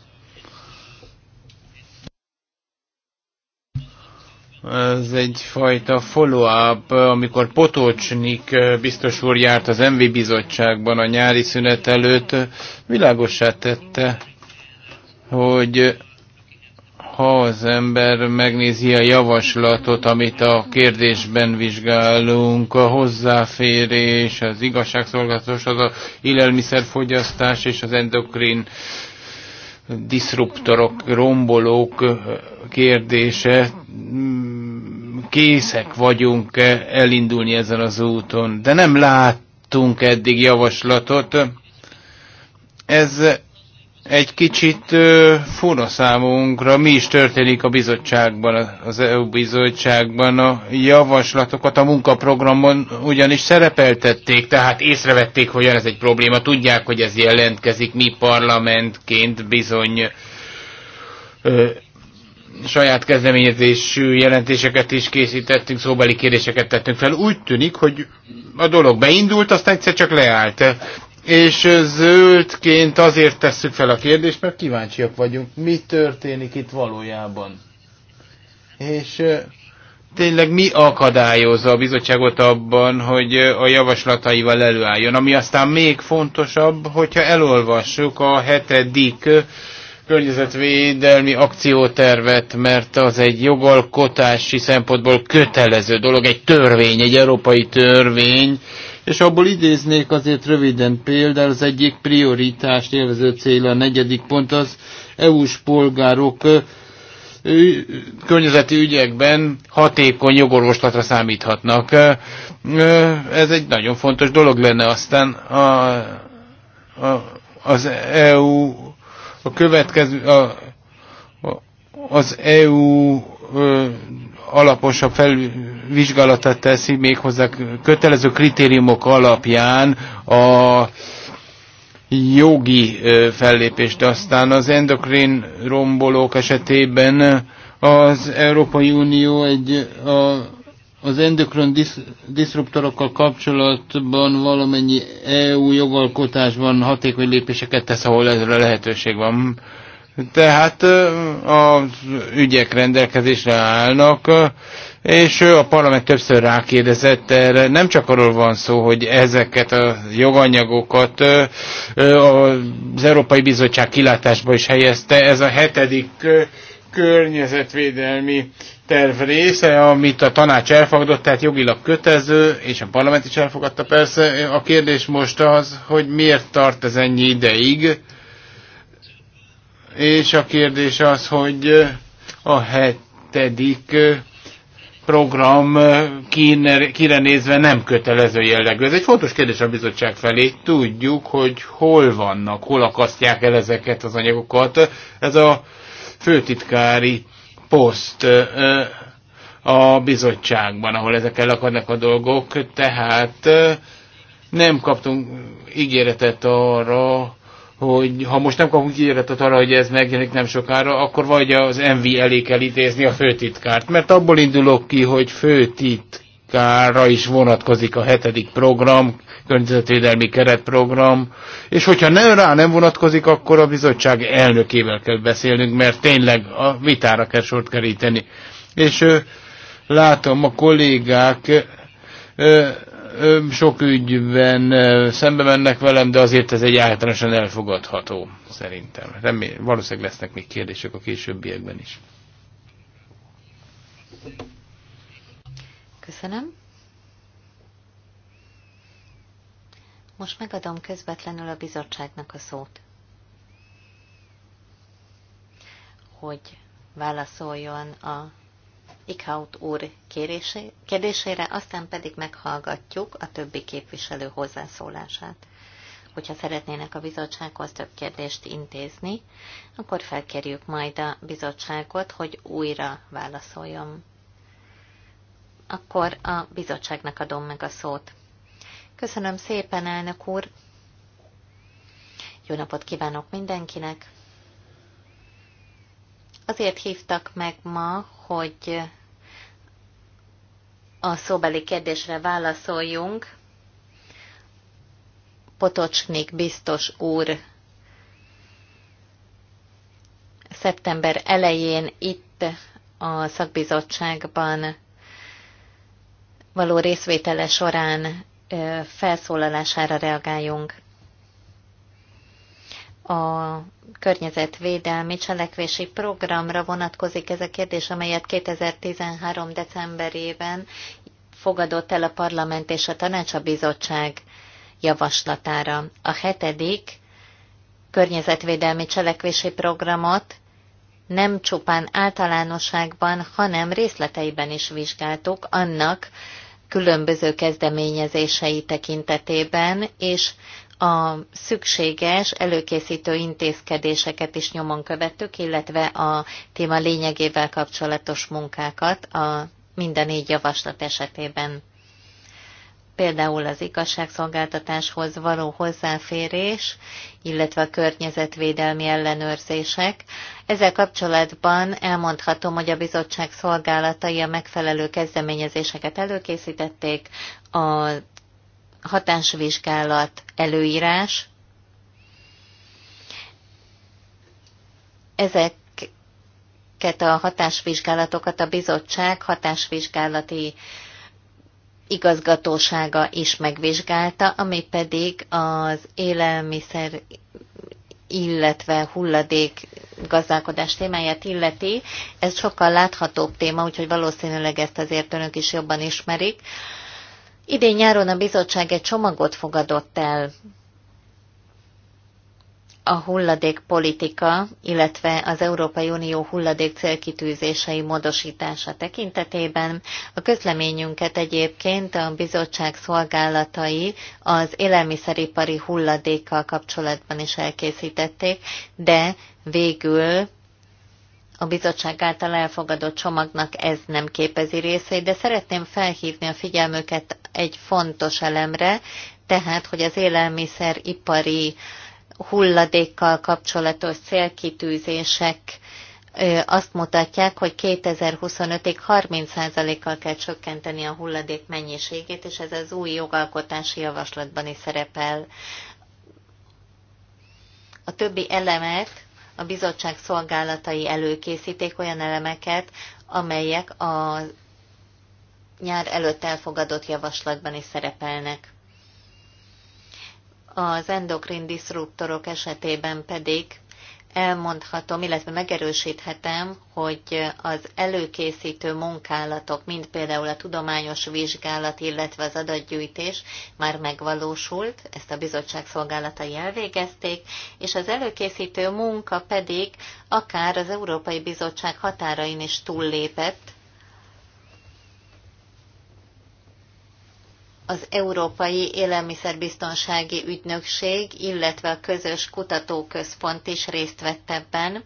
E: Ez egyfajta follow-up, amikor Potocsnik eh, biztos úr járt az MV bizottságban a nyári szünet előtt, világosá tette, hogy ha az ember megnézi a javaslatot, amit a kérdésben vizsgálunk, a hozzáférés, az igazságszolgáltatás, az a élelmiszerfogyasztás és az endokrin diszruptorok, rombolók kérdése, készek vagyunk -e elindulni ezen az úton, de nem láttunk eddig javaslatot. Ez egy kicsit fura számunkra, mi is történik a bizottságban, az EU bizottságban. A javaslatokat a munkaprogramon ugyanis szerepeltették, tehát észrevették, hogy ez egy probléma. Tudják, hogy ez jelentkezik, mi parlamentként bizony ö, saját kezdeményezésű jelentéseket is készítettünk, szóbeli kérdéseket tettünk fel. Úgy tűnik, hogy a dolog beindult, aztán egyszer csak leállt. És zöldként azért tesszük fel a kérdést, mert kíváncsiak vagyunk, mi történik itt valójában. És tényleg mi akadályozza a bizottságot abban, hogy a javaslataival előálljon. Ami aztán még fontosabb, hogyha elolvassuk a hetedik környezetvédelmi akciótervet, mert az egy jogalkotási szempontból kötelező dolog, egy törvény, egy európai törvény, és abból idéznék azért röviden például az egyik prioritást élvező cél, a negyedik pont az EU-s polgárok környezeti ügyekben hatékony jogorvoslatra számíthatnak. Ez egy nagyon fontos dolog lenne aztán a, a, az EU a következő a, az EU alaposabb felül, vizsgálatát teszi, méghozzá kötelező kritériumok alapján a jogi fellépést. Aztán az endokrin rombolók esetében az Európai Unió egy a, az endokrin disz, diszruptorokkal kapcsolatban valamennyi EU jogalkotásban hatékony lépéseket tesz, ahol ezre lehetőség van. Tehát az ügyek rendelkezésre állnak, és a parlament többször rákérdezett erre, nem csak arról van szó, hogy ezeket a joganyagokat az Európai Bizottság kilátásba is helyezte, ez a hetedik környezetvédelmi terv része, amit a tanács elfogadott, tehát jogilag kötező, és a parlament is elfogadta persze. A kérdés most az, hogy miért tart ez ennyi ideig, és a kérdés az, hogy a hetedik program eh, kire, kire nézve nem kötelező jellegű. Ez egy fontos kérdés a bizottság felé. Tudjuk, hogy hol vannak, hol akasztják el ezeket az anyagokat. Ez a főtitkári poszt eh, a bizottságban, ahol ezek elakadnak a dolgok, tehát eh, nem kaptunk ígéretet arra, hogy ha most nem kapunk ígéretet arra, hogy ez megjelenik nem sokára, akkor vagy az MV elé kell idézni a főtitkárt. Mert abból indulok ki, hogy főtitkára is vonatkozik a hetedik program, környezetvédelmi keretprogram, és hogyha ne, rá nem vonatkozik, akkor a bizottság elnökével kell beszélnünk, mert tényleg a vitára kell sort keríteni. És ö, látom a kollégák ö, sok ügyben szembe mennek velem, de azért ez egy általánosan elfogadható, szerintem. Remély, valószínűleg lesznek még kérdések a későbbiekben is.
A: Köszönöm. Most megadom közvetlenül a bizottságnak a szót, hogy válaszoljon a Ikhaut úr kérdésére, aztán pedig meghallgatjuk a többi képviselő hozzászólását. Hogyha szeretnének a bizottsághoz több kérdést intézni, akkor felkérjük majd a bizottságot, hogy újra válaszoljon. Akkor a bizottságnak adom meg a szót. Köszönöm szépen, elnök úr! Jó napot kívánok mindenkinek! Azért hívtak meg ma, hogy a szóbeli kérdésre válaszoljunk. Potocsnik biztos úr szeptember elején itt a szakbizottságban való részvétele során felszólalására reagáljunk a környezetvédelmi cselekvési programra vonatkozik ez a kérdés, amelyet 2013. decemberében fogadott el a parlament és a tanács a bizottság javaslatára. A hetedik környezetvédelmi cselekvési programot nem csupán általánosságban, hanem részleteiben is vizsgáltuk annak különböző kezdeményezései tekintetében, és a szükséges előkészítő intézkedéseket is nyomon követtük, illetve a téma lényegével kapcsolatos munkákat a minden négy javaslat esetében. Például az igazságszolgáltatáshoz való hozzáférés, illetve a környezetvédelmi ellenőrzések. Ezzel kapcsolatban elmondhatom, hogy a bizottság szolgálatai a megfelelő kezdeményezéseket előkészítették, a hatásvizsgálat előírás. Ezeket a hatásvizsgálatokat a bizottság hatásvizsgálati igazgatósága is megvizsgálta, ami pedig az élelmiszer, illetve hulladék gazdálkodás témáját illeti. Ez sokkal láthatóbb téma, úgyhogy valószínűleg ezt azért önök is jobban ismerik. Idén nyáron a bizottság egy csomagot fogadott el a hulladékpolitika, illetve az Európai Unió hulladék célkitűzései módosítása tekintetében. A közleményünket egyébként a bizottság szolgálatai az élelmiszeripari hulladékkal kapcsolatban is elkészítették, de végül a bizottság által elfogadott csomagnak ez nem képezi részét, de szeretném felhívni a figyelmüket egy fontos elemre, tehát, hogy az élelmiszeripari hulladékkal kapcsolatos célkitűzések azt mutatják, hogy 2025-ig 30%-kal kell csökkenteni a hulladék mennyiségét, és ez az új jogalkotási javaslatban is szerepel. A többi elemet a bizottság szolgálatai előkészíték olyan elemeket, amelyek az nyár előtt elfogadott javaslatban is szerepelnek. Az endokrin diszruptorok esetében pedig elmondhatom, illetve megerősíthetem, hogy az előkészítő munkálatok, mint például a tudományos vizsgálat, illetve az adatgyűjtés már megvalósult, ezt a bizottság szolgálatai elvégezték, és az előkészítő munka pedig akár az Európai Bizottság határain is túllépett, az Európai Élelmiszerbiztonsági Ügynökség, illetve a közös kutatóközpont is részt vett ebben.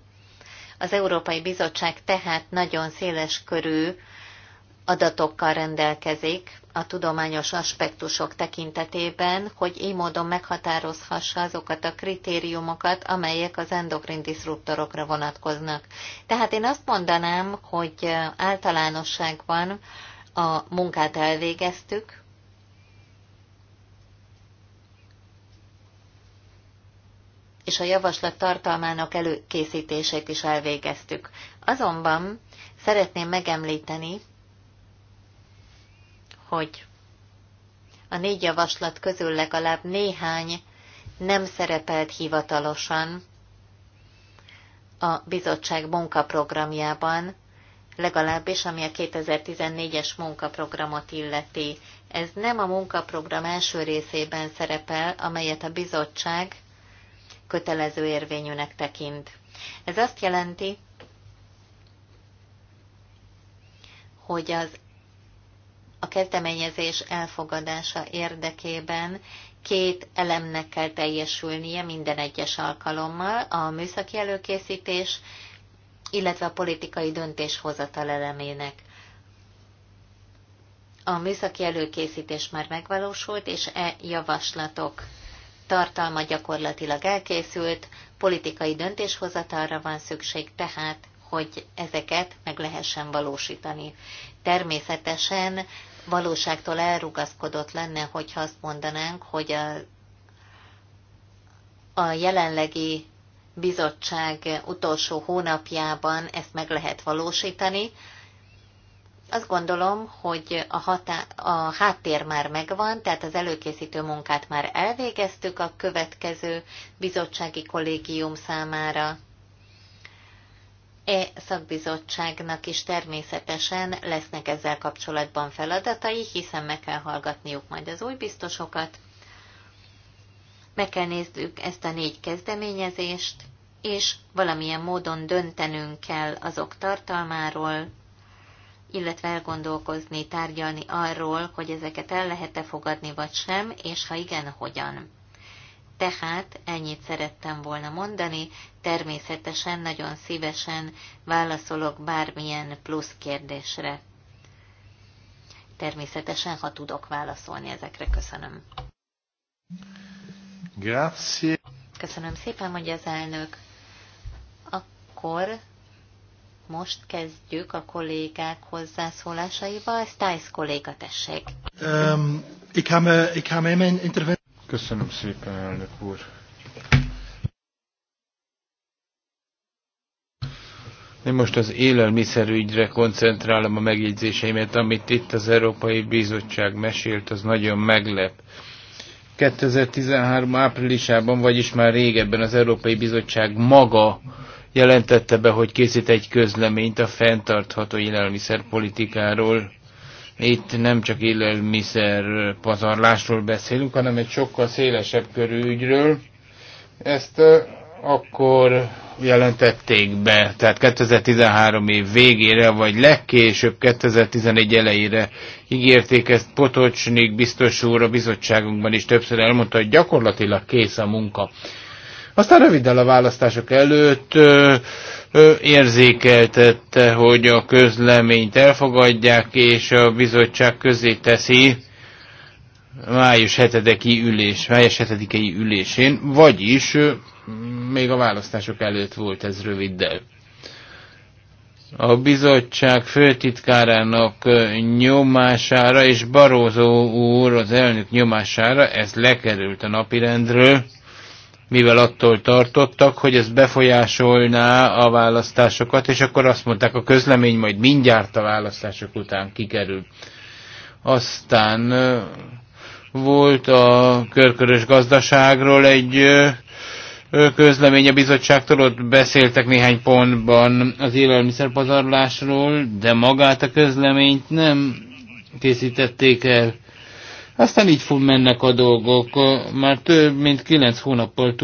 A: Az Európai Bizottság tehát nagyon széles körű adatokkal rendelkezik a tudományos aspektusok tekintetében, hogy így módon meghatározhassa azokat a kritériumokat, amelyek az endokrin diszruptorokra vonatkoznak. Tehát én azt mondanám, hogy általánosságban a munkát elvégeztük, és a javaslat tartalmának előkészítését is elvégeztük. Azonban szeretném megemlíteni, hogy a négy javaslat közül legalább néhány nem szerepelt hivatalosan a bizottság munkaprogramjában, legalábbis ami a 2014-es munkaprogramot illeti. Ez nem a munkaprogram első részében szerepel, amelyet a bizottság kötelező érvényűnek tekint. Ez azt jelenti, hogy az a kezdeményezés elfogadása érdekében két elemnek kell teljesülnie minden egyes alkalommal, a műszaki előkészítés, illetve a politikai döntéshozatal elemének. A műszaki előkészítés már megvalósult, és e javaslatok tartalma gyakorlatilag elkészült, politikai döntéshozatalra van szükség, tehát hogy ezeket meg lehessen valósítani. Természetesen valóságtól elrugaszkodott lenne, hogyha azt mondanánk, hogy a, a jelenlegi bizottság utolsó hónapjában ezt meg lehet valósítani, azt gondolom, hogy a, hatá- a háttér már megvan, tehát az előkészítő munkát már elvégeztük a következő bizottsági kollégium számára. E szakbizottságnak is természetesen lesznek ezzel kapcsolatban feladatai, hiszen meg kell hallgatniuk majd az új biztosokat. Meg kell nézzük ezt a négy kezdeményezést, és valamilyen módon döntenünk kell azok tartalmáról, illetve elgondolkozni, tárgyalni arról, hogy ezeket el lehet-e fogadni vagy sem, és ha igen, hogyan. Tehát ennyit szerettem volna mondani, természetesen nagyon szívesen válaszolok bármilyen plusz kérdésre. Természetesen, ha tudok válaszolni ezekre, köszönöm.
B: Grazie.
A: Köszönöm szépen, mondja az elnök. Akkor most kezdjük a kollégák hozzászólásaival. Stice kolléga, tessék.
F: Um, Köszönöm szépen, elnök
D: úr.
E: Én most az élelmiszerügyre koncentrálom a megjegyzéseimet, amit itt az Európai Bizottság mesélt, az nagyon meglep. 2013 áprilisában, vagyis már régebben az Európai Bizottság maga jelentette be, hogy készít egy közleményt a fenntartható élelmiszerpolitikáról. Itt nem csak élelmiszer pazarlásról beszélünk, hanem egy sokkal szélesebb körű ügyről. Ezt akkor jelentették be, tehát 2013 év végére, vagy legkésőbb 2011 elejére ígérték ezt Potocsnik biztos úr a bizottságunkban is többször elmondta, hogy gyakorlatilag kész a munka. Aztán röviddel a választások előtt ö, ö, érzékeltette, hogy a közleményt elfogadják, és a bizottság közé teszi május 7-i ülés, május 7 ülésén, vagyis ö, még a választások előtt volt ez röviddel a bizottság főtitkárának nyomására és Barózó úr az elnök nyomására ez lekerült a napirendről mivel attól tartottak, hogy ez befolyásolná a választásokat, és akkor azt mondták, a közlemény majd mindjárt a választások után kikerül. Aztán volt a körkörös gazdaságról egy közlemény a bizottságtól, ott beszéltek néhány pontban az élelmiszerpazarlásról, de magát a közleményt nem készítették el. Aztán így fog mennek a dolgok, már több mint kilenc hónappal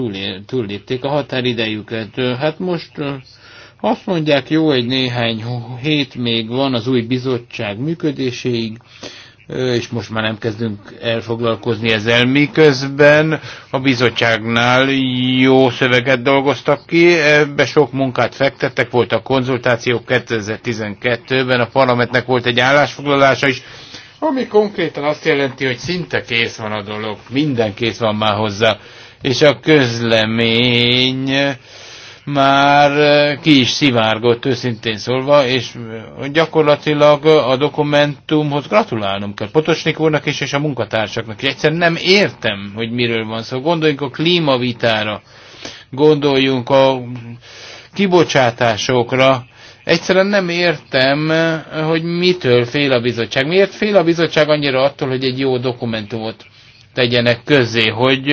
E: túllépték a határidejüket. Hát most azt mondják, jó, egy néhány hét még van az új bizottság működéséig, és most már nem kezdünk elfoglalkozni ezzel, miközben a bizottságnál jó szöveget dolgoztak ki, ebbe sok munkát fektettek, voltak konzultációk 2012-ben, a parlamentnek volt egy állásfoglalása is, ami konkrétan azt jelenti, hogy szinte kész van a dolog, minden kész van már hozzá, és a közlemény már eh, ki is szivárgott, őszintén szólva, és eh, gyakorlatilag a dokumentumhoz gratulálnom kell Potosnik úrnak is, és a munkatársaknak. És egyszerűen nem értem, hogy miről van szó. Gondoljunk a klímavitára, gondoljunk a kibocsátásokra, Egyszerűen nem értem, hogy mitől fél a bizottság. Miért fél a bizottság annyira attól, hogy egy jó dokumentumot tegyenek közzé, hogy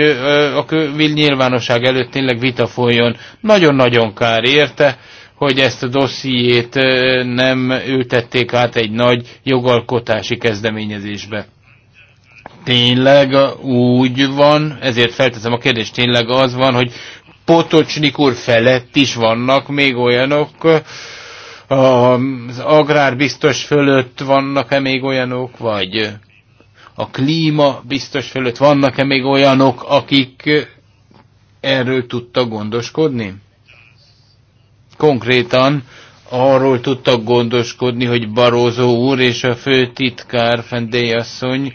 E: a nyilvánosság előtt tényleg vita folyjon. Nagyon-nagyon kár érte, hogy ezt a dossziét nem ültették át egy nagy jogalkotási kezdeményezésbe. Tényleg úgy van, ezért felteszem a kérdést, tényleg az van, hogy Potocsnik úr felett is vannak még olyanok, az agrárbiztos fölött vannak-e még olyanok, vagy a klíma biztos fölött vannak-e még olyanok, akik erről tudtak gondoskodni? Konkrétan arról tudtak gondoskodni, hogy Barózó úr és a főtitkár Fendély asszony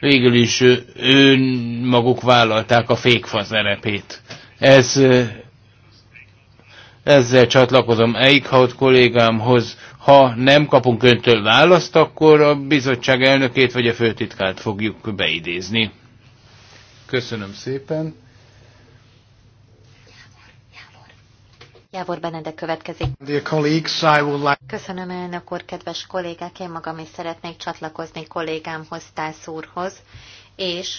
E: végül is ön maguk vállalták a fékfa Ez ezzel csatlakozom Eichhaut kollégámhoz, ha nem kapunk öntől választ, akkor a bizottság elnökét vagy a főtitkát fogjuk beidézni. Köszönöm szépen.
A: Jávor Benedek következik. Köszönöm elnök úr, kedves kollégák, én magam is szeretnék csatlakozni kollégámhoz, Tász úrhoz, és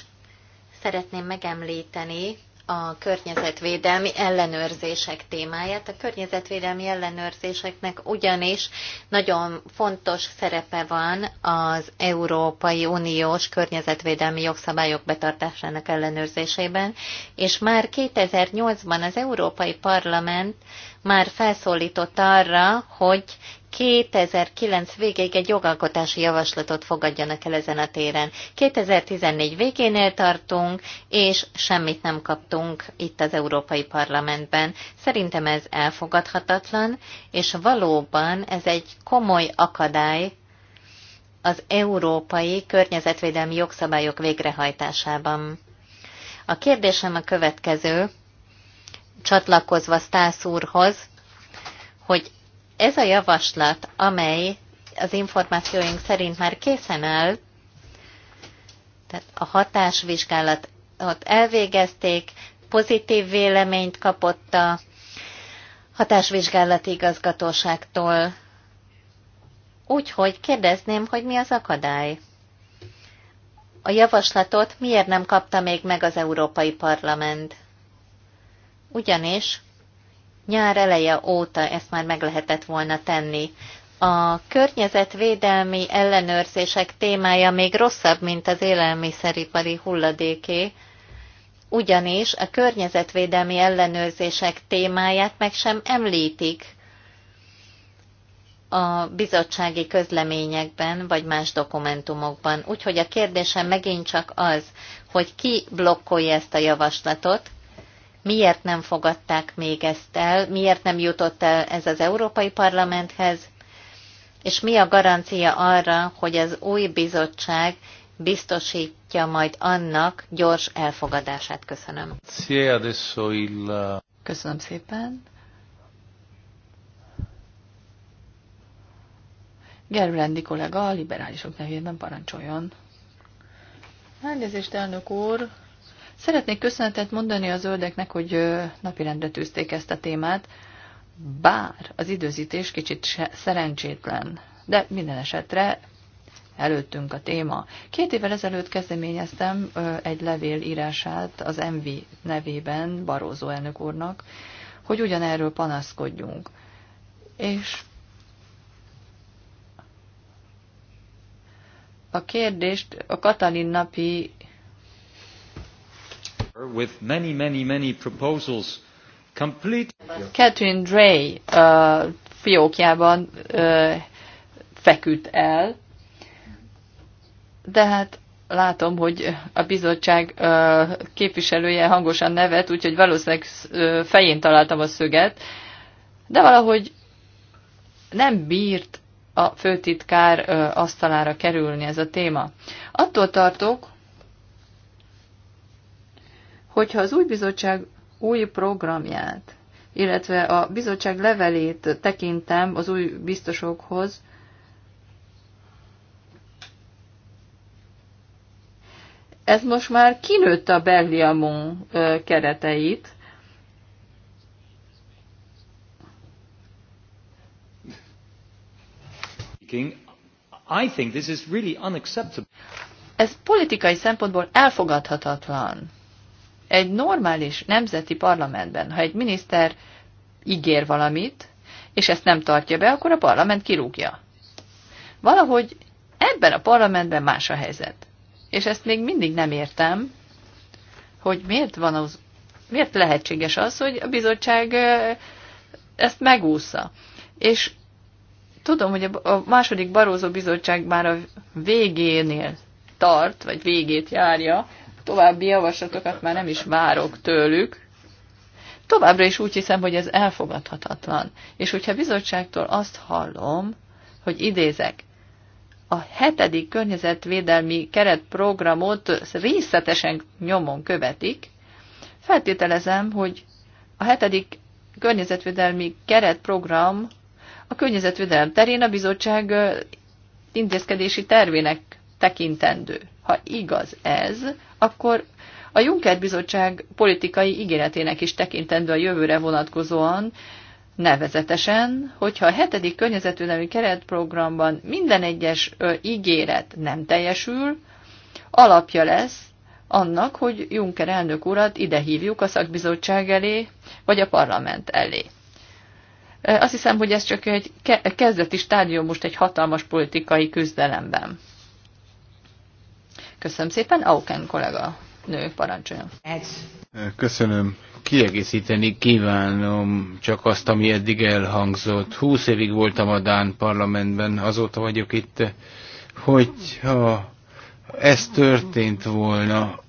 A: szeretném megemlíteni, a környezetvédelmi ellenőrzések témáját. A környezetvédelmi ellenőrzéseknek ugyanis nagyon fontos szerepe van az Európai Uniós környezetvédelmi jogszabályok betartásának ellenőrzésében, és már 2008-ban az Európai Parlament már felszólított arra, hogy 2009 végéig egy jogalkotási javaslatot fogadjanak el ezen a téren. 2014 végénél tartunk, és semmit nem kaptunk itt az Európai Parlamentben. Szerintem ez elfogadhatatlan, és valóban ez egy komoly akadály az európai környezetvédelmi jogszabályok végrehajtásában. A kérdésem a következő, csatlakozva Stász úrhoz, hogy ez a javaslat, amely az információink szerint már készen áll, tehát a hatásvizsgálatot elvégezték, pozitív véleményt kapott a hatásvizsgálati igazgatóságtól. Úgyhogy kérdezném, hogy mi az akadály. A javaslatot miért nem kapta még meg az Európai Parlament? Ugyanis nyár eleje óta ezt már meg lehetett volna tenni. A környezetvédelmi ellenőrzések témája még rosszabb, mint az élelmiszeripari hulladéké, ugyanis a környezetvédelmi ellenőrzések témáját meg sem említik a bizottsági közleményekben vagy más dokumentumokban. Úgyhogy a kérdésem megint csak az, hogy ki blokkolja ezt a javaslatot, miért nem fogadták még ezt el, miért nem jutott el ez az Európai Parlamenthez, és mi a garancia arra, hogy az új bizottság biztosítja majd annak gyors elfogadását. Köszönöm.
C: Köszönöm szépen. Gerülendi kollega a liberálisok nevében parancsoljon. Elnézést, elnök úr, Szeretnék köszönetet mondani a zöldeknek, hogy napirendre tűzték ezt a témát, bár az időzítés kicsit szerencsétlen, de minden esetre előttünk a téma. Két évvel ezelőtt kezdeményeztem egy levél írását az MV nevében Barózó elnök úrnak, hogy ugyanerről panaszkodjunk. És a kérdést a Katalin napi Catherine Dray uh, fiókjában uh, feküdt el, de hát látom, hogy a bizottság uh, képviselője hangosan nevet, úgyhogy valószínűleg uh, fején találtam a szöget, de valahogy nem bírt a főtitkár uh, asztalára kerülni ez a téma. Attól tartok, Hogyha az új bizottság új programját, illetve a bizottság levelét tekintem az új biztosokhoz, ez most már kinőtt a Berliamon kereteit,
E: I think this is really unacceptable.
C: Ez politikai szempontból elfogadhatatlan. Egy normális nemzeti parlamentben, ha egy miniszter ígér valamit, és ezt nem tartja be, akkor a parlament kirúgja. Valahogy ebben a parlamentben más a helyzet. És ezt még mindig nem értem, hogy miért van az, miért lehetséges az, hogy a bizottság ezt megúszza. És tudom, hogy a második Barózó Bizottság már a végénél tart, vagy végét járja, további javaslatokat már nem is várok tőlük. Továbbra is úgy hiszem, hogy ez elfogadhatatlan. És hogyha bizottságtól azt hallom, hogy idézek, a hetedik környezetvédelmi keretprogramot részletesen nyomon követik, feltételezem, hogy a hetedik környezetvédelmi keretprogram a környezetvédelem terén a bizottság intézkedési tervének tekintendő. Ha igaz ez, akkor a Juncker bizottság politikai ígéretének is tekintendő a jövőre vonatkozóan, nevezetesen, hogyha a hetedik környezetvédelmi keretprogramban minden egyes ígéret nem teljesül, alapja lesz annak, hogy Juncker elnök urat ide hívjuk a szakbizottság elé, vagy a parlament elé. Azt hiszem, hogy ez csak egy kezdeti stádium most egy hatalmas politikai küzdelemben. Köszönöm szépen, Auken kollega nő parancsoljon.
E: Köszönöm. Kiegészíteni kívánom csak azt, ami eddig elhangzott. Húsz évig voltam a Dán parlamentben, azóta vagyok itt, hogyha ez történt volna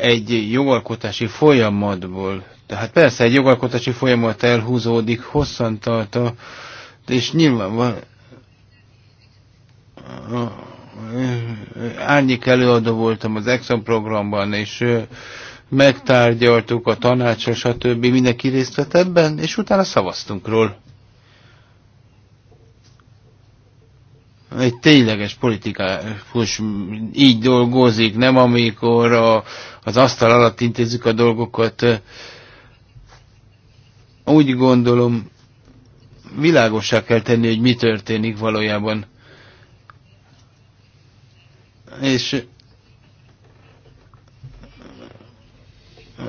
E: egy jogalkotási folyamatból, tehát persze egy jogalkotási folyamat elhúzódik, hosszantarta, és nyilvánvalóan árnyék előadó voltam az Exxon programban, és megtárgyaltuk a tanácsra, stb. Mindenki részt vett ebben, és utána szavaztunk róla. egy tényleges politikus így dolgozik, nem amikor a, az asztal alatt intézzük a dolgokat. Úgy gondolom, világossá kell tenni, hogy mi történik valójában és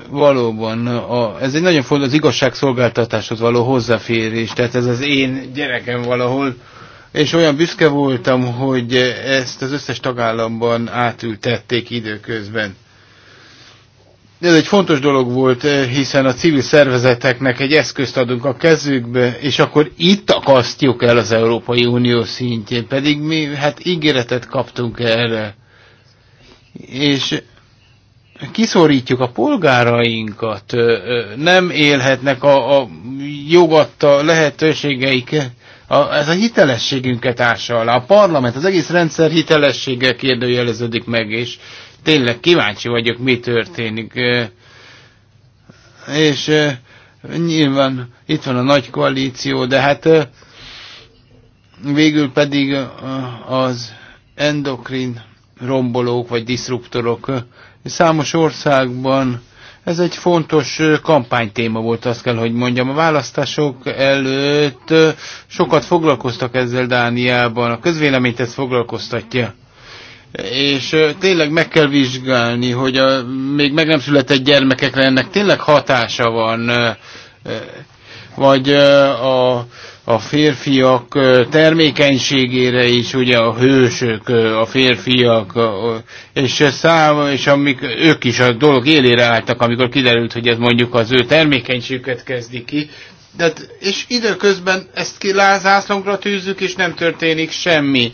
E: valóban a, ez egy nagyon fontos az igazságszolgáltatáshoz való hozzáférés, tehát ez az én gyerekem valahol, és olyan büszke voltam, hogy ezt az összes tagállamban átültették időközben ez egy fontos dolog volt, eh, hiszen a civil szervezeteknek egy eszközt adunk a kezükbe, és akkor itt akasztjuk el az Európai Unió szintjén, pedig mi hát ígéretet kaptunk erre. És kiszorítjuk a polgárainkat, eh, eh, nem élhetnek a, a jogatta lehetőségeik, a, ez a hitelességünket ássa alá. A parlament, az egész rendszer hitelessége kérdőjeleződik meg, és tényleg kíváncsi vagyok, mi történik. És nyilván itt van a nagy koalíció, de hát végül pedig az endokrin rombolók vagy diszruptorok számos országban ez egy fontos kampánytéma volt, azt kell, hogy mondjam. A választások előtt sokat foglalkoztak ezzel Dániában, a közvéleményt ez foglalkoztatja és tényleg meg kell vizsgálni, hogy a még meg nem született gyermekekre ennek tényleg hatása van, vagy a, a férfiak termékenységére is, ugye a hősök, a férfiak, és, szám, és amik ők is a dolog élére álltak, amikor kiderült, hogy ez mondjuk az ő termékenységüket kezdi ki, de, hát, és időközben ezt ki lázászlomra tűzzük, és nem történik semmi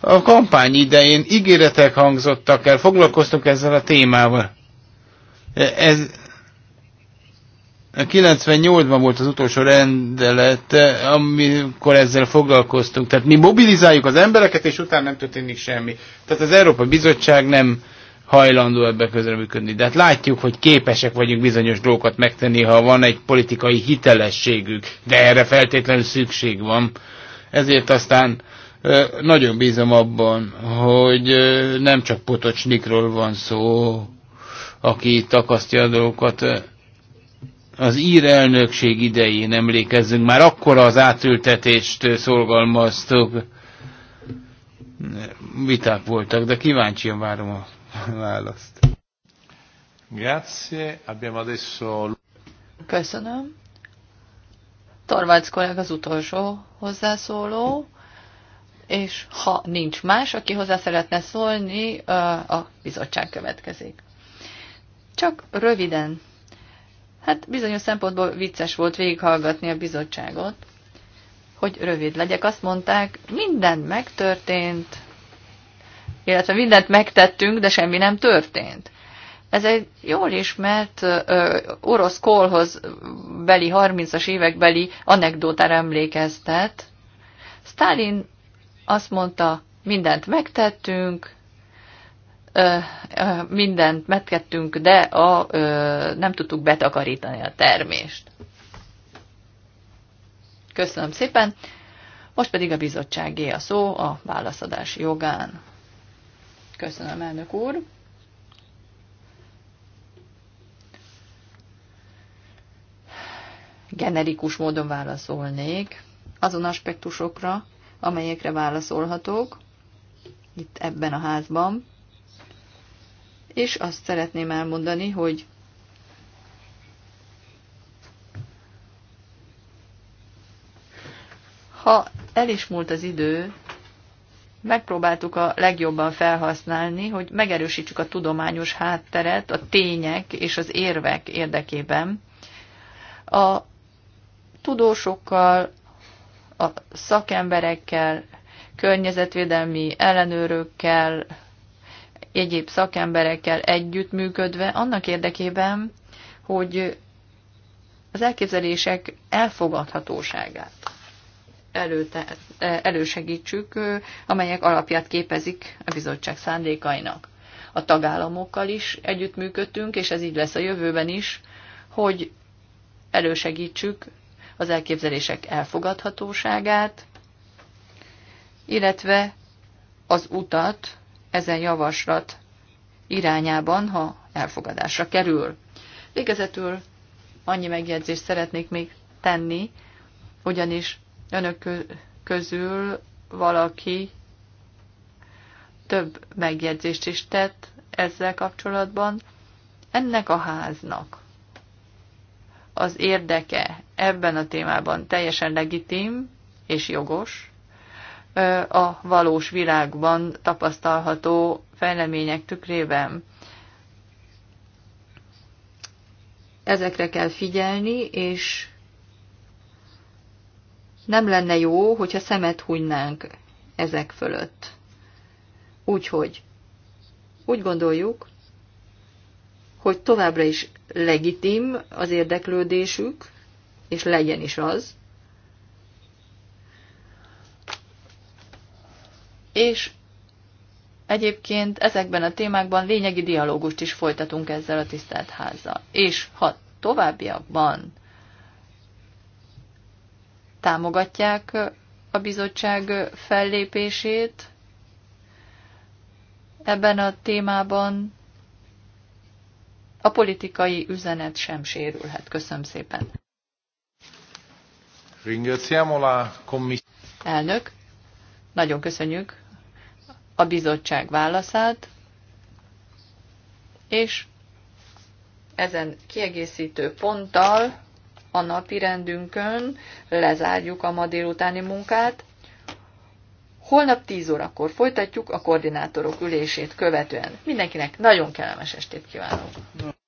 E: a kampány idején ígéretek hangzottak el, foglalkoztunk ezzel a témával. Ez, 98-ban volt az utolsó rendelet, amikor ezzel foglalkoztunk. Tehát mi mobilizáljuk az embereket, és utána nem történik semmi. Tehát az Európa Bizottság nem hajlandó ebbe közreműködni. De hát látjuk, hogy képesek vagyunk bizonyos dolgokat megtenni, ha van egy politikai hitelességük, de erre feltétlenül szükség van. Ezért aztán nagyon bízom abban, hogy nem csak Potocsnikról van szó, aki takasztja a dolgokat. Az ír elnökség idején emlékezzünk, már akkor az átültetést szolgalmaztuk. Viták voltak, de kíváncsian várom a választ.
B: Grazie, abbiamo adesso...
C: Köszönöm. Torvalds kollég az utolsó hozzászóló és ha nincs más, aki hozzá szeretne szólni, a bizottság következik. Csak röviden. Hát bizonyos szempontból vicces volt végighallgatni a bizottságot, hogy rövid legyek. Azt mondták, minden megtörtént, illetve mindent megtettünk, de semmi nem történt. Ez egy jól ismert ö, orosz kolhoz beli 30-as évekbeli anekdótára emlékeztet. Stalin azt mondta, mindent megtettünk, mindent megtettünk, de a, nem tudtuk betakarítani a termést. Köszönöm szépen. Most pedig a bizottságé a szó a válaszadás jogán. Köszönöm, elnök úr. Generikus módon válaszolnék azon aspektusokra, amelyekre válaszolhatok itt ebben a házban. És azt szeretném elmondani, hogy ha el is múlt az idő, megpróbáltuk a legjobban felhasználni, hogy megerősítsük a tudományos hátteret a tények és az érvek érdekében. A tudósokkal, a szakemberekkel, környezetvédelmi ellenőrökkel, egyéb szakemberekkel együttműködve, annak érdekében, hogy az elképzelések elfogadhatóságát előte, elősegítsük, amelyek alapját képezik a bizottság szándékainak. A tagállamokkal is együttműködtünk, és ez így lesz a jövőben is, hogy elősegítsük az elképzelések elfogadhatóságát, illetve az utat ezen javaslat irányában, ha elfogadásra kerül. Végezetül annyi megjegyzést szeretnék még tenni, ugyanis önök közül valaki több megjegyzést is tett ezzel kapcsolatban. Ennek a háznak az érdeke ebben a témában teljesen legitim és jogos, a valós világban tapasztalható fejlemények tükrében. Ezekre kell figyelni, és nem lenne jó, hogyha szemet hunynánk ezek fölött. Úgyhogy úgy gondoljuk, hogy továbbra is legitim az érdeklődésük, és legyen is az. És egyébként ezekben a témákban lényegi dialógust is folytatunk ezzel a tisztelt házzal. És ha továbbiakban támogatják a bizottság fellépését ebben a témában, a politikai üzenet sem sérülhet. Köszönöm szépen.
B: Ringraziamo la
C: Elnök, nagyon köszönjük a bizottság válaszát, és ezen kiegészítő ponttal a napi rendünkön lezárjuk a ma délutáni munkát. Holnap 10 órakor folytatjuk a koordinátorok ülését követően. Mindenkinek nagyon kellemes estét kívánok!